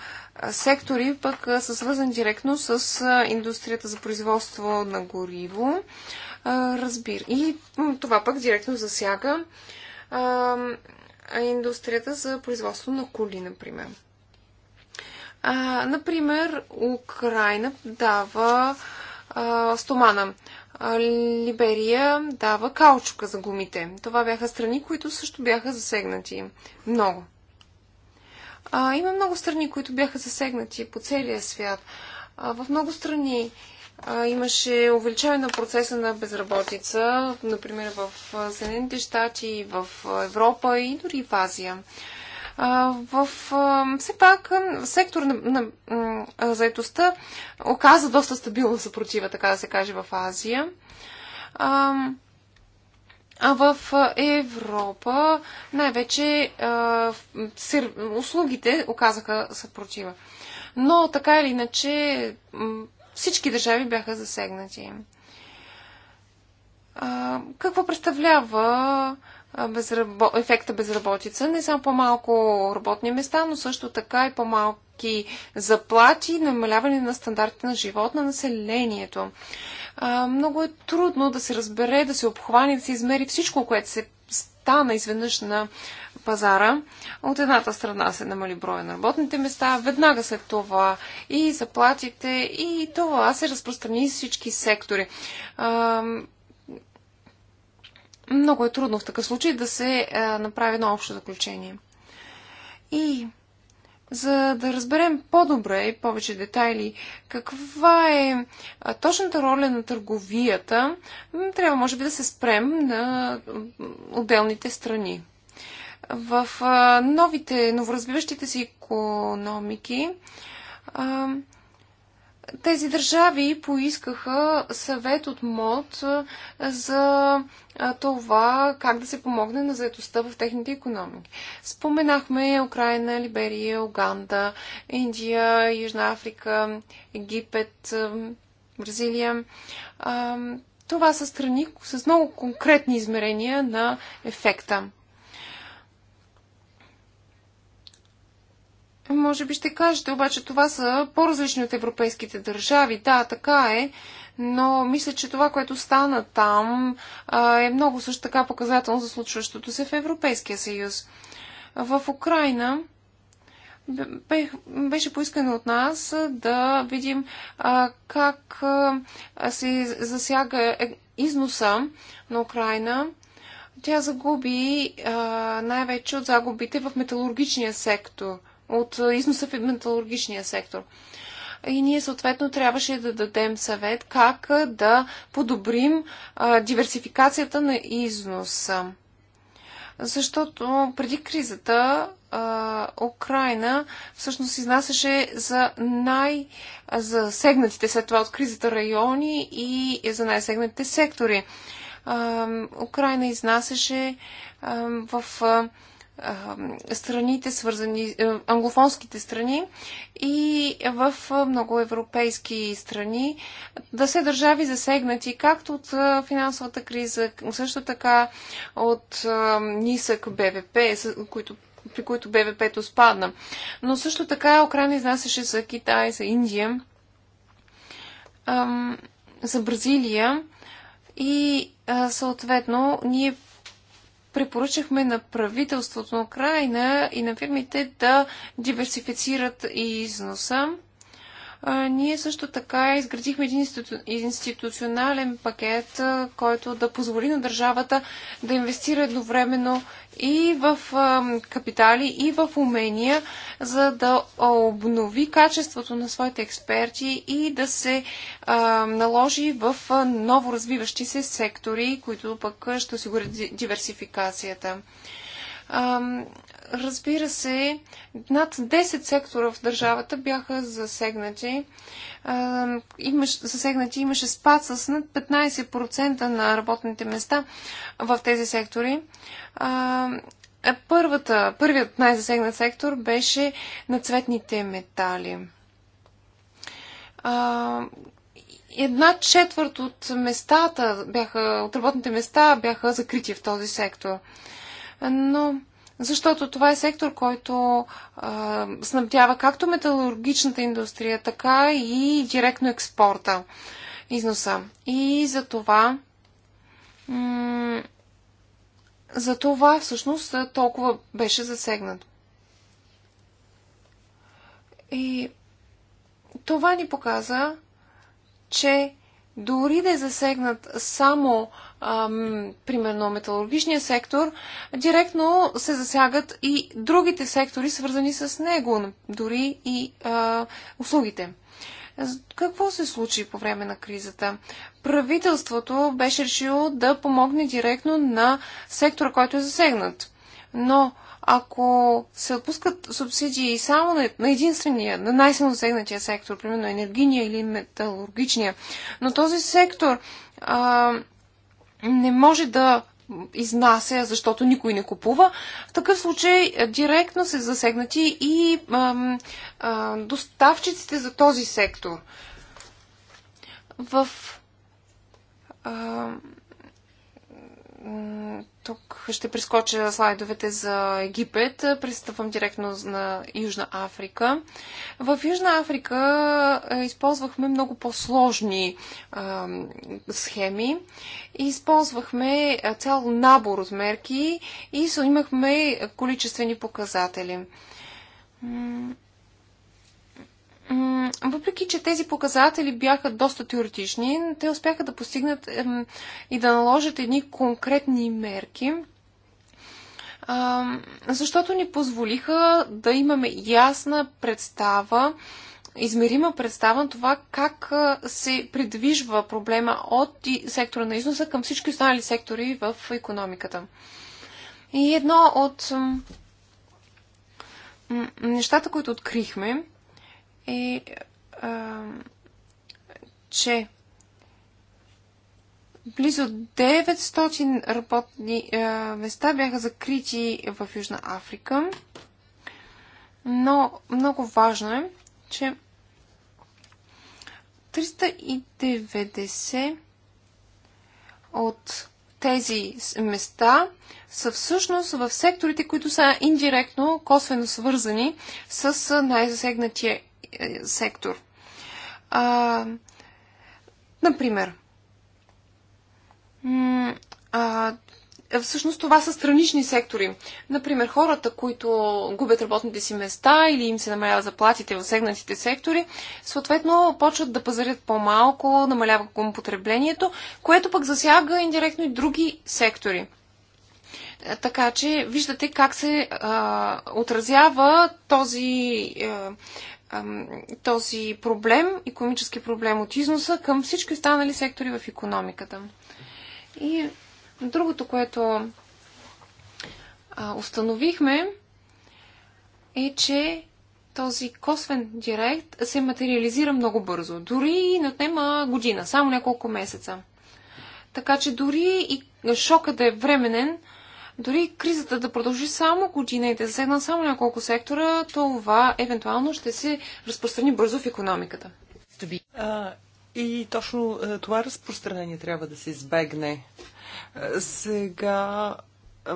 сектори пък са свързани директно с индустрията за производство на гориво. А, разбир. И това пък директно засяга а, индустрията за производство на коли, например. А, например, Украина дава а, стомана. Либерия дава каучука за гумите. Това бяха страни, които също бяха засегнати. Много. А, има много страни, които бяха засегнати по целия свят. А, в много страни а, имаше увеличаване на процеса на безработица, например в Съединените щати, в Европа и дори в Азия в все пак сектор на, на заетостта оказа доста стабилна съпротива, така да се каже, в Азия. А в Европа най-вече услугите оказаха съпротива. Но така или иначе всички държави бяха засегнати. какво представлява безрабо... ефекта безработица. Не само по-малко работни места, но също така и по-малки заплати, намаляване на стандарти на живот на населението. А, много е трудно да се разбере, да се обхване, да се измери всичко, което се стана изведнъж на пазара. От едната страна се намали броя на работните места, веднага след това и заплатите, и това се разпространи всички сектори. А, много е трудно в такъв случай да се направи едно общо заключение. И за да разберем по-добре и повече детайли каква е точната роля на търговията, трябва може би да се спрем на отделните страни. В новите, новоразбиващите се економики тези държави поискаха съвет от МОД за това как да се помогне на заедостта в техните економики. Споменахме Украина, Либерия, Уганда, Индия, Южна Африка, Египет, Бразилия. Това са страни с много конкретни измерения на ефекта. Може би ще кажете, обаче това са по-различни от европейските държави. Да, така е. Но мисля, че това, което стана там, е много също така показателно за случващото се в Европейския съюз. В Украина беше поискано от нас да видим как се засяга е, износа на Украина. Тя загуби най-вече от загубите в металургичния сектор – от е, износа в металургичния сектор. И ние съответно трябваше да дадем съвет как е, да подобрим е, диверсификацията на износа. Защото преди кризата Украина всъщност изнасяше за най-засегнатите след това от кризата райони и за най-сегнатите сектори. Украина изнасяше в страните, свързани, е, англофонските страни и в е, много европейски страни да се държави засегнати както от е, финансовата криза, също така от нисък БВП, които при които БВП-то спадна. Но също така Украина изнасяше за Китай, за Индия, за Бразилия и съответно ние препоръчахме на правителството на Украина и на фирмите да диверсифицират и износа. А, ние също така изградихме един институ... институционален пакет, който да позволи на държавата да инвестира едновременно и в капитали, и в умения, за да обнови качеството на своите експерти и да се наложи в ново развиващи се сектори, които пък ще осигурят диверсификацията. Разбира се, над 10 сектора в държавата бяха засегнати. Имаш, засегнати имаше спад с над 15% на работните места в тези сектори. Първата, първият най-засегнат сектор беше на цветните метали. Една четвърт от местата бяха, от работните места бяха закрити в този сектор. Но защото това е сектор, който а, снабдява както металургичната индустрия, така и директно експорта, износа. И за това, за това всъщност толкова беше засегнат. И това ни показа, че дори да е засегнат само ам, примерно металургичния сектор, директно се засягат и другите сектори, свързани с него, дори и а, услугите. Какво се случи по време на кризата? Правителството беше решило да помогне директно на сектора, който е засегнат. Но ако се отпускат субсидии само на единствения, на най-силно засегнатия сектор, примерно енергийния или металургичния, но този сектор а, не може да изнася, защото никой не купува, в такъв случай директно се засегнати и а, а, доставчиците за този сектор. В а, тук ще прескоча слайдовете за Египет. Пристъпвам директно на Южна Африка. В Южна Африка е, използвахме много по-сложни схеми. Използвахме цял набор от мерки и имахме количествени показатели въпреки, че тези показатели бяха доста теоретични, те успяха да постигнат и да наложат едни конкретни мерки, защото ни позволиха да имаме ясна представа, измерима представа на това как се придвижва проблема от сектора на износа към всички останали сектори в економиката. И едно от нещата, които открихме, е, а, че близо 900 работни а, места бяха закрити в Южна Африка. Но много важно е, че 390 от тези места са всъщност в секторите, които са индиректно, косвено свързани с най-засегнатия е, сектор. А, например, а, всъщност това са странични сектори. Например, хората, които губят работните си места или им се намаляват заплатите в сегнатите сектори, съответно почват да пазарят по-малко, намалява потреблението, което пък засяга индиректно и други сектори. Е, така че виждате как се а, отразява този а, е, този проблем, економически проблем от износа към всички останали сектори в економиката. И другото, което установихме, е, че този косвен директ се материализира много бързо. Дори и не отнема година, само няколко месеца. Така че дори и шока да е временен, дори кризата да продължи само година и да засегна само няколко сектора, това евентуално ще се разпространи бързо в економиката. и точно това разпространение трябва да се избегне. Сега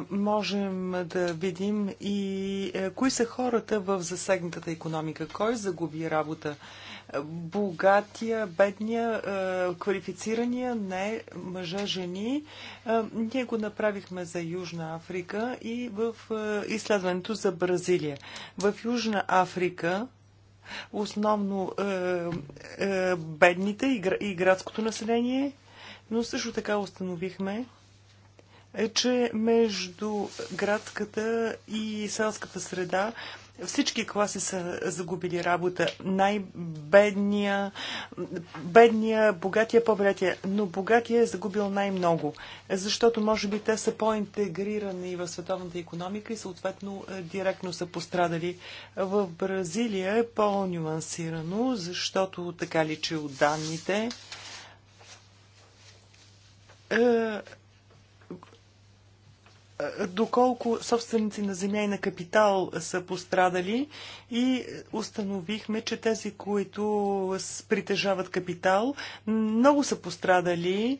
можем да видим и кои са хората в засегнатата економика, кой загуби работа богатия, бедния, е, квалифицирания, не мъжа, жени. Е, ние го направихме за Южна Африка и в е, изследването за Бразилия. В Южна Африка основно бедните и градското население, но също така установихме, е, че между градската и селската среда всички класи са загубили работа. Най-бедния, бедния, богатия, по-богатия. Но богатия е загубил най-много, защото може би те са по-интегрирани в световната економика и съответно е, директно са пострадали. В Бразилия е по-нюансирано, защото така личи от данните е, е, доколко собственици на земя и на капитал са пострадали и установихме, че тези, които притежават капитал, много са пострадали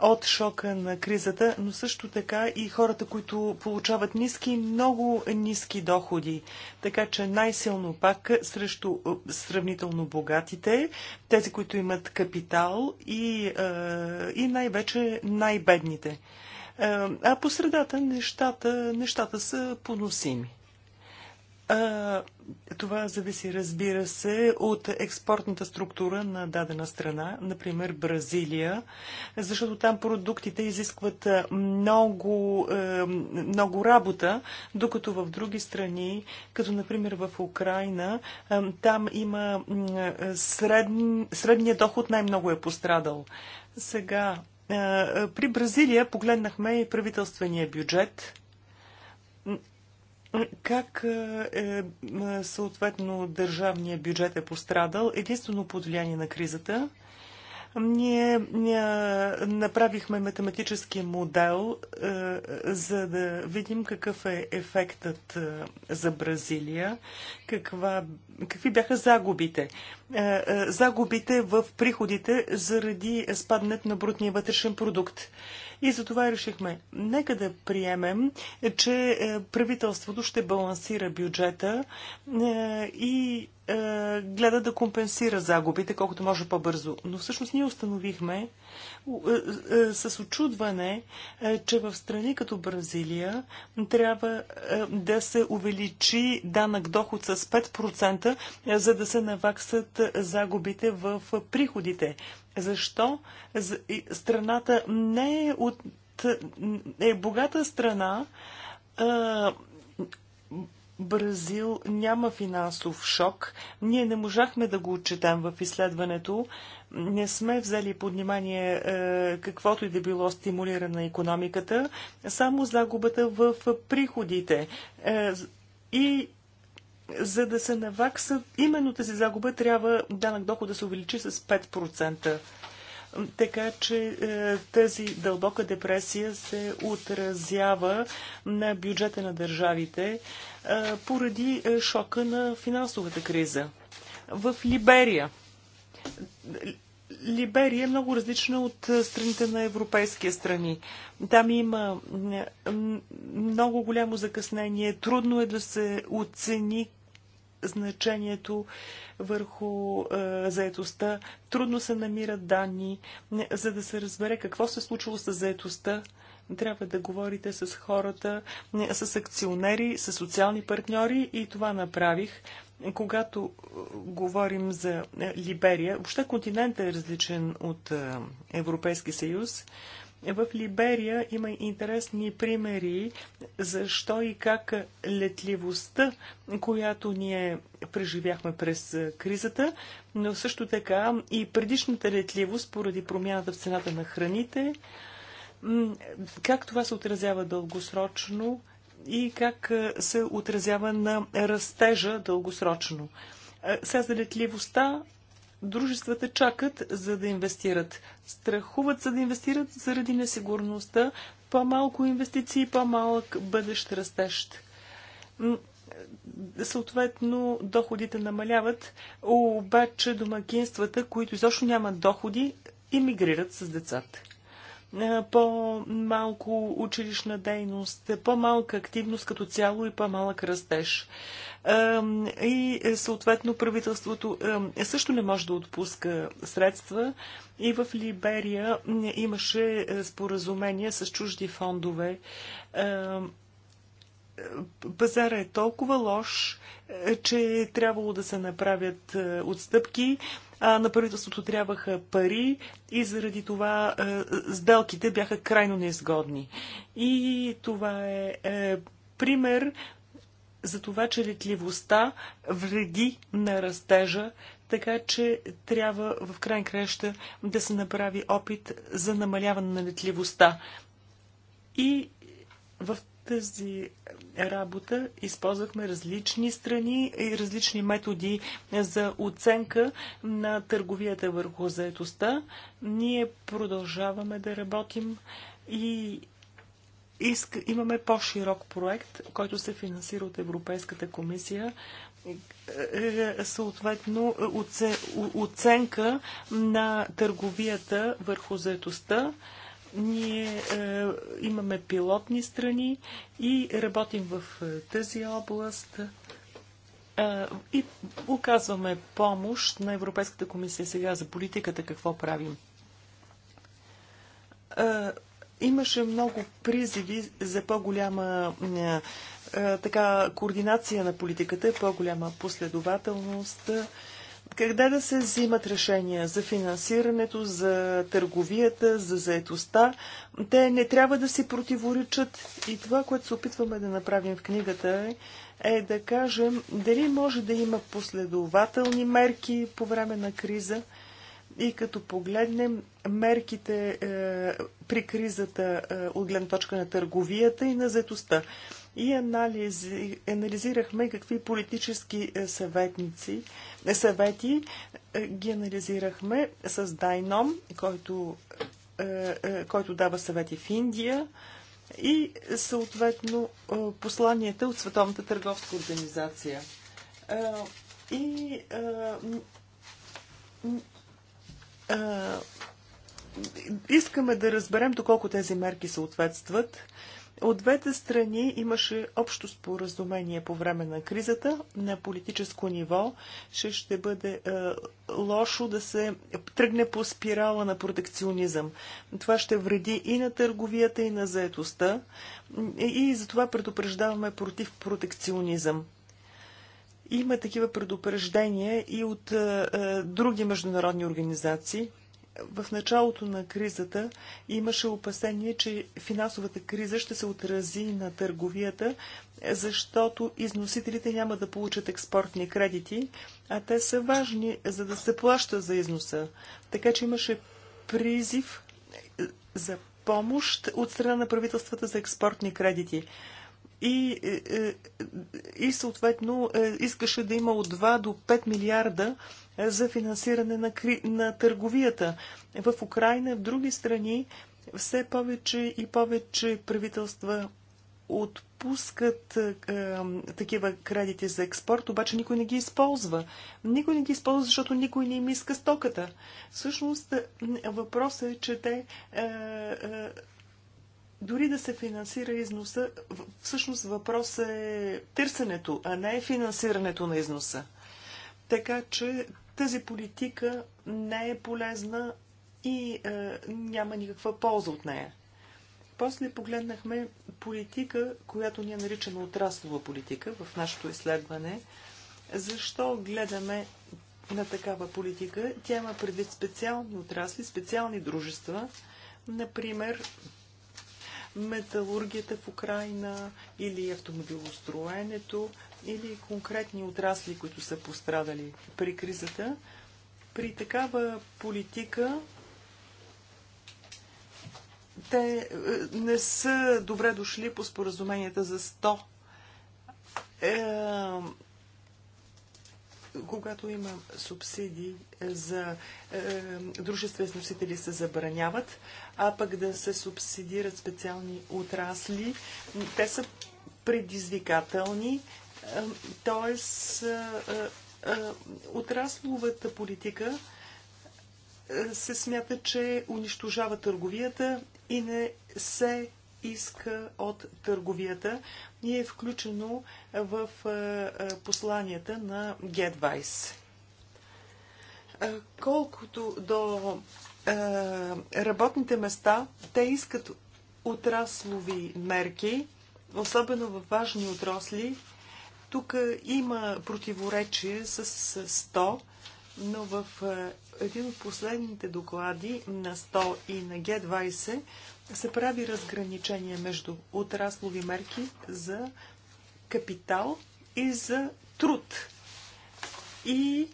от шока на кризата, но също така и хората, които получават ниски, много ниски доходи. Така че най-силно пак срещу е, сравнително богатите, тези, които имат капитал и, е, и най-вече най-бедните. Е, а по средата нещата, нещата са поносими. А, е, това зависи, разбира се, от експортната структура на дадена страна, например Бразилия, защото там продуктите изискват много, е, много работа, докато в други страни, като например в Украина, там има средн, средния доход най-много е пострадал. Сега е, при Бразилия погледнахме и правителствения бюджет. Как е, е, съответно държавният бюджет е пострадал единствено под влияние на кризата – ние направихме математически модел, за да видим какъв е ефектът за Бразилия, каква, какви бяха загубите. Загубите в приходите заради спаднат на брутния вътрешен продукт. И за това решихме, нека да приемем, че е, правителството ще балансира бюджета е, и е, гледа да компенсира загубите колкото може по-бързо. Но всъщност ние установихме с очудване, че в страни като Бразилия трябва да се увеличи данък доход с 5%, за да се наваксат загубите в приходите. Защо страната не е от е богата страна. Бразил няма финансов шок. Ние не можахме да го отчетем в изследването. Не сме взели под внимание е, каквото и да било стимулирана економиката, само загубата в приходите. Е, и за да се наваксат, именно тази загуба, трябва данък доход да се увеличи с 5%. Така че е, тази дълбока депресия се отразява на бюджета на държавите е, поради е, шока на финансовата криза. В Либерия Либерия е много различна от страните на европейския страни. Там има много голямо закъснение, трудно е да се оцени значението върху е, заетостта. Трудно се намират данни, за да се разбере какво се е случило с заетостта. Трябва да говорите с хората, с акционери, с социални партньори и това направих когато е, говорим за е, Либерия, въобще континентът е различен от е, Европейски съюз. В Либерия има интересни примери защо и как летливостта, която ние преживяхме през кризата, но също така и предишната летливост поради промяната в цената на храните, как това се отразява дългосрочно и как е, се отразява на растежа дългосрочно. Е, сега дружествата чакат за да инвестират. Страхуват за да инвестират заради несигурността, по-малко инвестиции, по-малък бъдещ растеж. Е, съответно, доходите намаляват, обаче домакинствата, които изобщо нямат доходи, иммигрират с децата. Е, по-малко училищна дейност, по-малка активност като цяло и по-малък растеж. Е, и е, съответно правителството също не може да отпуска средства. И в Либерия имаше споразумение с чужди фондове пазара е толкова лош, че е трябвало да се направят отстъпки а на правителството трябваха пари и заради това сделките бяха крайно неизгодни. И това е, е пример за това, че летливостта вреди на растежа, така че трябва в край краща да се направи опит за намаляване на летливостта. И в тази работа използвахме различни страни и различни методи за оценка на търговията върху заетостта. Ние продължаваме да работим и имаме по-широк проект, който се финансира от Европейската комисия, е, съответно оценка на търговията върху заетостта. Ние е, имаме пилотни страни и работим в е, тази област е, и оказваме помощ на Европейската комисия сега за политиката, какво правим. Е, имаше много призиви за по-голяма е, е, така, координация на политиката, по-голяма последователност. Е, къде да се взимат решения за финансирането, за търговията, за заетостта. Те не трябва да си противоречат. И това, което се опитваме да направим в книгата е, е да кажем дали може да има последователни мерки по време на криза. И като погледнем мерките е, при кризата е, от гледна точка на търговията и на заетостта и анализи, анализирахме какви политически е, съветници, е, съвети е, ги анализирахме с Дайном, който, който дава съвети в Индия и съответно посланията от Световната търговска организация. И искаме да разберем доколко тези мерки съответстват от двете страни имаше общо споразумение по време на кризата на политическо ниво, че ще бъде е, лошо да се тръгне по спирала на протекционизъм. Това ще вреди и на търговията, и на заетостта. И затова предупреждаваме против протекционизъм. Има такива предупреждения и от е, е други международни организации в началото на кризата имаше опасение, че финансовата криза ще се отрази на търговията, защото износителите няма да получат експортни кредити, а те са важни, за да се плаща за износа. Така че имаше призив е, за помощ от страна на правителствата за експортни кредити и, е, е, и съответно искаше да има от 2 до 5 милиарда за финансиране на, кри... на търговията. В Украина, и в други страни, все повече и повече правителства отпускат е, такива кредити за експорт, обаче никой не ги използва. Никой не ги използва, защото никой не им иска стоката. Всъщност, въпросът е, че те. Е, е, дори да се финансира износа, всъщност въпрос е търсенето, а не е финансирането на износа. Така че тази политика не е полезна и е, няма никаква полза от нея. После погледнахме политика, която ние наричаме отраслова политика в нашето изследване. Защо гледаме на такава политика? Тя има предвид специални отрасли, специални дружества, например металургията в Украина или автомобилостроенето, или конкретни отрасли, които са пострадали при кризата. При такава политика те е, не са добре дошли по споразуменията за 100. Е, когато има субсидии е, за е, дружества и носители се забраняват, а пък да се субсидират специални отрасли, те са предизвикателни, Тоест, отрасловата политика се смята, че унищожава търговията и не се иска от търговията и е включено в посланията на G20. Колкото до работните места, те искат отраслови мерки, особено в важни отрасли, тук има противоречие с 100, но в един от последните доклади на 100 и на Г20 се прави разграничение между отраслови мерки за капитал и за труд. И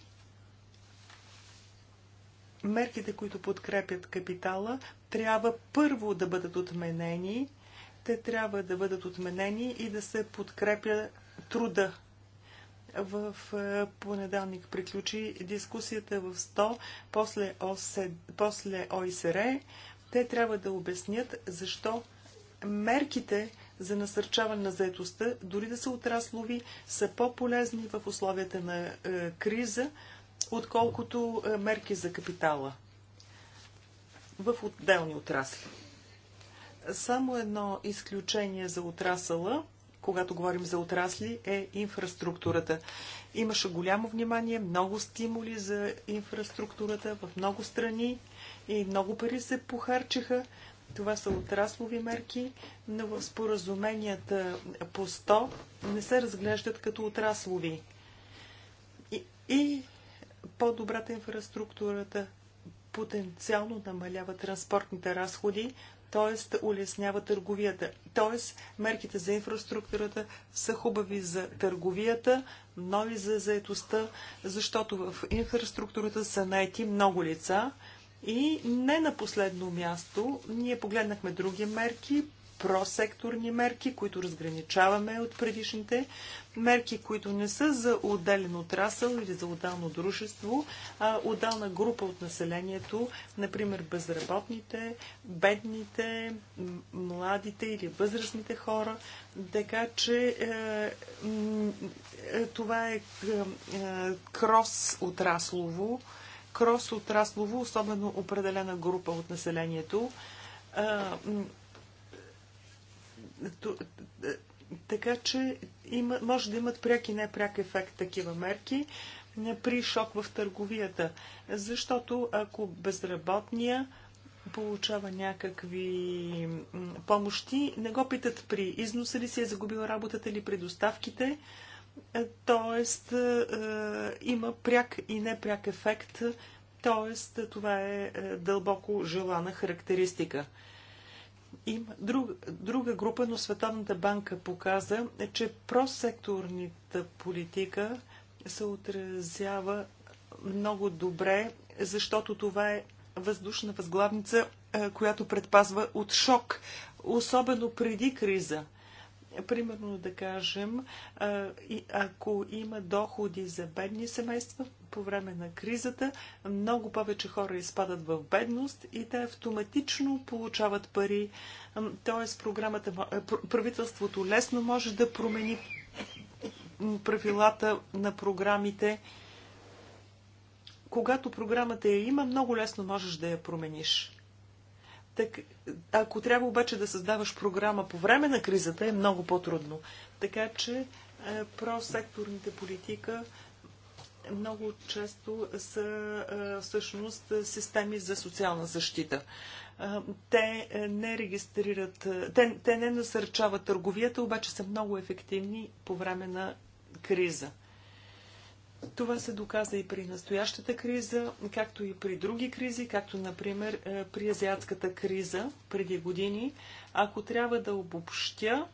мерките, които подкрепят капитала, трябва първо да бъдат отменени. Те трябва да бъдат отменени и да се подкрепя труда. В е, понеделник приключи дискусията в 100, после, ОСЕ, после ОСР. Е. Те трябва да обяснят защо мерките за насърчаване на заетостта, дори да са отраслови, са по-полезни в условията на е, криза, отколкото е, мерки за капитала в отделни отрасли. Само едно изключение за отрасъла – когато говорим за отрасли, е инфраструктурата. Имаше голямо внимание, много стимули за инфраструктурата в много страни и много пари се похарчиха. Това са отраслови мерки, но в споразуменията по 100 не се разглеждат като отраслови. И, и по-добрата инфраструктурата потенциално намалява транспортните разходи, т.е. улеснява търговията. Т.е. мерките за инфраструктурата са хубави за търговията, нови за заетостта, защото в инфраструктурата са найти много лица. И не на последно място, ние погледнахме други мерки, просекторни мерки, които разграничаваме от предишните мерки, които не са за отделен отрасъл или за отделно дружество, а отделна група от населението, например безработните, бедните, младите или възрастните хора. Така че е, е, това е, е крос отраслово, крос отраслово, особено определена група от населението е, така че има, може да имат пряк и непряк ефект такива мерки е, при шок в търговията. Защото ако безработния получава някакви помощи, не го питат при износа ли си е загубил работата или при доставките, т.е. Е, има пряк и непряк ефект, т.е. това е дълбоко желана характеристика има друг, друга група, но Световната банка показа, че просекторната политика се отразява много добре, защото това е въздушна възглавница, която предпазва от шок, особено преди криза. Примерно да кажем, ако има доходи за бедни семейства по време на кризата, много повече хора изпадат в бедност и те автоматично получават пари. Тоест, програмата, е, правителството лесно може да промени правилата на програмите. Когато програмата я има, много лесно можеш да я промениш. Так, ако трябва обаче да създаваш програма по време на кризата, е много по-трудно. Така че е, просекторните политика много често са е, всъщност системи за социална защита. Е, те е, не регистрират, е, те, те не насърчават търговията, обаче са много ефективни по време на криза. Това се доказа и при настоящата криза, както и при други кризи, както например е, при азиатската криза преди години. Ако трябва да обобщя,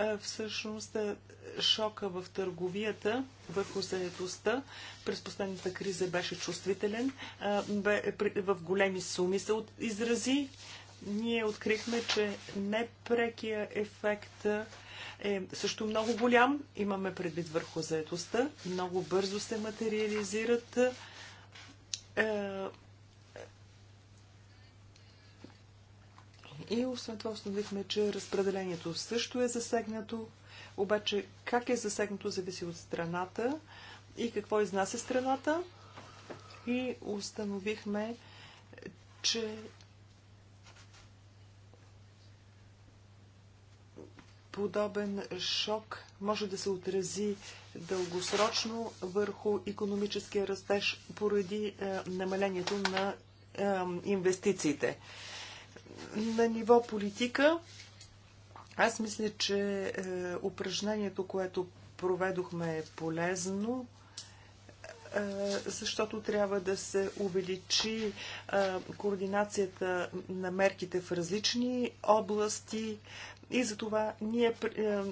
е, всъщност е, шока в търговията, върху заедостта през последната криза беше чувствителен. В големи суми се изрази. Ние открихме, че непрекия ефект е също много голям. Имаме предвид върху заетостта. Много бързо се материализират. Е, е. И освен това установихме, че разпределението също е засегнато, обаче как е засегнато зависи от страната и какво изнася страната. И установихме, че подобен шок може да се отрази дългосрочно върху економическия растеж поради е, намалението на е, инвестициите. На ниво политика, аз мисля, че е, упражнението, което проведохме е полезно, защото трябва да се увеличи координацията на мерките в различни области, и затова ние е, е,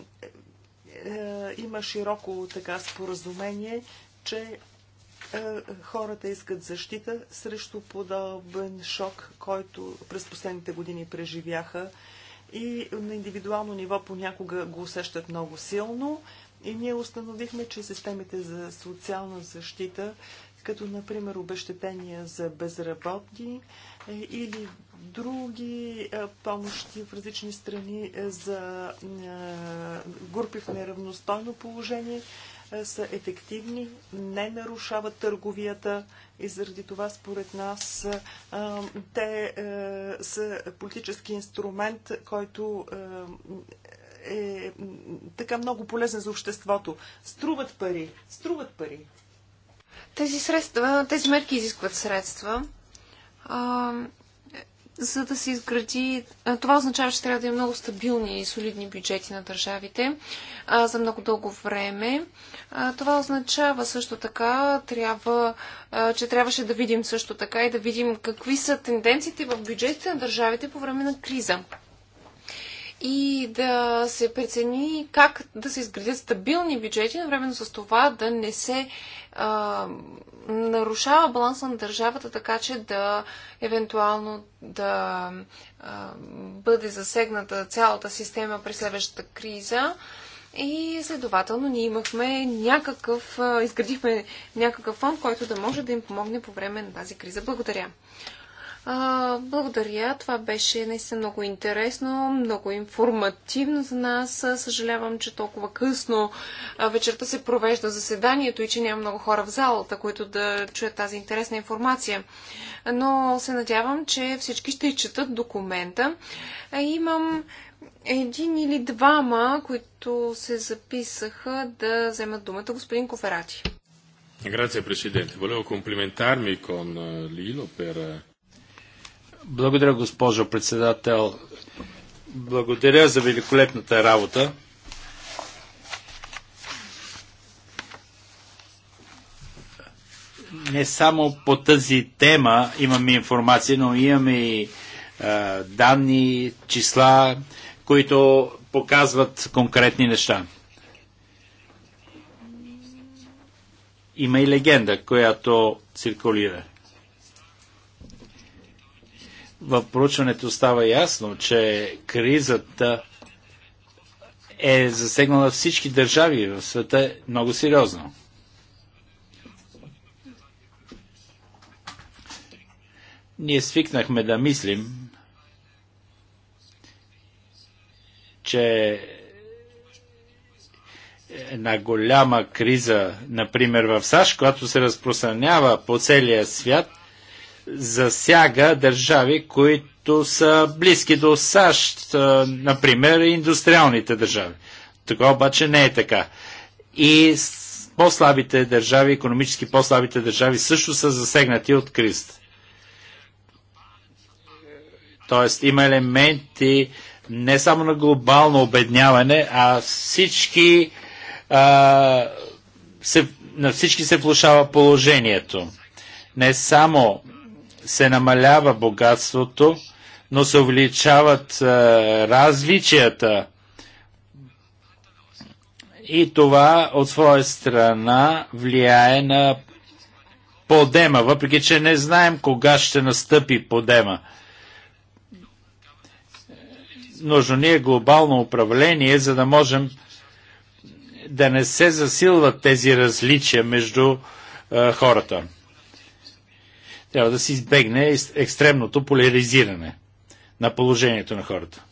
е, има широко така споразумение, че е, хората искат защита срещу подобен шок, който през последните години преживяха и на индивидуално ниво понякога го усещат много силно. И ние установихме, че системите за социална защита като например обещетения за безработни е, или други е, помощи в различни страни е, за групи в неравностойно положение са ефективни, не нарушават търговията и заради това според нас те са политически инструмент, който е така много полезен за обществото. Струват пари, струват пари. Тези, средства, тези мерки изискват средства. А, за да се изгради. Това означава, че трябва да има много стабилни и солидни бюджети на държавите а, за много дълго време. А, това означава също така, трябва, а, че трябваше да видим също така и да видим какви са тенденциите в бюджетите на държавите по време на криза и да се прецени как да се изградят стабилни бюджети, навременно с това да не се а, нарушава баланса на държавата, така че да евентуално да а, бъде засегната цялата система при следващата криза. И следователно ние имахме някакъв, изградихме някакъв фонд, който да може да им помогне по време на тази криза. Благодаря. А, благодаря. Това беше наистина много интересно, много информативно за нас. Съжалявам, че толкова късно вечерта се провежда заседанието и че няма много хора в залата, които да чуят тази интересна информация. Но се надявам, че всички ще четат документа. Имам един или двама, които се записаха да вземат думата. Господин Коферати. Grazie Presidente, volevo complimentarmi con э, Lilo per э, благодаря, госпожо председател. Благодаря за великолепната работа. Не само по тази тема имаме информация, но имаме и е, данни, числа, които показват конкретни неща. Има и легенда, която циркулира в проучването става ясно, че кризата е засегнала всички държави в света много сериозно. Ние свикнахме да мислим, че една голяма криза, например в САЩ, която се разпространява по целия свят – засяга държави, които са близки до САЩ, например, индустриалните държави. Така обаче не е така. И по-слабите държави, економически по-слабите държави също са засегнати от кризата. Тоест има елементи не само на глобално обедняване, а всички а, се, на всички се влушава положението. Не само се намалява богатството, но се увеличават а, е, различията. И това от своя страна влияе на подема, въпреки че не знаем кога ще настъпи подема. Нужно ни е глобално управление, за да можем да не се засилват тези различия между е, хората. Трябва да се избегне екстремното поляризиране на положението на хората.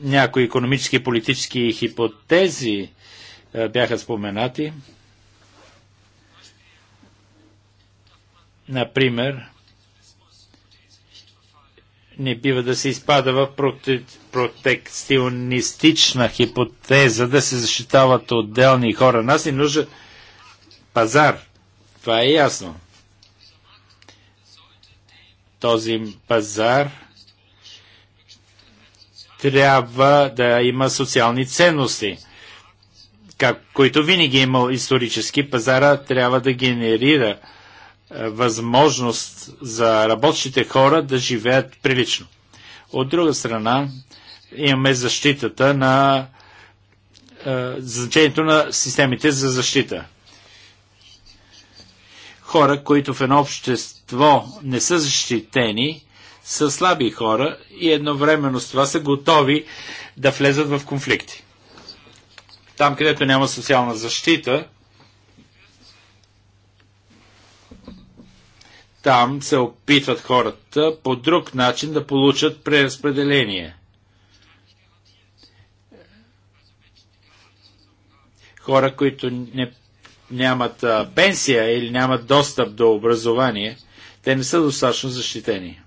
Някои економически и политически хипотези е, бяха споменати. Например, не бива да се изпада в протекционистична хипотеза, да се защитават отделни хора. Нас е нужда пазар. Това е ясно. Този пазар трябва да има социални ценности, как, които винаги е имал исторически. Пазара трябва да генерира е, възможност за работещите хора да живеят прилично. От друга страна, имаме защитата на е, значението на системите за защита. Хора, които в едно общество не са защитени, са слаби хора и едновременно с това са готови да влезат в конфликти. Там, където няма социална защита, Там се опитват хората по друг начин да получат преразпределение. Хора, които не, нямат а, пенсия или нямат достъп до образование, те не са достатъчно защитени.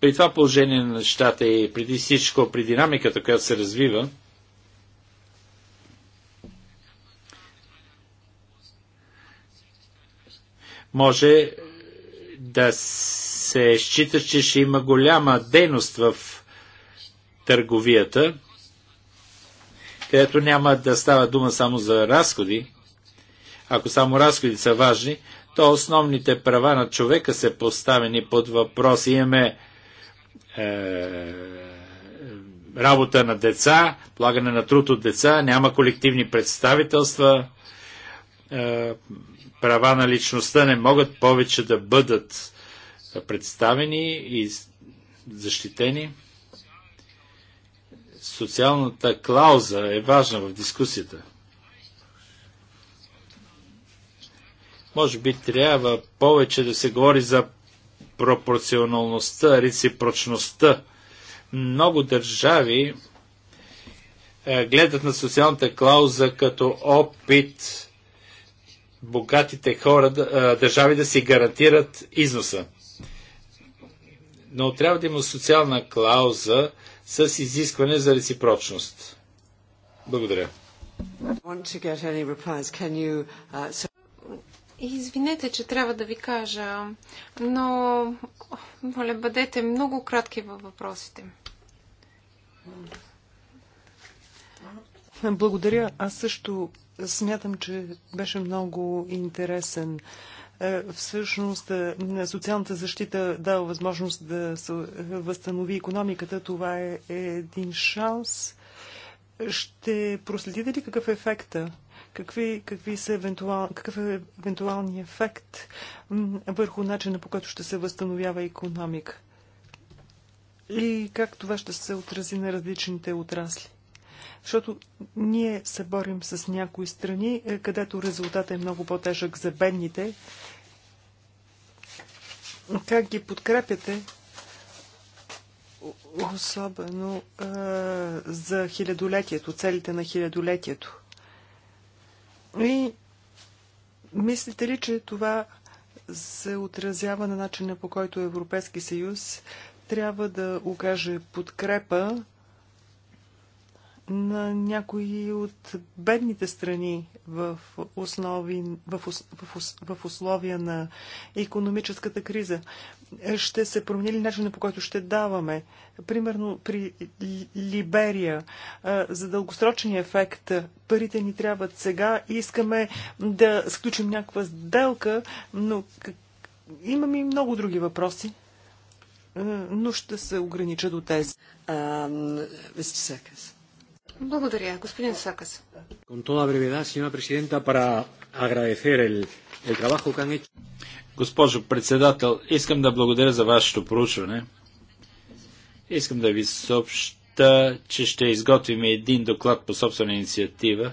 При това положение на нещата и преди всичко, при динамиката, която се развива, може да се счита, че ще има голяма дейност в търговията, където няма да става дума само за разходи. Ако само разходи са важни, то основните права на човека са поставени под въпрос. Имаме е, работа на деца, полагане на труд от деца, няма колективни представителства, е, права на личността не могат повече да бъдат представени и защитени. Социалната клауза е важна в дискусията. Може би трябва повече да се говори за пропорционалността, реципрочността. Много държави е, гледат на социалната клауза като опит богатите хора, държави да си гарантират износа. Но трябва да има социална клауза с изискване за реципрочност. Благодаря. Uh, Извинете, че трябва да ви кажа, но моля, бъдете много кратки във въпросите. Благодаря. Аз също Смятам, че беше много интересен. Е, всъщност, е, социалната защита дава възможност да се възстанови економиката. Това е един шанс. Ще проследите ли какъв е ефекта? Какви, какви са евентуал, какъв е евентуалният ефект върху начина по който ще се възстановява економика? И как това ще се отрази на различните отрасли? Защото ние се борим с някои страни, е, където резултатът е много по-тежък за бедните. Как ги подкрепяте? Особено е, за хилядолетието, целите на хилядолетието. И мислите ли, че това се отразява на начина по който Европейски съюз трябва да окаже подкрепа на някои от бедните страни в, основи, в, в, в условия на економическата криза? Ще се промени ли начина по който ще даваме? Примерно при Либерия за дългосрочния ефект парите ни трябват сега и искаме да сключим някаква сделка, но имам и много други въпроси но ще се огранича до тези. Um, благодаря, господин Сакас. Госпожо председател, искам да благодаря за вашето проучване. Искам да ви съобща, че ще изготвим един доклад по собствена инициатива.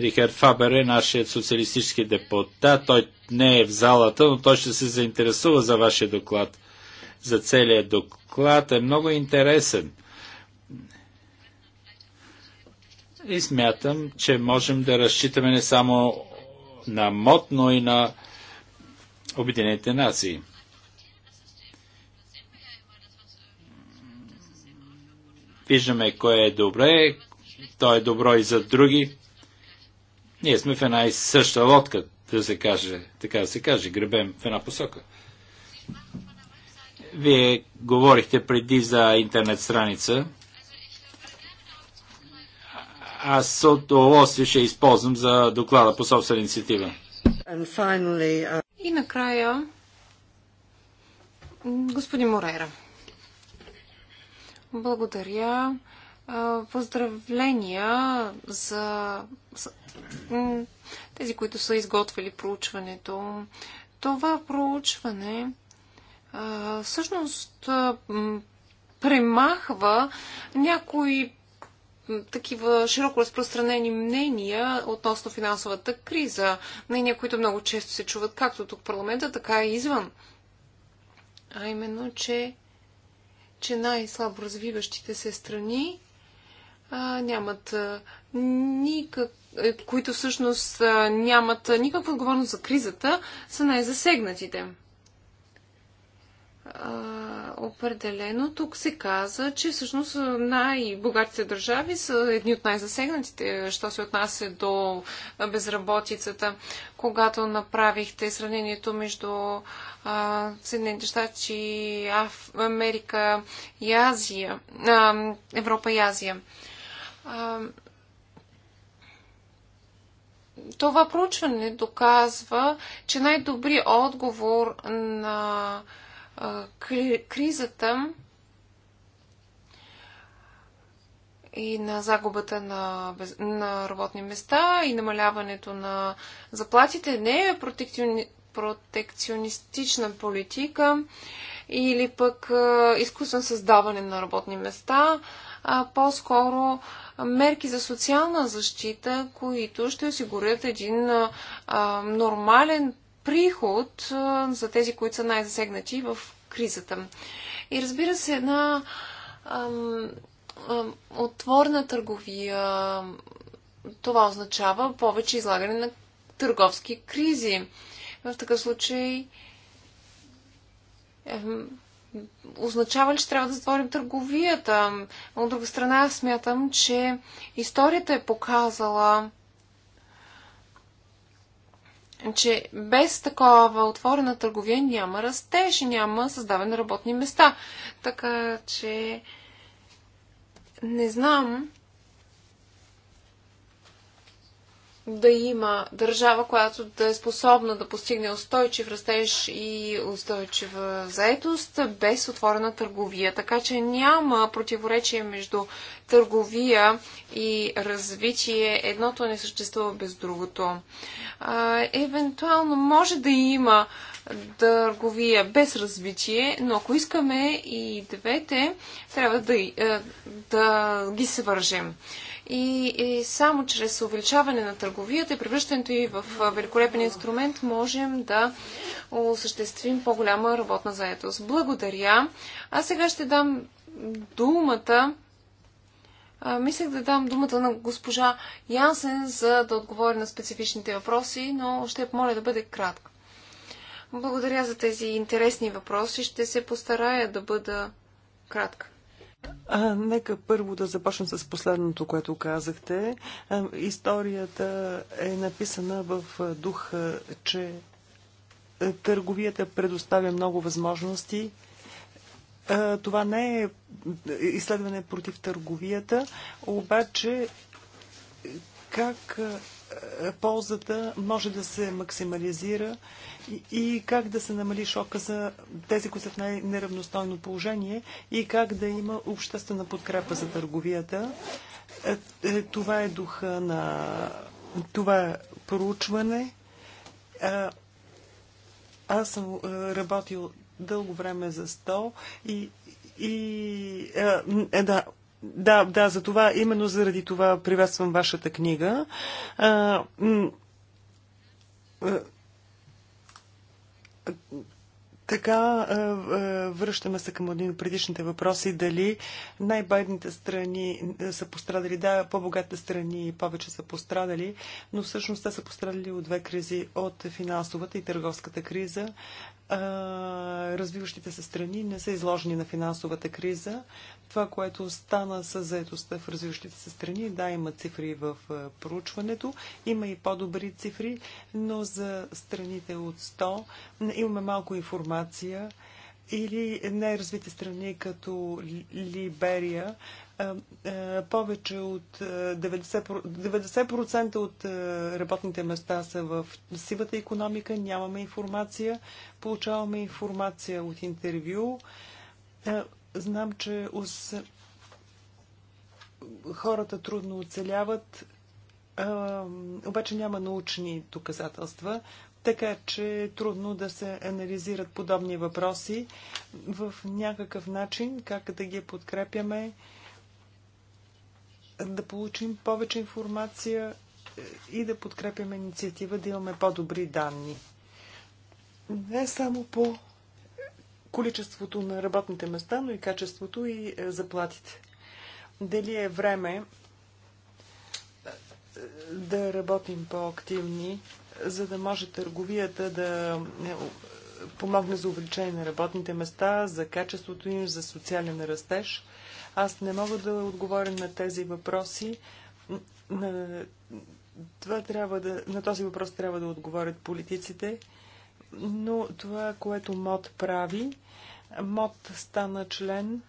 Рихард Фабер е нашият социалистически депутат. Той не е в залата, но той ще се заинтересува за вашия доклад. За целият доклад е много интересен И смятам, че можем да разчитаме не само на МОД, но и на Обединените нации. Виждаме кое е добре, то е добро и за други. Ние сме в една и съща лодка, да се каже, така да се каже, гребем в една посока. Вие говорихте преди за интернет страница. Аз от удоволствие ще използвам за доклада по собствена инициатива. Finally, uh... И накрая господин Морейра. Благодаря. Поздравления за тези, които са изготвили проучването. Това проучване всъщност премахва някои такива широко разпространени мнения относно финансовата криза. Мнения, които много често се чуват както тук в парламента, така и извън. А именно, че, че най-слабо развиващите се страни а, нямат а, никак е, които всъщност нямат никаква отговорност за кризата, са най-засегнатите определено тук се каза, че всъщност най-богатите държави са едни от най-засегнатите, що се отнася до безработицата. Когато направихте сравнението между Съединените щати, Америка и Азия, а, Европа и Азия. А, това проучване доказва, че най-добрият отговор на кризата и на загубата на, без... на работни места и намаляването на заплатите не е протекциони... протекционистична политика или пък изкуствено създаване на работни места, а по-скоро мерки за социална защита, които ще осигурят един а, нормален приход за тези, които са най-засегнати в кризата. И разбира се, една ам, ам, отворна търговия, това означава повече излагане на търговски кризи. В такъв случай означава ли, че трябва да затворим търговията? От друга страна, смятам, че историята е показала, че без такова отворена търговия няма растеж и няма създаване на работни места. Така че не знам да има държава, която да е способна да постигне устойчив растеж и устойчива заетост без отворена търговия. Така че няма противоречие между търговия и развитие. Едното не съществува без другото. А, евентуално може да има търговия без развитие, но ако искаме и двете, трябва да, е, да ги свържем. И, и само чрез увеличаване на търговията и превръщането й в великолепен инструмент можем да осъществим по-голяма работна заедост. Благодаря. А сега ще дам думата. А, мислех да дам думата на госпожа Янсен, за да отговори на специфичните въпроси, но ще помоля да бъде кратка. Благодаря за тези интересни въпроси. Ще се постарая да бъда кратка. А, нека първо да започна с последното, което казахте. А, историята е написана в дух, че търговията предоставя много възможности. А, това не е изследване против търговията, обаче как е, ползата може да се максимализира и, и как да се намали шока за тези, които са в най-неравностойно положение и как да има обществена подкрепа за търговията. Е, е, това е духа на това проучване. Аз съм работил дълго време за стол и, и е, да, да, да, за това, именно заради това приветствам вашата книга. А, така, връщаме се към един от предишните въпроси. Дали най-бедните страни са пострадали? Да, по-богатите страни повече са пострадали, но всъщност те са пострадали от две кризи. От финансовата и търговската криза развиващите се страни не са изложени на финансовата криза. Това, което стана с заедостта в развиващите се страни, да, има цифри в проучването, има и по-добри цифри, но за страните от 100 имаме малко информация или неразвити страни като Либерия, повече от 90%, 90 от работните места са в сивата економика, нямаме информация, получаваме информация от интервю. Знам, че хората трудно оцеляват, обаче няма научни доказателства така че е трудно да се анализират подобни въпроси в някакъв начин, как да ги подкрепяме, да получим повече информация е, и да подкрепяме инициатива да имаме по-добри данни. Не само по количеството на работните места, но и качеството и е, заплатите. Дали е време е, да работим по-активни за да може търговията да е, помогне за увеличение на работните места, за качеството им, за социален растеж. Аз не мога да отговоря на тези въпроси. На, това трябва да, на този въпрос трябва да отговорят политиците, но това, което МОД прави, МОД стана член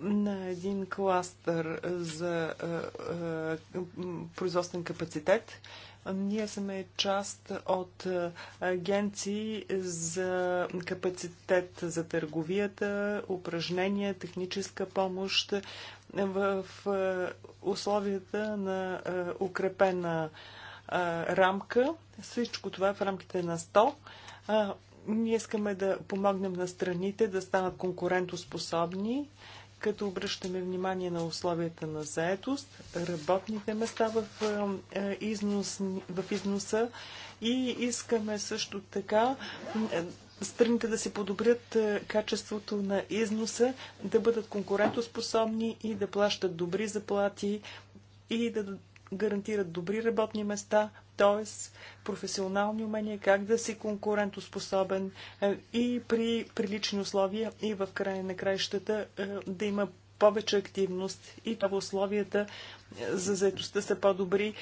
на един кластър за производствен капацитет. Ние сме част от агенции за капацитет за търговията, упражнения, техническа помощ в условията на укрепена рамка. Всичко това е в рамките на 100 ние искаме да помогнем на страните да станат конкурентоспособни като обръщаме внимание на условията на заетост, работните места в, е, е, износ, в износа и искаме също така е, страните да си подобрят качеството на износа, да бъдат конкурентоспособни и да плащат добри заплати и да гарантират добри работни места, т.е. професионални умения, как да си конкурентоспособен е, и при прилични условия, и в края на краищата е, да има повече активност и това условията е, за заедостта са по-добри,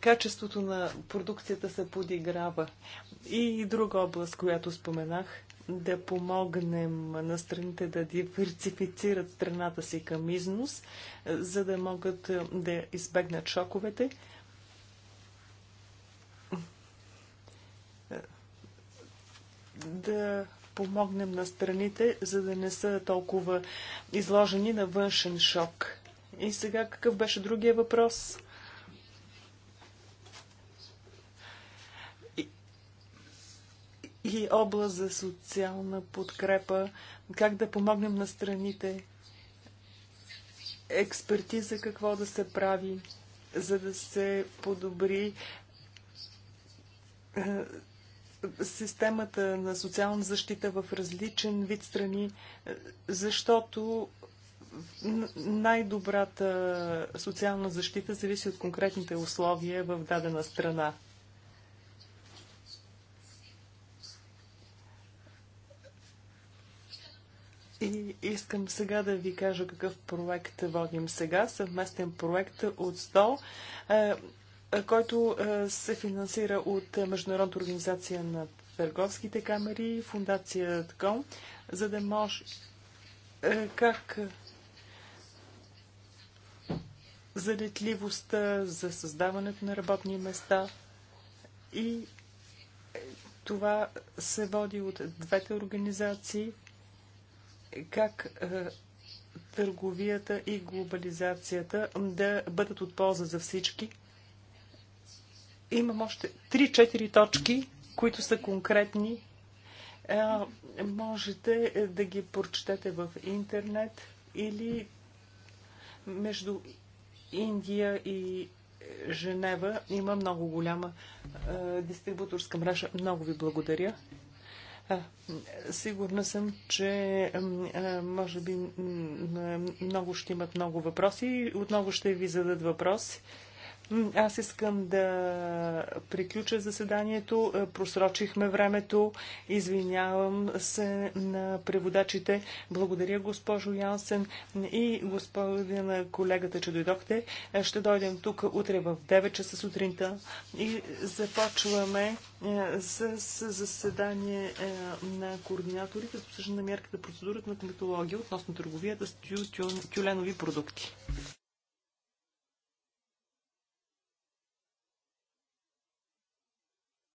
качеството на продукцията се подиграва. И друга област, която споменах, да помогнем на страните да диверсифицират страната си към износ, за да могат да избегнат шоковете. да помогнем на страните, за да не са толкова изложени на външен шок. И сега какъв беше другия въпрос? И, област за социална подкрепа, как да помогнем на страните, експертиза какво да се прави, за да се подобри е, системата на социална защита в различен вид страни, защото най-добрата социална защита зависи от конкретните условия в дадена страна. И искам сега да ви кажа какъв проект водим сега. Съвместен проект от стол. Е, е, който е, се финансира от е, Международната организация на търговските камери, фундация ТКОМ, за да може как залетливостта за създаването на работни места и това се води от двете организации, как търговията и глобализацията да бъдат от полза за всички – Имам още 3-4 точки, които са конкретни. Можете е, да ги прочетете в интернет или между Индия и Женева има много голяма а, дистрибуторска мрежа. Много ви благодаря. А, сигурна съм, че а, може би много ще имат много въпроси. Отново ще ви зададат въпроси. Аз искам да приключа заседанието. Е, просрочихме времето. Извинявам се на преводачите. Благодаря госпожо Янсен и господин колегата, че дойдохте. Е, ще дойдем тук утре в 9 часа сутринта и започваме е, с заседание на координаторите с обсъждане на мерката процедурата на кометология относно търговията с тюленови продукти.